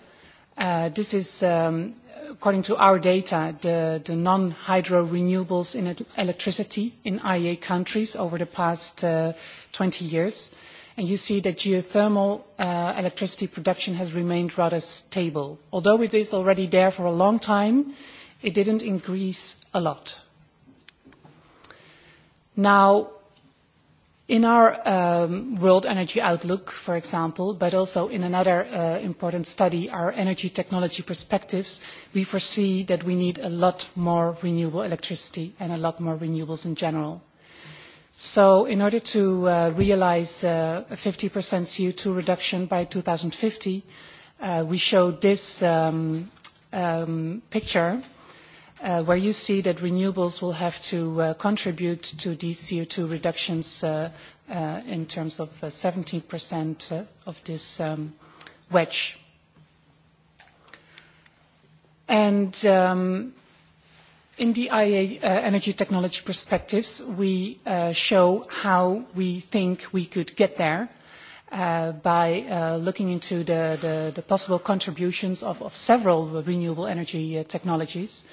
Uh, this is um, according to our data, the, the non-hydro renewables in electricity in IEA countries over the past uh, 20 years. And you see that geothermal uh, electricity production has remained rather stable. Although it is already there for a long time, it didn't increase a lot. Now, In our um, World Energy Outlook, for example, but also in another uh, important study, our energy technology perspectives, we foresee that we need a lot more renewable electricity and a lot more renewables in general. So in order to uh, realize uh, a 50% CO2 reduction by 2050, uh, we showed this um, um, picture uh, uh, where you see that renewables will have to uh, contribute to these CO2 reductions uh, uh, in terms of uh, 17% uh, of this um, wedge. And um, in the IEA uh, energy technology perspectives, we uh, show how we think we could get there. Uh, by uh, looking into the, the, the possible contributions of, of several renewable energy uh, technologies. Uh,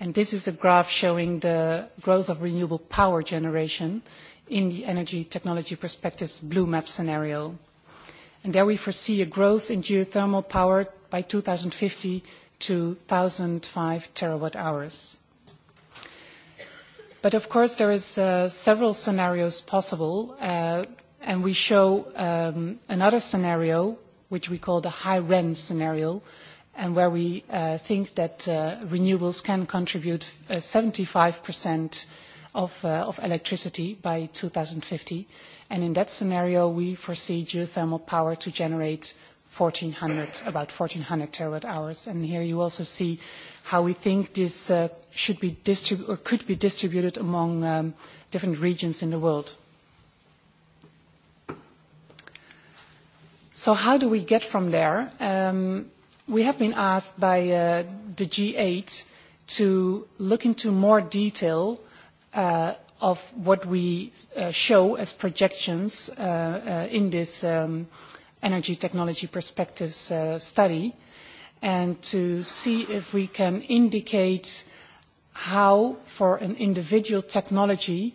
And this is a graph showing the growth of renewable power generation in the Energy Technology Perspectives Blue Map scenario. And there we foresee a growth in geothermal power by 2050 to 1,005 terawatt-hours. But of course, there is uh, several scenarios possible, uh, and we show um, another scenario, which we call the high REN scenario, and where we uh, think that uh, renewables can contribute uh, 75% of, uh, of electricity by 2050. And in that scenario, we foresee geothermal power to generate 1,400, about 1,400 terawatt hours. And here you also see how we think this uh, should be distributed or could be distributed among um, different regions in the world. So how do we get from there? Um, we have been asked by uh, the G8 to look into more detail uh, of what we uh, show as projections uh, uh, in this um, energy technology perspectives uh, study and to see if we can indicate how for an individual technology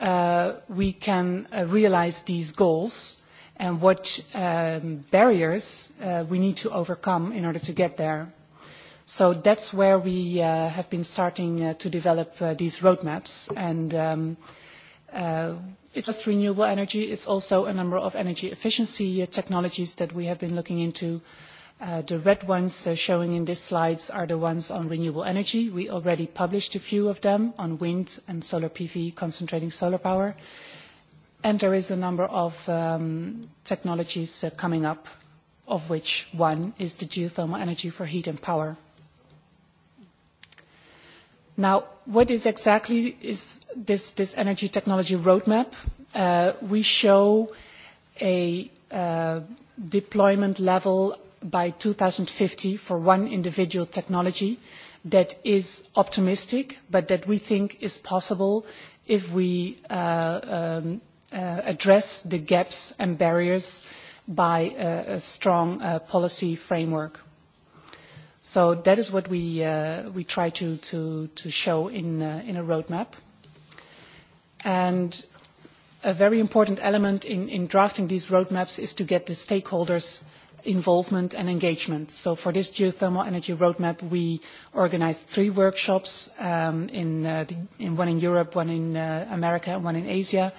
uh, we can uh, realize these goals and what um, barriers uh, we need to overcome in order to get there. So that's where we uh, have been starting uh, to develop uh, these roadmaps. And um, uh, it's just renewable energy. It's also a number of energy efficiency uh, technologies that we have been looking into. Uh, the red ones uh, showing in these slides are the ones on renewable energy. We already published a few of them on wind and solar PV, concentrating solar power. Uh, And there is a number of um, technologies uh, coming up, of which one is the geothermal energy for heat and power. Now, what is exactly is this, this energy technology roadmap? Uh, we show a uh, deployment level by 2050 for one individual technology that is optimistic, but that we think is possible if we uh, um, uh, address the gaps and barriers by uh, a strong uh, policy framework. So that is what we, uh, we try to, to, to show in, uh, in a roadmap. And a very important element in, in drafting these roadmaps is to get the stakeholders' involvement and engagement. So for this geothermal energy roadmap, we organized three workshops, um, in, uh, the, in one in Europe, one in uh, America, and one in Asia, uh,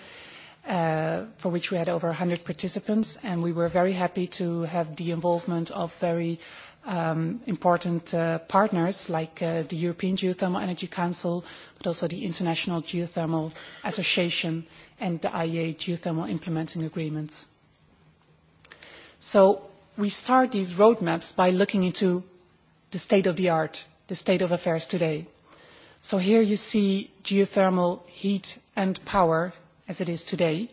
uh, for which we had over 100 participants, and we were very happy to have the involvement of very um, important uh, partners like uh, the European Geothermal Energy Council, but also the International Geothermal Association and the IEA Geothermal Implementing Agreement. So we start these roadmaps by looking into the state of the art, the state of affairs today. So here you see geothermal heat and power as it is today.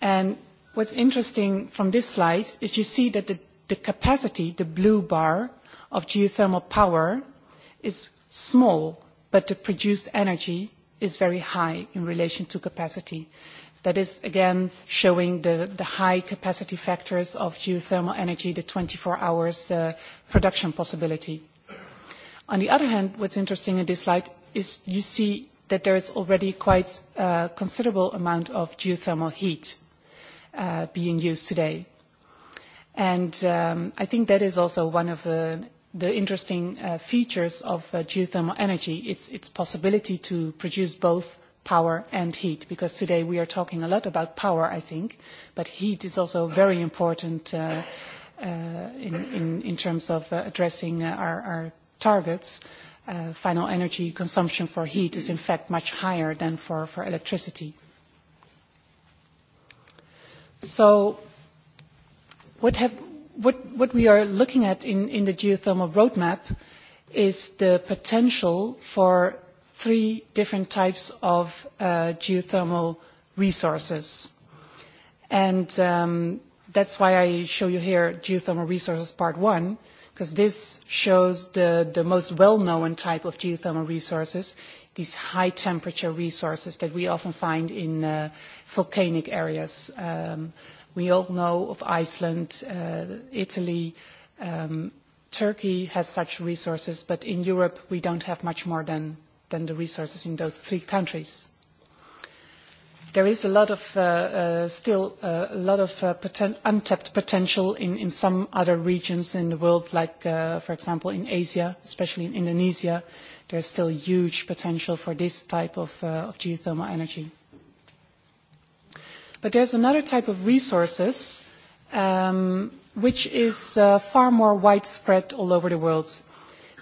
And what's interesting from this slide is you see that the, the capacity, the blue bar, of geothermal power is small, but the produced energy is very high in relation to capacity. That is, again, showing the, the high capacity factors of geothermal energy, the 24 hours uh, production possibility. On the other hand, what's interesting in this slide is you see that there is already quite a considerable amount of geothermal heat uh, being used today. And um, I think that is also one of uh, the interesting uh, features of uh, geothermal energy, its, its possibility to produce both power and heat, because today we are talking a lot about power, I think, but heat is also very important uh, uh, in, in, in terms of uh, addressing uh, our, our targets. Uh, uh, final energy consumption for heat is in fact much higher than for, for electricity. So what, have, what, what we are looking at in, in the geothermal roadmap is the potential for three different types of uh, geothermal resources. And um, that's why I show you here geothermal resources part one, uh, because this shows the, the most well-known type of geothermal resources, these high-temperature resources that we often find in uh, volcanic areas. Um, we all know of Iceland, uh, Italy, um, Turkey has such resources, but in Europe we don't have much more than, than the resources in those three countries there is a lot of uh, uh, still uh, a lot of uh, poten- untapped potential in, in some other regions in the world, like uh, for example in Asia, especially in Indonesia. There's still huge potential for this type of, uh, of geothermal energy. But there's another type of resources um, which is uh, far more widespread all over the world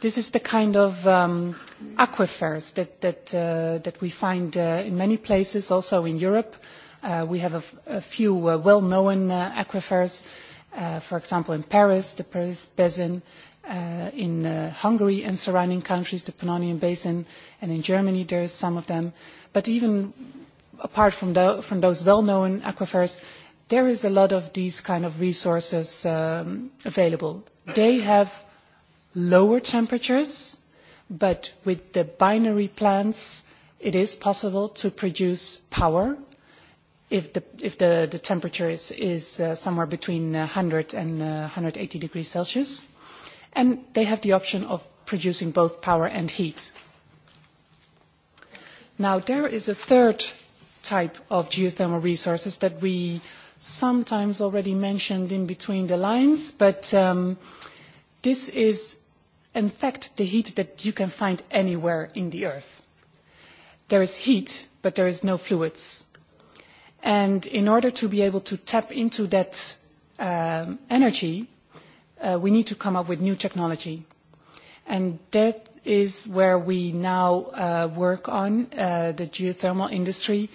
This is the kind of um, aquifers that, that, uh, that we find uh, in many places, also in Europe. Uh, we have a, a few uh, well-known uh, aquifers, uh, for example, in Paris, the Paris Basin, uh, in uh, Hungary and surrounding countries, the Pannonian Basin, and in Germany there is some of them. But even apart from, the, from those well-known aquifers, there is a lot of these kind of resources um, available. They have lower temperatures, but with the binary plants, it is possible to produce power if the, if the, the temperature is, is uh, somewhere between 100 uh, and uh, 180 degrees Celsius. And they have the option of producing both power and heat. Now, there is a third type of geothermal resources that we sometimes already mentioned in between the lines, but um, this is in fact the heat that you can find anywhere in the earth. There is heat, but there is no fluids. And in order to be able to tap into that um, energy, uh, we need to come up with new technology. And that is where we now uh, work on. Uh, the geothermal industry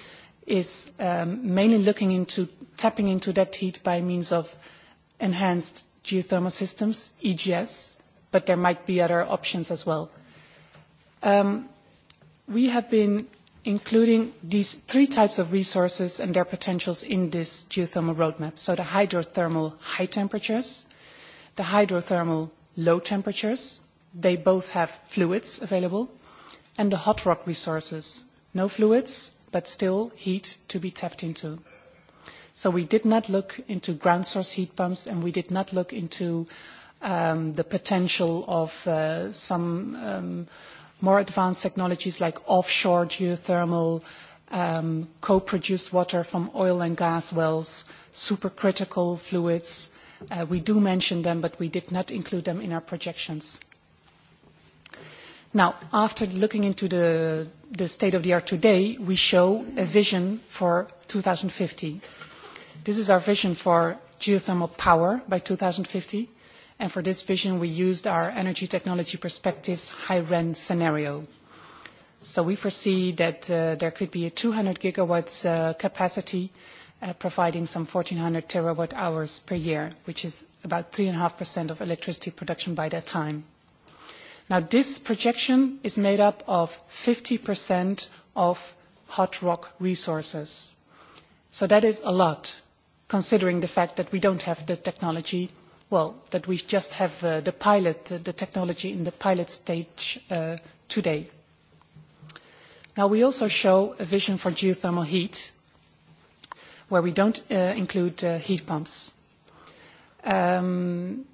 is um, mainly looking into tapping into that heat by means of enhanced geothermal systems, EGS, but there might be other options as well. Um, we have been including these three types of resources and their potentials in this geothermal roadmap. So the hydrothermal high temperatures, the hydrothermal low temperatures, they both have fluids available, and the hot rock resources, no fluids, but still heat to be tapped into. So we did not look into ground source heat pumps, and we did not look into uh, um, the potential of uh, some um, more advanced technologies like offshore geothermal, um, co-produced water from oil and gas wells, supercritical fluids. Uh, we do mention them, but we did not include them in our projections. Now, after looking into the, the state-of-the-art today, we show a vision for 2050. This is our vision for geothermal power by 2050. And for this vision, we used our energy technology perspectives high-REN scenario. So we foresee that uh, there could be a 200 GW uh, capacity, uh, providing some 1,400 TWh per year, which is about 3.5% of electricity production by that time. Now, this projection is made up of 50% of hot rock resources. So that is a lot, considering the fact that we don't have the technology well, that we just have uh, the pilot, uh, the technology in the pilot stage uh, today. Now, we also show a vision for geothermal heat, where we don't uh, include uh, heat pumps. Um,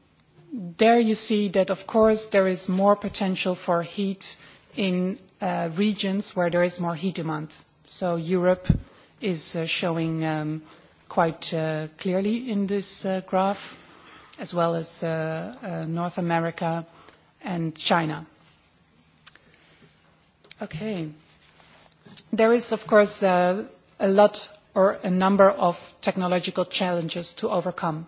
there you see that, of course, there is more potential for heat in uh, regions where there is more heat demand. So Europe is uh, showing um, quite uh, clearly in this uh, graph as well as uh, uh, North America and China. Okay. There is, of course, uh, a lot or a number of technological challenges to overcome.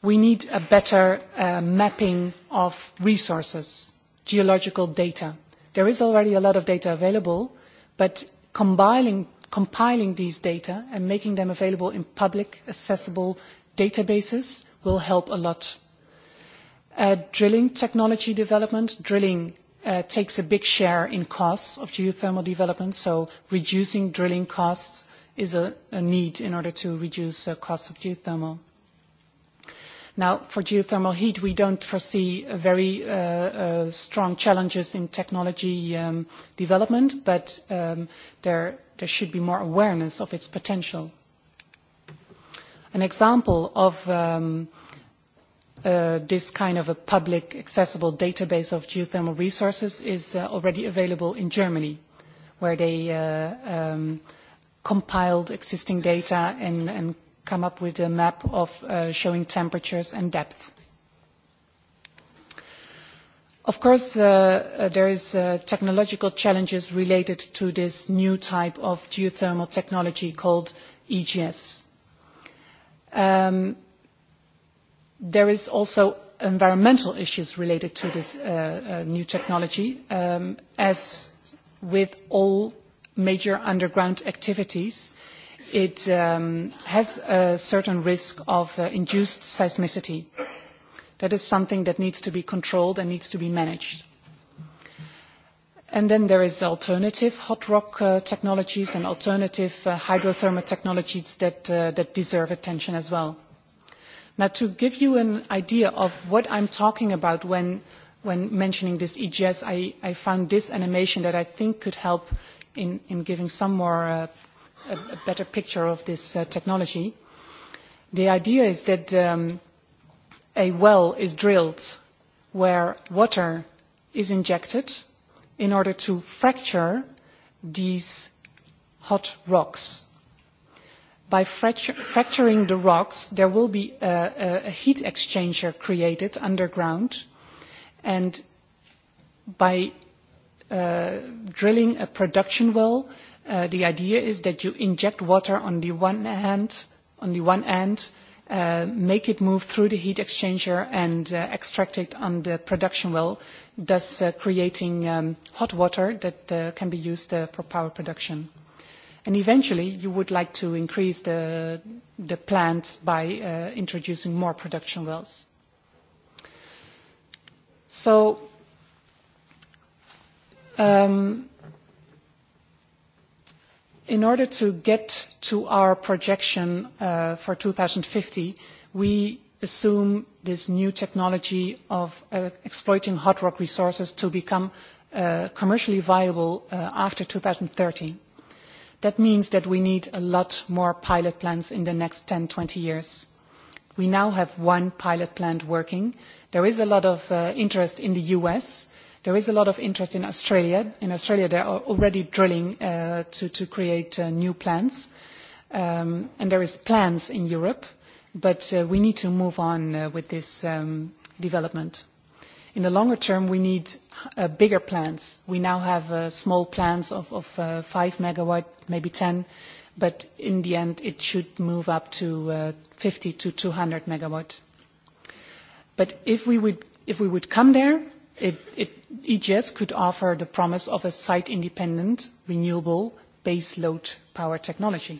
We need a better uh, mapping of resources, geological data. There is already a lot of data available, but combining, compiling these data and making them available in public, accessible databases will help a lot. Uh, drilling technology development. Drilling uh, takes a big share in costs of geothermal development, so reducing drilling costs is a, a need in order to reduce uh, costs of geothermal. Now, for geothermal heat, we don't foresee very uh, uh, strong challenges in technology um, development, but um, there, there should be more awareness of its potential an example of um, uh, this kind of a public accessible database of geothermal resources is uh, already available in Germany, where they uh, um, compiled existing data and, and come up with a map of uh, showing temperatures and depth. Of course, uh, uh there is uh, technological challenges related to this new type of geothermal technology called EGS Um, there is also environmental issues related to this uh, uh, new technology, um, as with all major underground activities, it um, has a certain risk of uh, induced seismicity. That is something that needs to be controlled and needs to be managed. And then there is alternative hot rock uh, technologies and alternative uh, hydrothermal technologies that, uh, that deserve attention as well. Now, to give you an idea of what I'm talking about when, when mentioning this EGS, I, I found this animation that I think could help in, in giving some more uh, a, a better picture of this uh, technology. The idea is that um, a well is drilled where water is injected – in order to fracture these hot rocks. By fracture, fracturing the rocks, there will be a, a heat exchanger created underground, and by uh, drilling a production well, uh, the idea is that you inject water on the one hand, on the one end, uh, make it move through the heat exchanger and uh, extract it on the production well, uh, thus uh, creating um, hot water that uh, can be used uh, for power production. And eventually, you would like to increase the, the plant by uh, introducing more production wells. So um, in order to get to our projection uh, for 2050, we assume this new technology of uh, exploiting hot rock resources to become uh, commercially viable uh, after 2030. That means that we need a lot more pilot plants in the next 10, 20 years. We now have one pilot plant working. There is a lot of uh, interest in the U.S. There is a lot of interest in Australia. In Australia, they are already drilling uh, to, to create uh, new plants. Um, and there is plans in Europe. But uh, we need to move on uh, with this um, development. In the longer term, we need uh, bigger plants. We now have uh, small plants of, of uh, 5 megawatt, maybe 10, but in the end, it should move up to uh, 50 to 200 megawatt. But if we would, if we would come there, it, it, EGS could offer the promise of a site-independent, renewable, baseload power technology.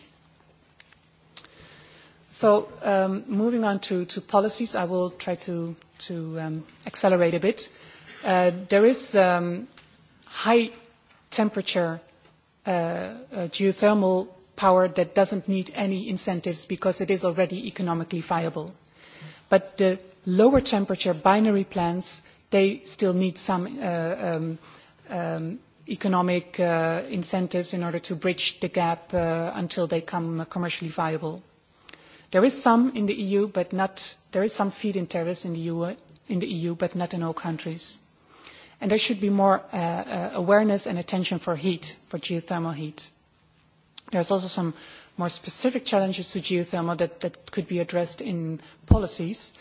So um, moving on to, to policies, I will try to, to um, accelerate a bit. Uh, there is um, high temperature uh, uh, geothermal power that doesn't need any incentives because it is already economically viable. But the lower temperature binary plants, they still need some uh, um, um, economic uh, incentives in order to bridge the gap uh, until they come commercially viable. There is some in the EU, but not, there is some feed-in tariffs in the, EU, in the EU, but not in all countries. And there should be more uh, uh, awareness and attention for heat, for geothermal heat. There's also some more specific challenges to geothermal that, that could be addressed in policies,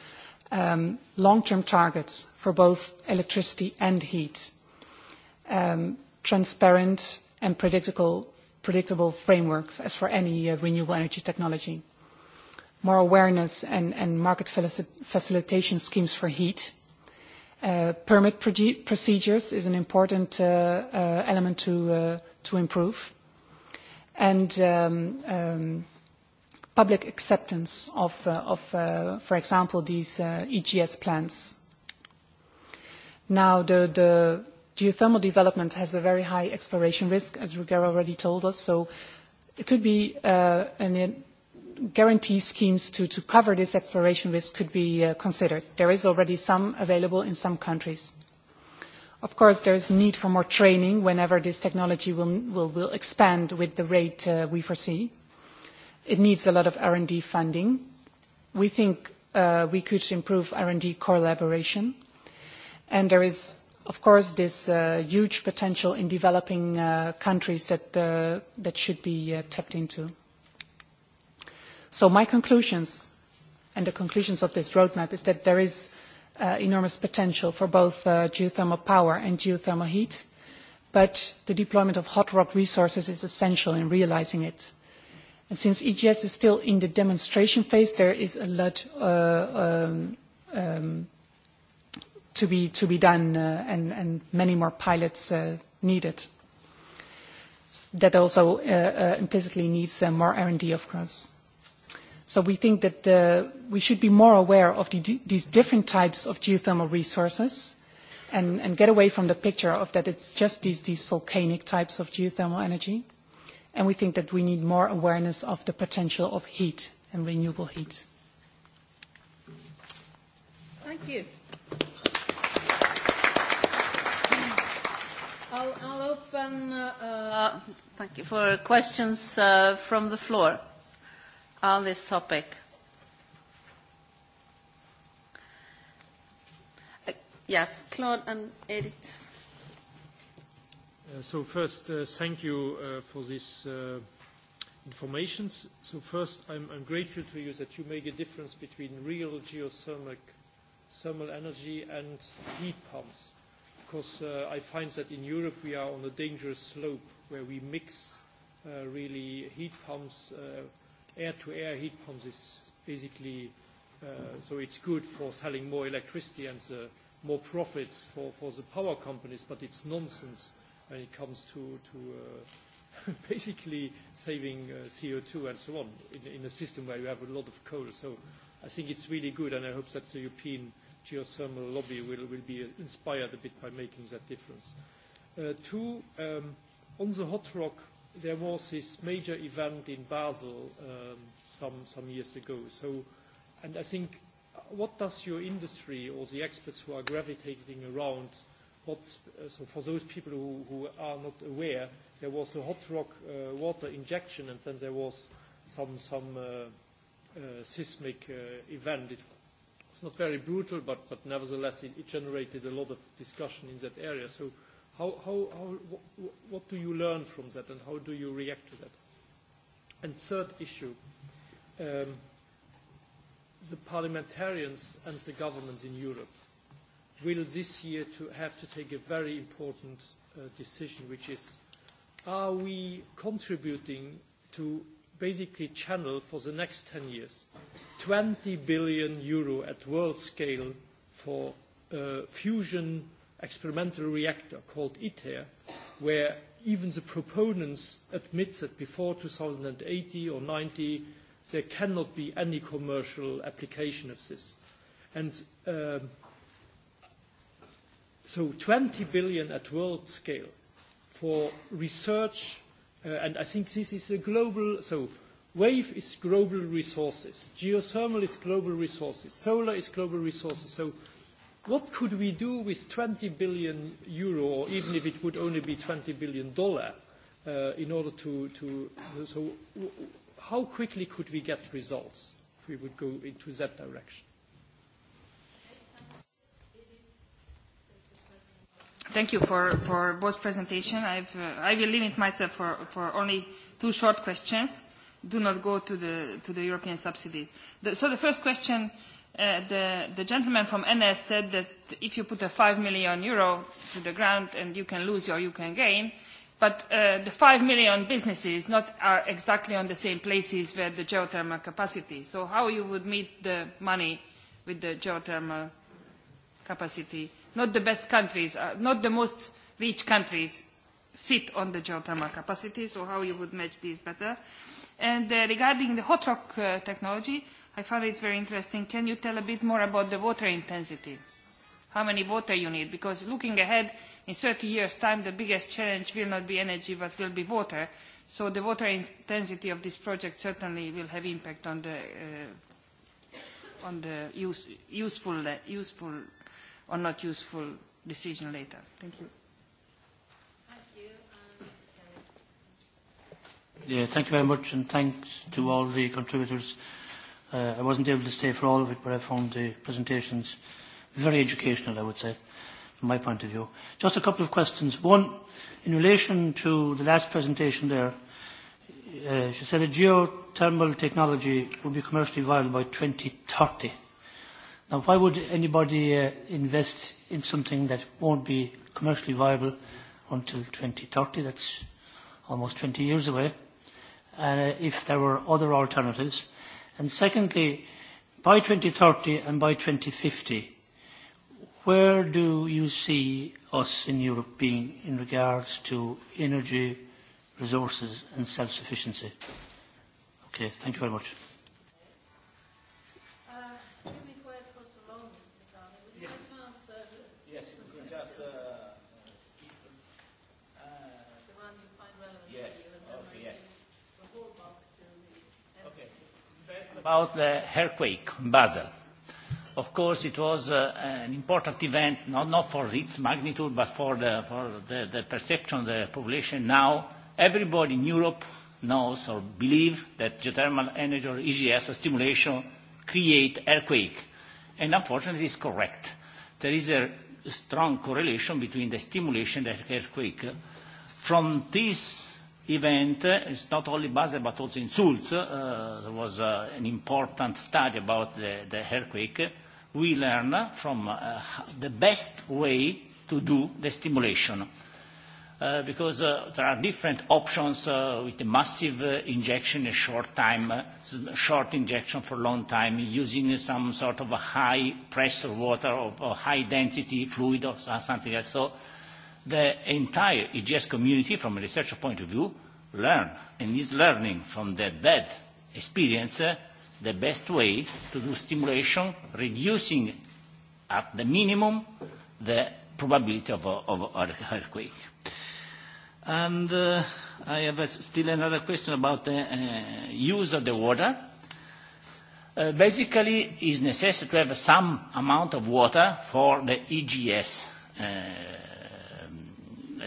um, long-term targets for both electricity and heat, um, transparent and predictable, predictable frameworks as for any uh, renewable energy technology more awareness and, and market facilitation schemes for heat. Uh, permit procedures is an important uh, uh, element to, uh, to improve. And um, um, public acceptance of, uh, of uh, for example, these uh, EGS plants. Now, the, the geothermal development has a very high exploration risk, as Ruger already told us, so it could be uh, an guarantee schemes to, to cover this exploration risk could be uh, considered. There is already some available in some countries. Of course, there is need for more training whenever this technology will, will, will expand with the rate uh, we foresee. It needs a lot of R&D funding. We think uh, we could improve R&D collaboration. And there is, of course, this uh, huge potential in developing uh, countries that, uh, that should be uh, tapped into. So my conclusions and the conclusions of this roadmap is that there is uh, enormous potential for both uh, geothermal power and geothermal heat, but the deployment of hot rock resources is essential in realizing it. And since EGS is still in the demonstration phase, there is a lot uh, um, um, to, be, to be done uh, and, and many more pilots uh, needed. That also uh, uh, implicitly needs uh, more R&D, of course. So we think that uh, we should be more aware of the, these different types of geothermal resources and, and get away from the picture of that it's just these, these volcanic types of geothermal energy. And we think that we need more awareness of the potential of heat and renewable heat. Thank you. I'll, I'll open. Uh, uh, thank you for questions uh, from the floor on this topic. Uh, yes, Claude and Edith. Uh, so first, uh, thank you uh, for this uh, information. So first, I'm, I'm grateful to you that you make a difference between real geothermal thermal energy and heat pumps, because uh, I find that in Europe we are on a dangerous slope where we mix uh, really heat pumps uh, air-to-air -air heat pumps is basically, uh, so it's good for selling more electricity and the more profits for, for the power companies, but it's nonsense when it comes to, to uh, <laughs> basically saving uh, CO2 and so on in, in a system where you have a lot of coal. So I think it's really good, and I hope that the European geothermal lobby will, will be inspired a bit by making that difference. Uh, two, um, on the hot rock there was this major event in Basel um, some, some years ago. So, and I think uh, what does your industry or the experts who are gravitating around, what, uh, so for those people who, who are not aware, there was a hot rock uh, water injection and then there was some, some uh, uh, seismic uh, event. It, it's not very brutal, but, but nevertheless it, it generated a lot of discussion in that area. So How, how, how, what, what do you learn from that and how do you react to that? And third issue, um, the parliamentarians and the governments in Europe will this year to have to take a very important uh, decision, which is, are we contributing to basically channel for the next 10 years 20 billion euro at world scale for uh, fusion experimental reactor called ITER, where even the proponents admit that before 2080 or 90, there cannot be any commercial application of this. And um, so 20 billion at world scale for research, uh, and I think this is a global, so wave is global resources, geothermal is global resources, solar is global resources. So what could we do with 20 billion euro, or even if it would only be 20 billion dollar, uh, in order to, to so w how quickly could we get results if we would go into that direction? Thank you for, for both presentation. I've, uh, I will limit myself for, for only two short questions. Do not go to the, to the European subsidies. The, so the first question, uh, Uh, the, the gentleman from NS said that if you put a 5 million euro to the ground and you can lose or you can gain, but uh, the 5 million businesses not are exactly on the same places where the geothermal capacity. So how you would meet the money with the geothermal capacity? Not the best countries, uh, not the most rich countries sit on the geothermal capacity, so how you would match these better. Uh, And uh, regarding the hot rock uh, technology, I found it very interesting. Can you tell a bit more about the water intensity? How many water you need? Because looking ahead, in 30 years' time, the biggest challenge will not be energy, but will be water. So the water intensity of this project certainly will have impact on the, uh, on the use, useful, uh, useful or not useful decision later. Thank you. Yeah, thank you very much, and thanks to all the contributors. Uh, I wasn't able to stay for all of it, but I found the presentations very educational, I would say, from my point of view. Just a couple of questions. One, in relation to the last presentation there, uh, she said that geothermal technology will be commercially viable by 2030. Now, why would anybody uh, invest in something that won't be commercially viable until 2030? That's almost 20 years away uh, if there were other alternatives. And secondly, by 2030 and by 2050, where do you see us in Europe being in regards to energy, resources and self-sufficiency? Okay, thank you very much. about the earthquake in Basel. Of course, it was uh, an important event, not, not for its magnitude, but for, the, for the, the perception of the population. Now, everybody in Europe knows or believes that geothermal energy or EGS stimulation create earthquake. And unfortunately, it's correct. There is a strong correlation between the stimulation and the earthquake. From this event. It's not only Basel, but also in Sulz. Uh, there was uh, an important study about the, the earthquake. We learn from uh, the best way to do the stimulation. Uh, because uh, there are different options uh, with a massive uh, injection, a short time, uh, short injection for a long time, using some sort of a high pressure water or, or high density fluid or something like that. So the entire EGS community, from a researcher point of view, learn and is learning from the bad experience uh, the best way to do stimulation, reducing at the minimum the probability of, of, of earthquake. And uh, I have a, still another question about the uh, use of the water. Uh, basically, it is necessary to have some amount of water for the EGS uh,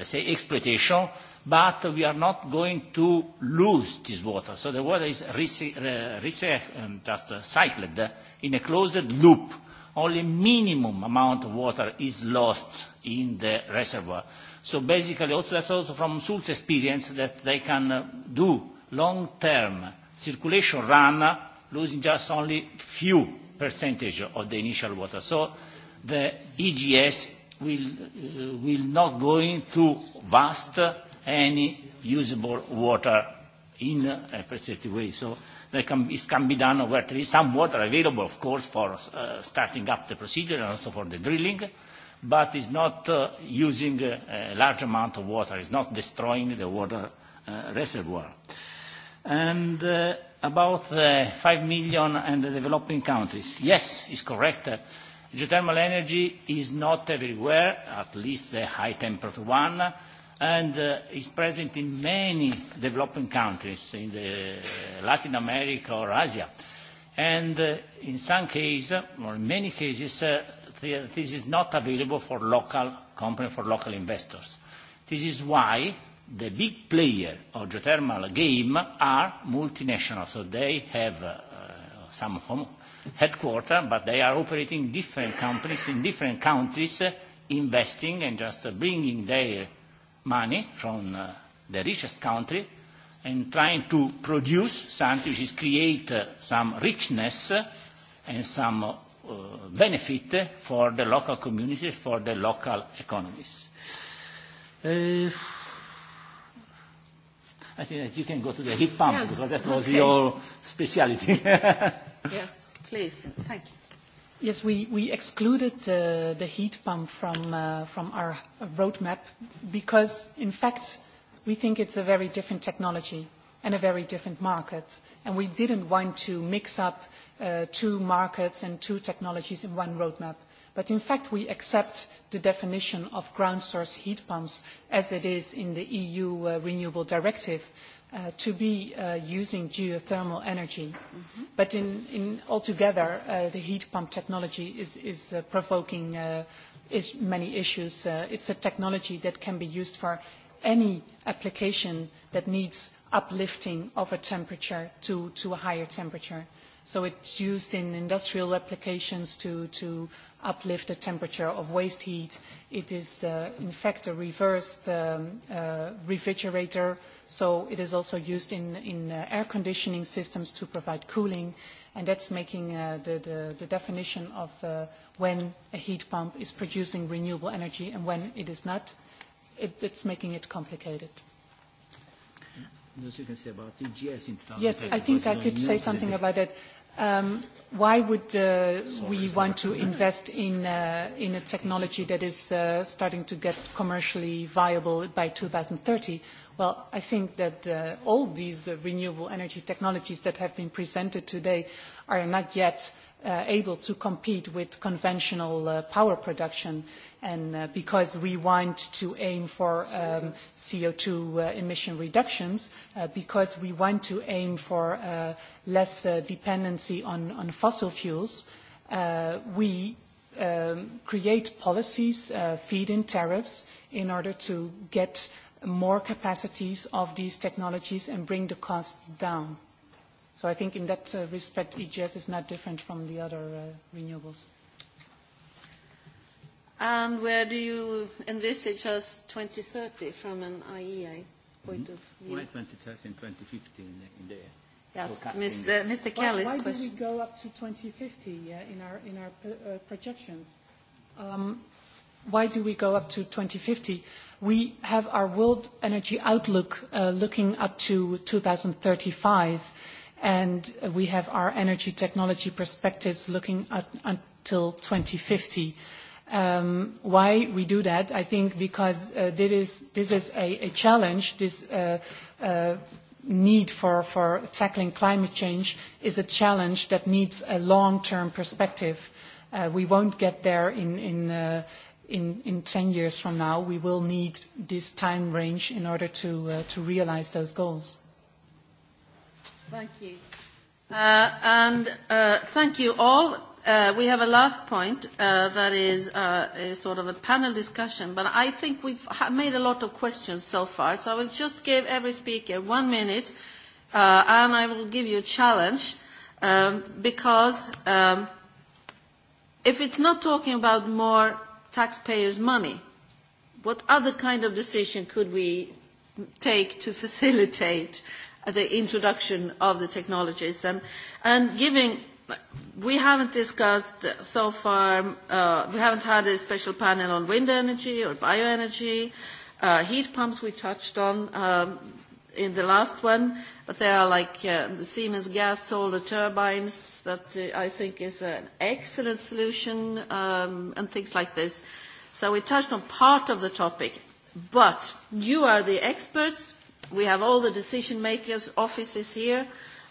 say, exploitation, but we are not going to lose this water. So the water is um, just uh, cycled in a closed loop. Only minimum amount of water is lost in the reservoir. So basically, also that's also from Sul's experience that they can uh, do long-term circulation run, losing just only few percentage of the initial water. So the EGS will, uh, will not going to waste any usable water in a perceptive way. So there can, this can be done where there is some water available, of course, for uh, starting up the procedure and also for the drilling, but it's not uh, using a, a large amount of water. It's not destroying the water uh, reservoir. And uh, about uh, 5 million and the developing countries. Yes, it's correct. Uh, Geothermal energy is not everywhere, at least the high temperature one, and uh, is present in many developing countries in the Latin America or Asia. And uh, in some cases, uh, or in many cases, uh, this is not available for local company, for local investors. This is why the big player of geothermal game are multinational, so they have uh, some home headquarters, but they are operating different companies in different countries, uh, investing and just uh, bringing their money from uh, the richest country and trying to produce something which is create uh, some richness uh, and some uh, benefit for the local communities, for the local economies. Uh, I think that you can go to the heat pump yes, because that was okay. your specialty. <laughs> yes placed in. Thank you. Yes, we, we excluded uh, the heat pump from, uh, from our roadmap because, in fact, we think it's a very different technology and a very different market. And we didn't want to mix up uh, two markets and two technologies in one roadmap. But in fact, we accept the definition of ground source heat pumps as it is in the EU uh, Renewable Directive – uh, to be uh, using geothermal energy. Mm-hmm. But in, in altogether, uh, the heat pump technology is, is uh, provoking uh, is many issues. Uh, it's a technology that can be used for any application that needs uplifting of a temperature to, to a higher temperature. So it's used in industrial applications to, to uplift the temperature of waste heat. It is, uh, in fact, a reversed um, uh, refrigerator uh, So it is also used in, in uh, air conditioning systems to provide cooling, and that's making uh, the, the, the definition of uh, when a heat pump is producing renewable energy and when it is not. It, it's making it complicated. Yes, you can say about EGS in 2010. Yes, I think I could say something about that. Um, why would uh, sorry, we sorry. want to invest in, uh, in a technology that is uh, starting to get commercially viable by 2030? Well, I think that uh, all these uh, renewable energy technologies that have been presented today are not yet uh, able to compete with conventional uh, power production. And uh, because we want to aim for um, CO2 uh, emission reductions, uh, because we want to aim for uh, less uh, dependency on, on fossil fuels, uh, we um, create policies, uh, feed-in tariffs, in order to get uh, more capacities of these technologies and bring the costs down. So I think in that uh, respect, EGS is not different from the other uh, renewables. And where do you envisage us 2030 from an IEA point mm-hmm. of view? Why 2030 and 2050 in the, in the Yes, Mr. Mr. Kelly's why, why question. Why do we go up to 2050 yeah, in our, in our uh, projections? Um, why do we go up to 2050? we have our World Energy Outlook uh, looking up to 2035, and we have our energy technology perspectives looking at, until 2050. Um, why we do that? I think because uh, this is, this is a, a challenge. This uh, uh, need for, for tackling climate change is a challenge that needs a long-term perspective. Uh, we won't get there in, in uh, in, in 10 years from now, we will need this time range in order to, uh, to realize those goals. Thank you. Uh, and uh, thank you all. Uh, we have a last point uh, that is, uh, is sort of a panel discussion, but I think we've made a lot of questions so far, so I will just give every speaker one minute, uh, and I will give you a challenge, um, because um, if it's not talking about more taxpayers' money? What other kind of decision could we take to <laughs> facilitate the introduction of the technologies? And, and giving, we haven't discussed so far, uh, we haven't had a special panel on wind energy or bioenergy. Uh, heat pumps we touched on. Um, in the last one, but there are like uh, the Siemens gas solar turbines that uh, I think is an excellent solution um, and things like this. So we touched on part of the topic, but you are the experts. We have all the decision makers' offices here.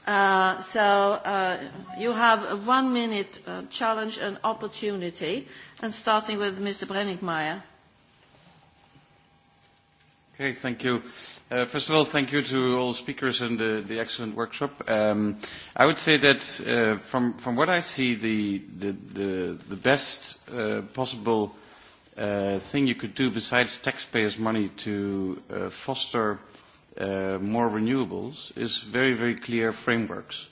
Uh, so uh, you have a one-minute uh, challenge and opportunity, and starting with Mr. Brenningmeier. Okay, thank you. Uh, first of all, thank you to all speakers and the, the excellent workshop. Um, I would say that uh, from, from what I see, the, the, the, the best uh, possible uh, thing you could do besides taxpayers' money to uh, foster uh, more renewables is very, very clear frameworks.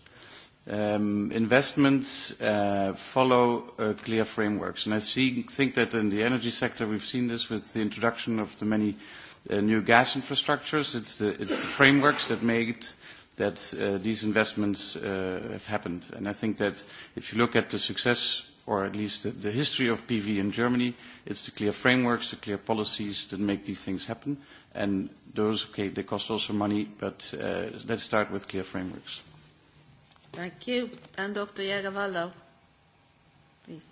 Um, investments uh, follow uh, clear frameworks. And I see, think that in the energy sector, we've seen this with the introduction of the many uh, uh, new gas infrastructures. It's the, it's the frameworks that made that uh, these investments uh, have happened. And I think that if you look at the success or at least the, the history of PV in Germany, it's the clear frameworks, the clear policies that make these things happen. And those, okay, they cost also money, but uh, let's start with clear frameworks. Thank you. And Dr. Jagavallo, please.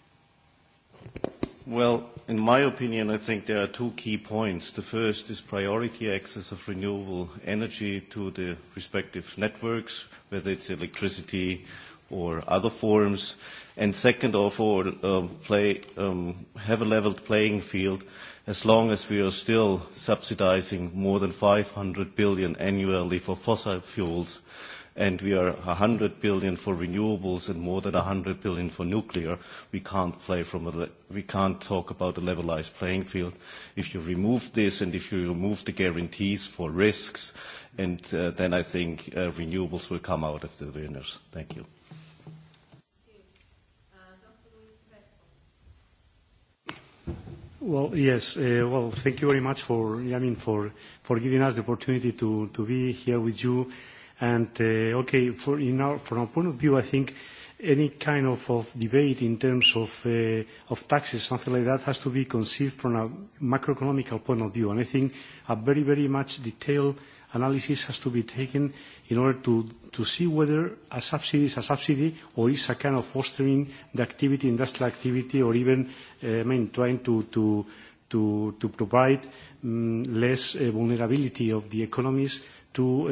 Well, in my opinion, I think there are two key points. The first is priority access of renewable energy to the respective networks, whether it's electricity or other forms. And second of all, um, play, um, have a leveled playing field as long as we are still subsidizing more than 500 billion annually for fossil fuels. Uh, and we are 100 billion for renewables and more than 100 billion for nuclear, we can't play from a we can't talk about a levelized playing field. If you remove this and if you remove the guarantees for risks, and uh, then I think uh, renewables will come out as the winners. Thank you. Well, yes. Uh, well, thank you very much for, I mean, for, for giving us the opportunity to, to be here with you And uh, okay, for in our, from our point of view, I think any kind of, of debate in terms of, uh, of taxes, something like that, has to be conceived from a macroeconomical point of view. And I think a very, very much detailed analysis has to be taken in order to, to see whether a subsidy is a subsidy or is a kind of fostering the activity, industrial activity, or even, uh, I mean, trying to, to, to, to provide um, less uh, vulnerability of the economies uh, to,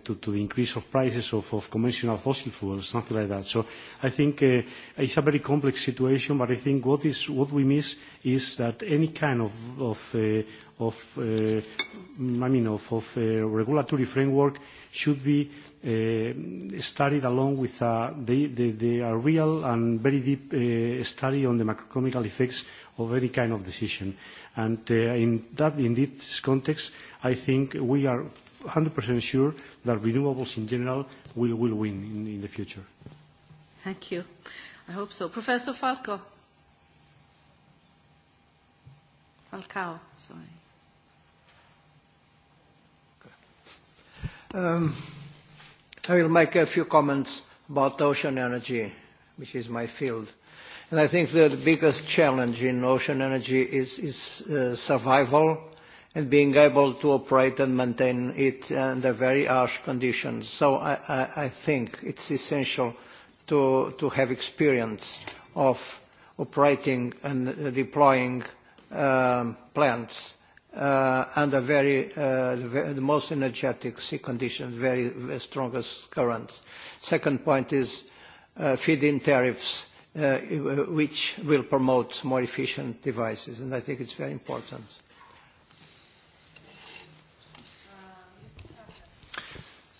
uh, to, to the increase of prices of, of conventional fossil fuels, something like that. So I think uh, it's a very complex situation, but I think what, is, what we miss is that any kind of, of, uh, of, uh, I mean of, of uh, regulatory framework should be uh, studied along with uh, the, the, the, a real and very deep uh, study on the macroeconomic effects of any kind of decision. And uh, in, that, in this context, I think we are 100% sure that renewables in general will, will win in, in the future. Thank you. I hope so. Professor Falco. Falcao, sorry. Um, I will make a few comments about ocean energy, which is my field. And I think the biggest challenge in ocean energy is, is uh, survival and being able to operate and maintain it under very harsh conditions. So I, I, I think it's essential to, to have experience of operating and deploying um, plants uh, under very, uh, the, the most energetic sea conditions, very, very strongest currents. Second point is uh, feed-in tariffs, uh, which will promote more efficient devices, and I think it's very important.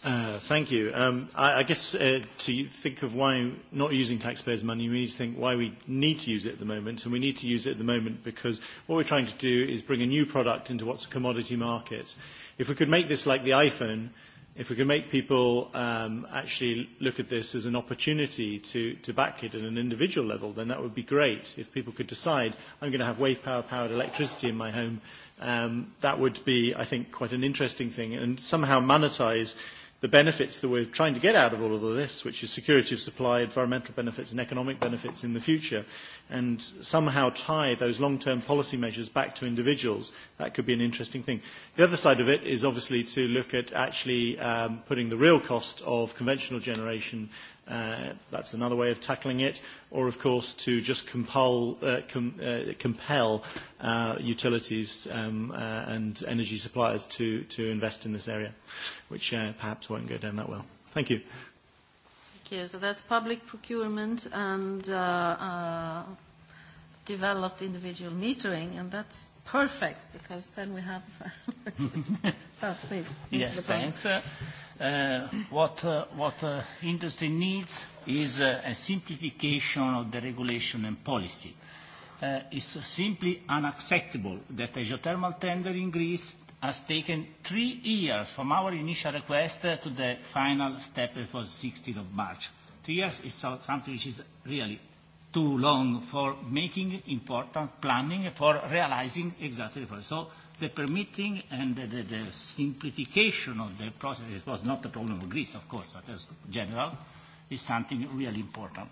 Uh, thank you. Um, I, I guess uh, to think of why not using taxpayers' money, we need to think why we need to use it at the moment. And we need to use it at the moment because what we're trying to do is bring a new product into what's a commodity market. If we could make this like the iPhone, if we could make people um, actually look at this as an opportunity to, to back it at an individual level, then that would be great. If people could decide, I'm going to have wave power powered electricity in my home, um, that would be, I think, quite an interesting thing. And somehow monetize the benefits that we're trying to get out of all of this, which is security of supply, environmental benefits and economic benefits in the future, and somehow tie those long-term policy measures back to individuals, that could be an interesting thing. The other side of it is obviously to look at actually um, putting the real cost of conventional generation Uh, that's another way of tackling it. Or, of course, to just compel, uh, com, uh, compel uh, utilities um, uh, and energy suppliers to, to invest in this area, which uh, perhaps won't go down that well. Thank you. Thank you. So that's public procurement and uh, uh, developed individual metering, and that's perfect because then we have. <laughs> <laughs> so please. Yes, thanks. Uh, uh, what, uh, what uh, industry needs is uh, a simplification of the regulation and policy. Uh, it's simply unacceptable that a geothermal tender in Greece has taken three years from our initial request uh, to the final step, it was 16th of March. Three years is something which is really too long for making important planning for realizing exactly the project. So the permitting and the, the, the simplification of the process, it was not the problem of Greece, of course, but as general, is something really important.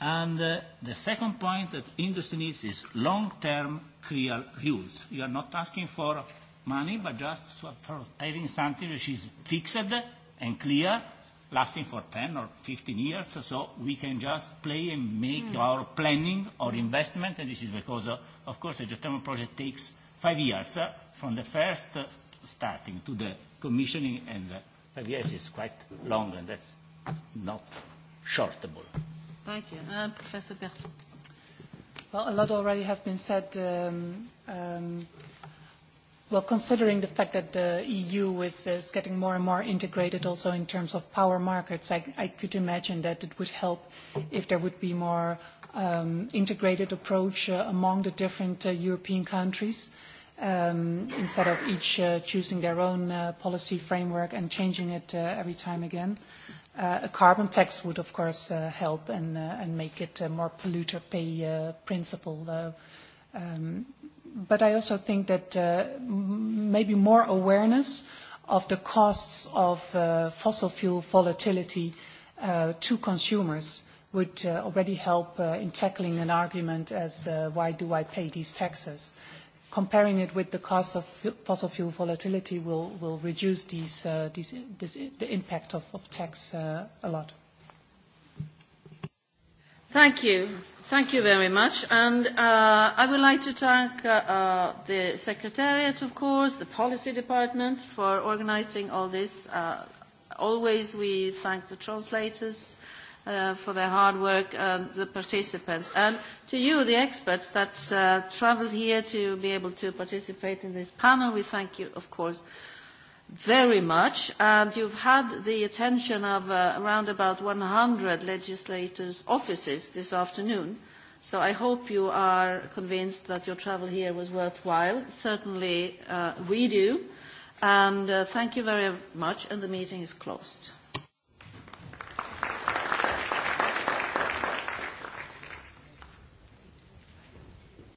And uh, the second point that industry needs is long-term clear rules. You are not asking for money, but just for having something which is fixed and clear lasting for 10 or 15 years, so we can just play and make mm. our planning or investment, and this is because, uh, of course, the geothermal project takes five years uh, from the first uh, starting to the commissioning, and uh, five years is quite long, and that's not shortable. Thank you. Uh, Professor Berton. Well, a lot already has been said. Um, um, Well, considering the fact that the EU is, is getting more and more integrated also in terms of power markets, I, I could imagine that it would help if there would be more um, integrated approach uh, among the different uh, European countries um, instead of each uh, choosing their own uh, policy framework and changing it uh, every time again. Uh, a carbon tax would, of course, uh, help and, uh, and make it a more polluter pay uh, principle uh, um, but I also think that uh, maybe more awareness of the costs of uh, fossil fuel volatility uh, to consumers would uh, already help uh, in tackling an argument as uh, why do I pay these taxes. Comparing it with the cost of fossil fuel volatility will, will reduce these, uh, these, this, the impact of, of tax uh, a lot. Thank you. Thank you very much. And uh, I would like to thank uh, uh, the Secretariat, of course, the Policy Department for organizing all this. Uh, always we thank the translators uh, for their hard work and the participants. And to you, the experts that uh, traveled here to be able to participate in this panel, we thank you, of course, uh, very much, and you've had the attention of uh, around about 100 legislators' offices this afternoon. So I hope you are convinced that your travel here was worthwhile. Certainly, uh, we do. And uh, thank you very much, and the meeting is closed.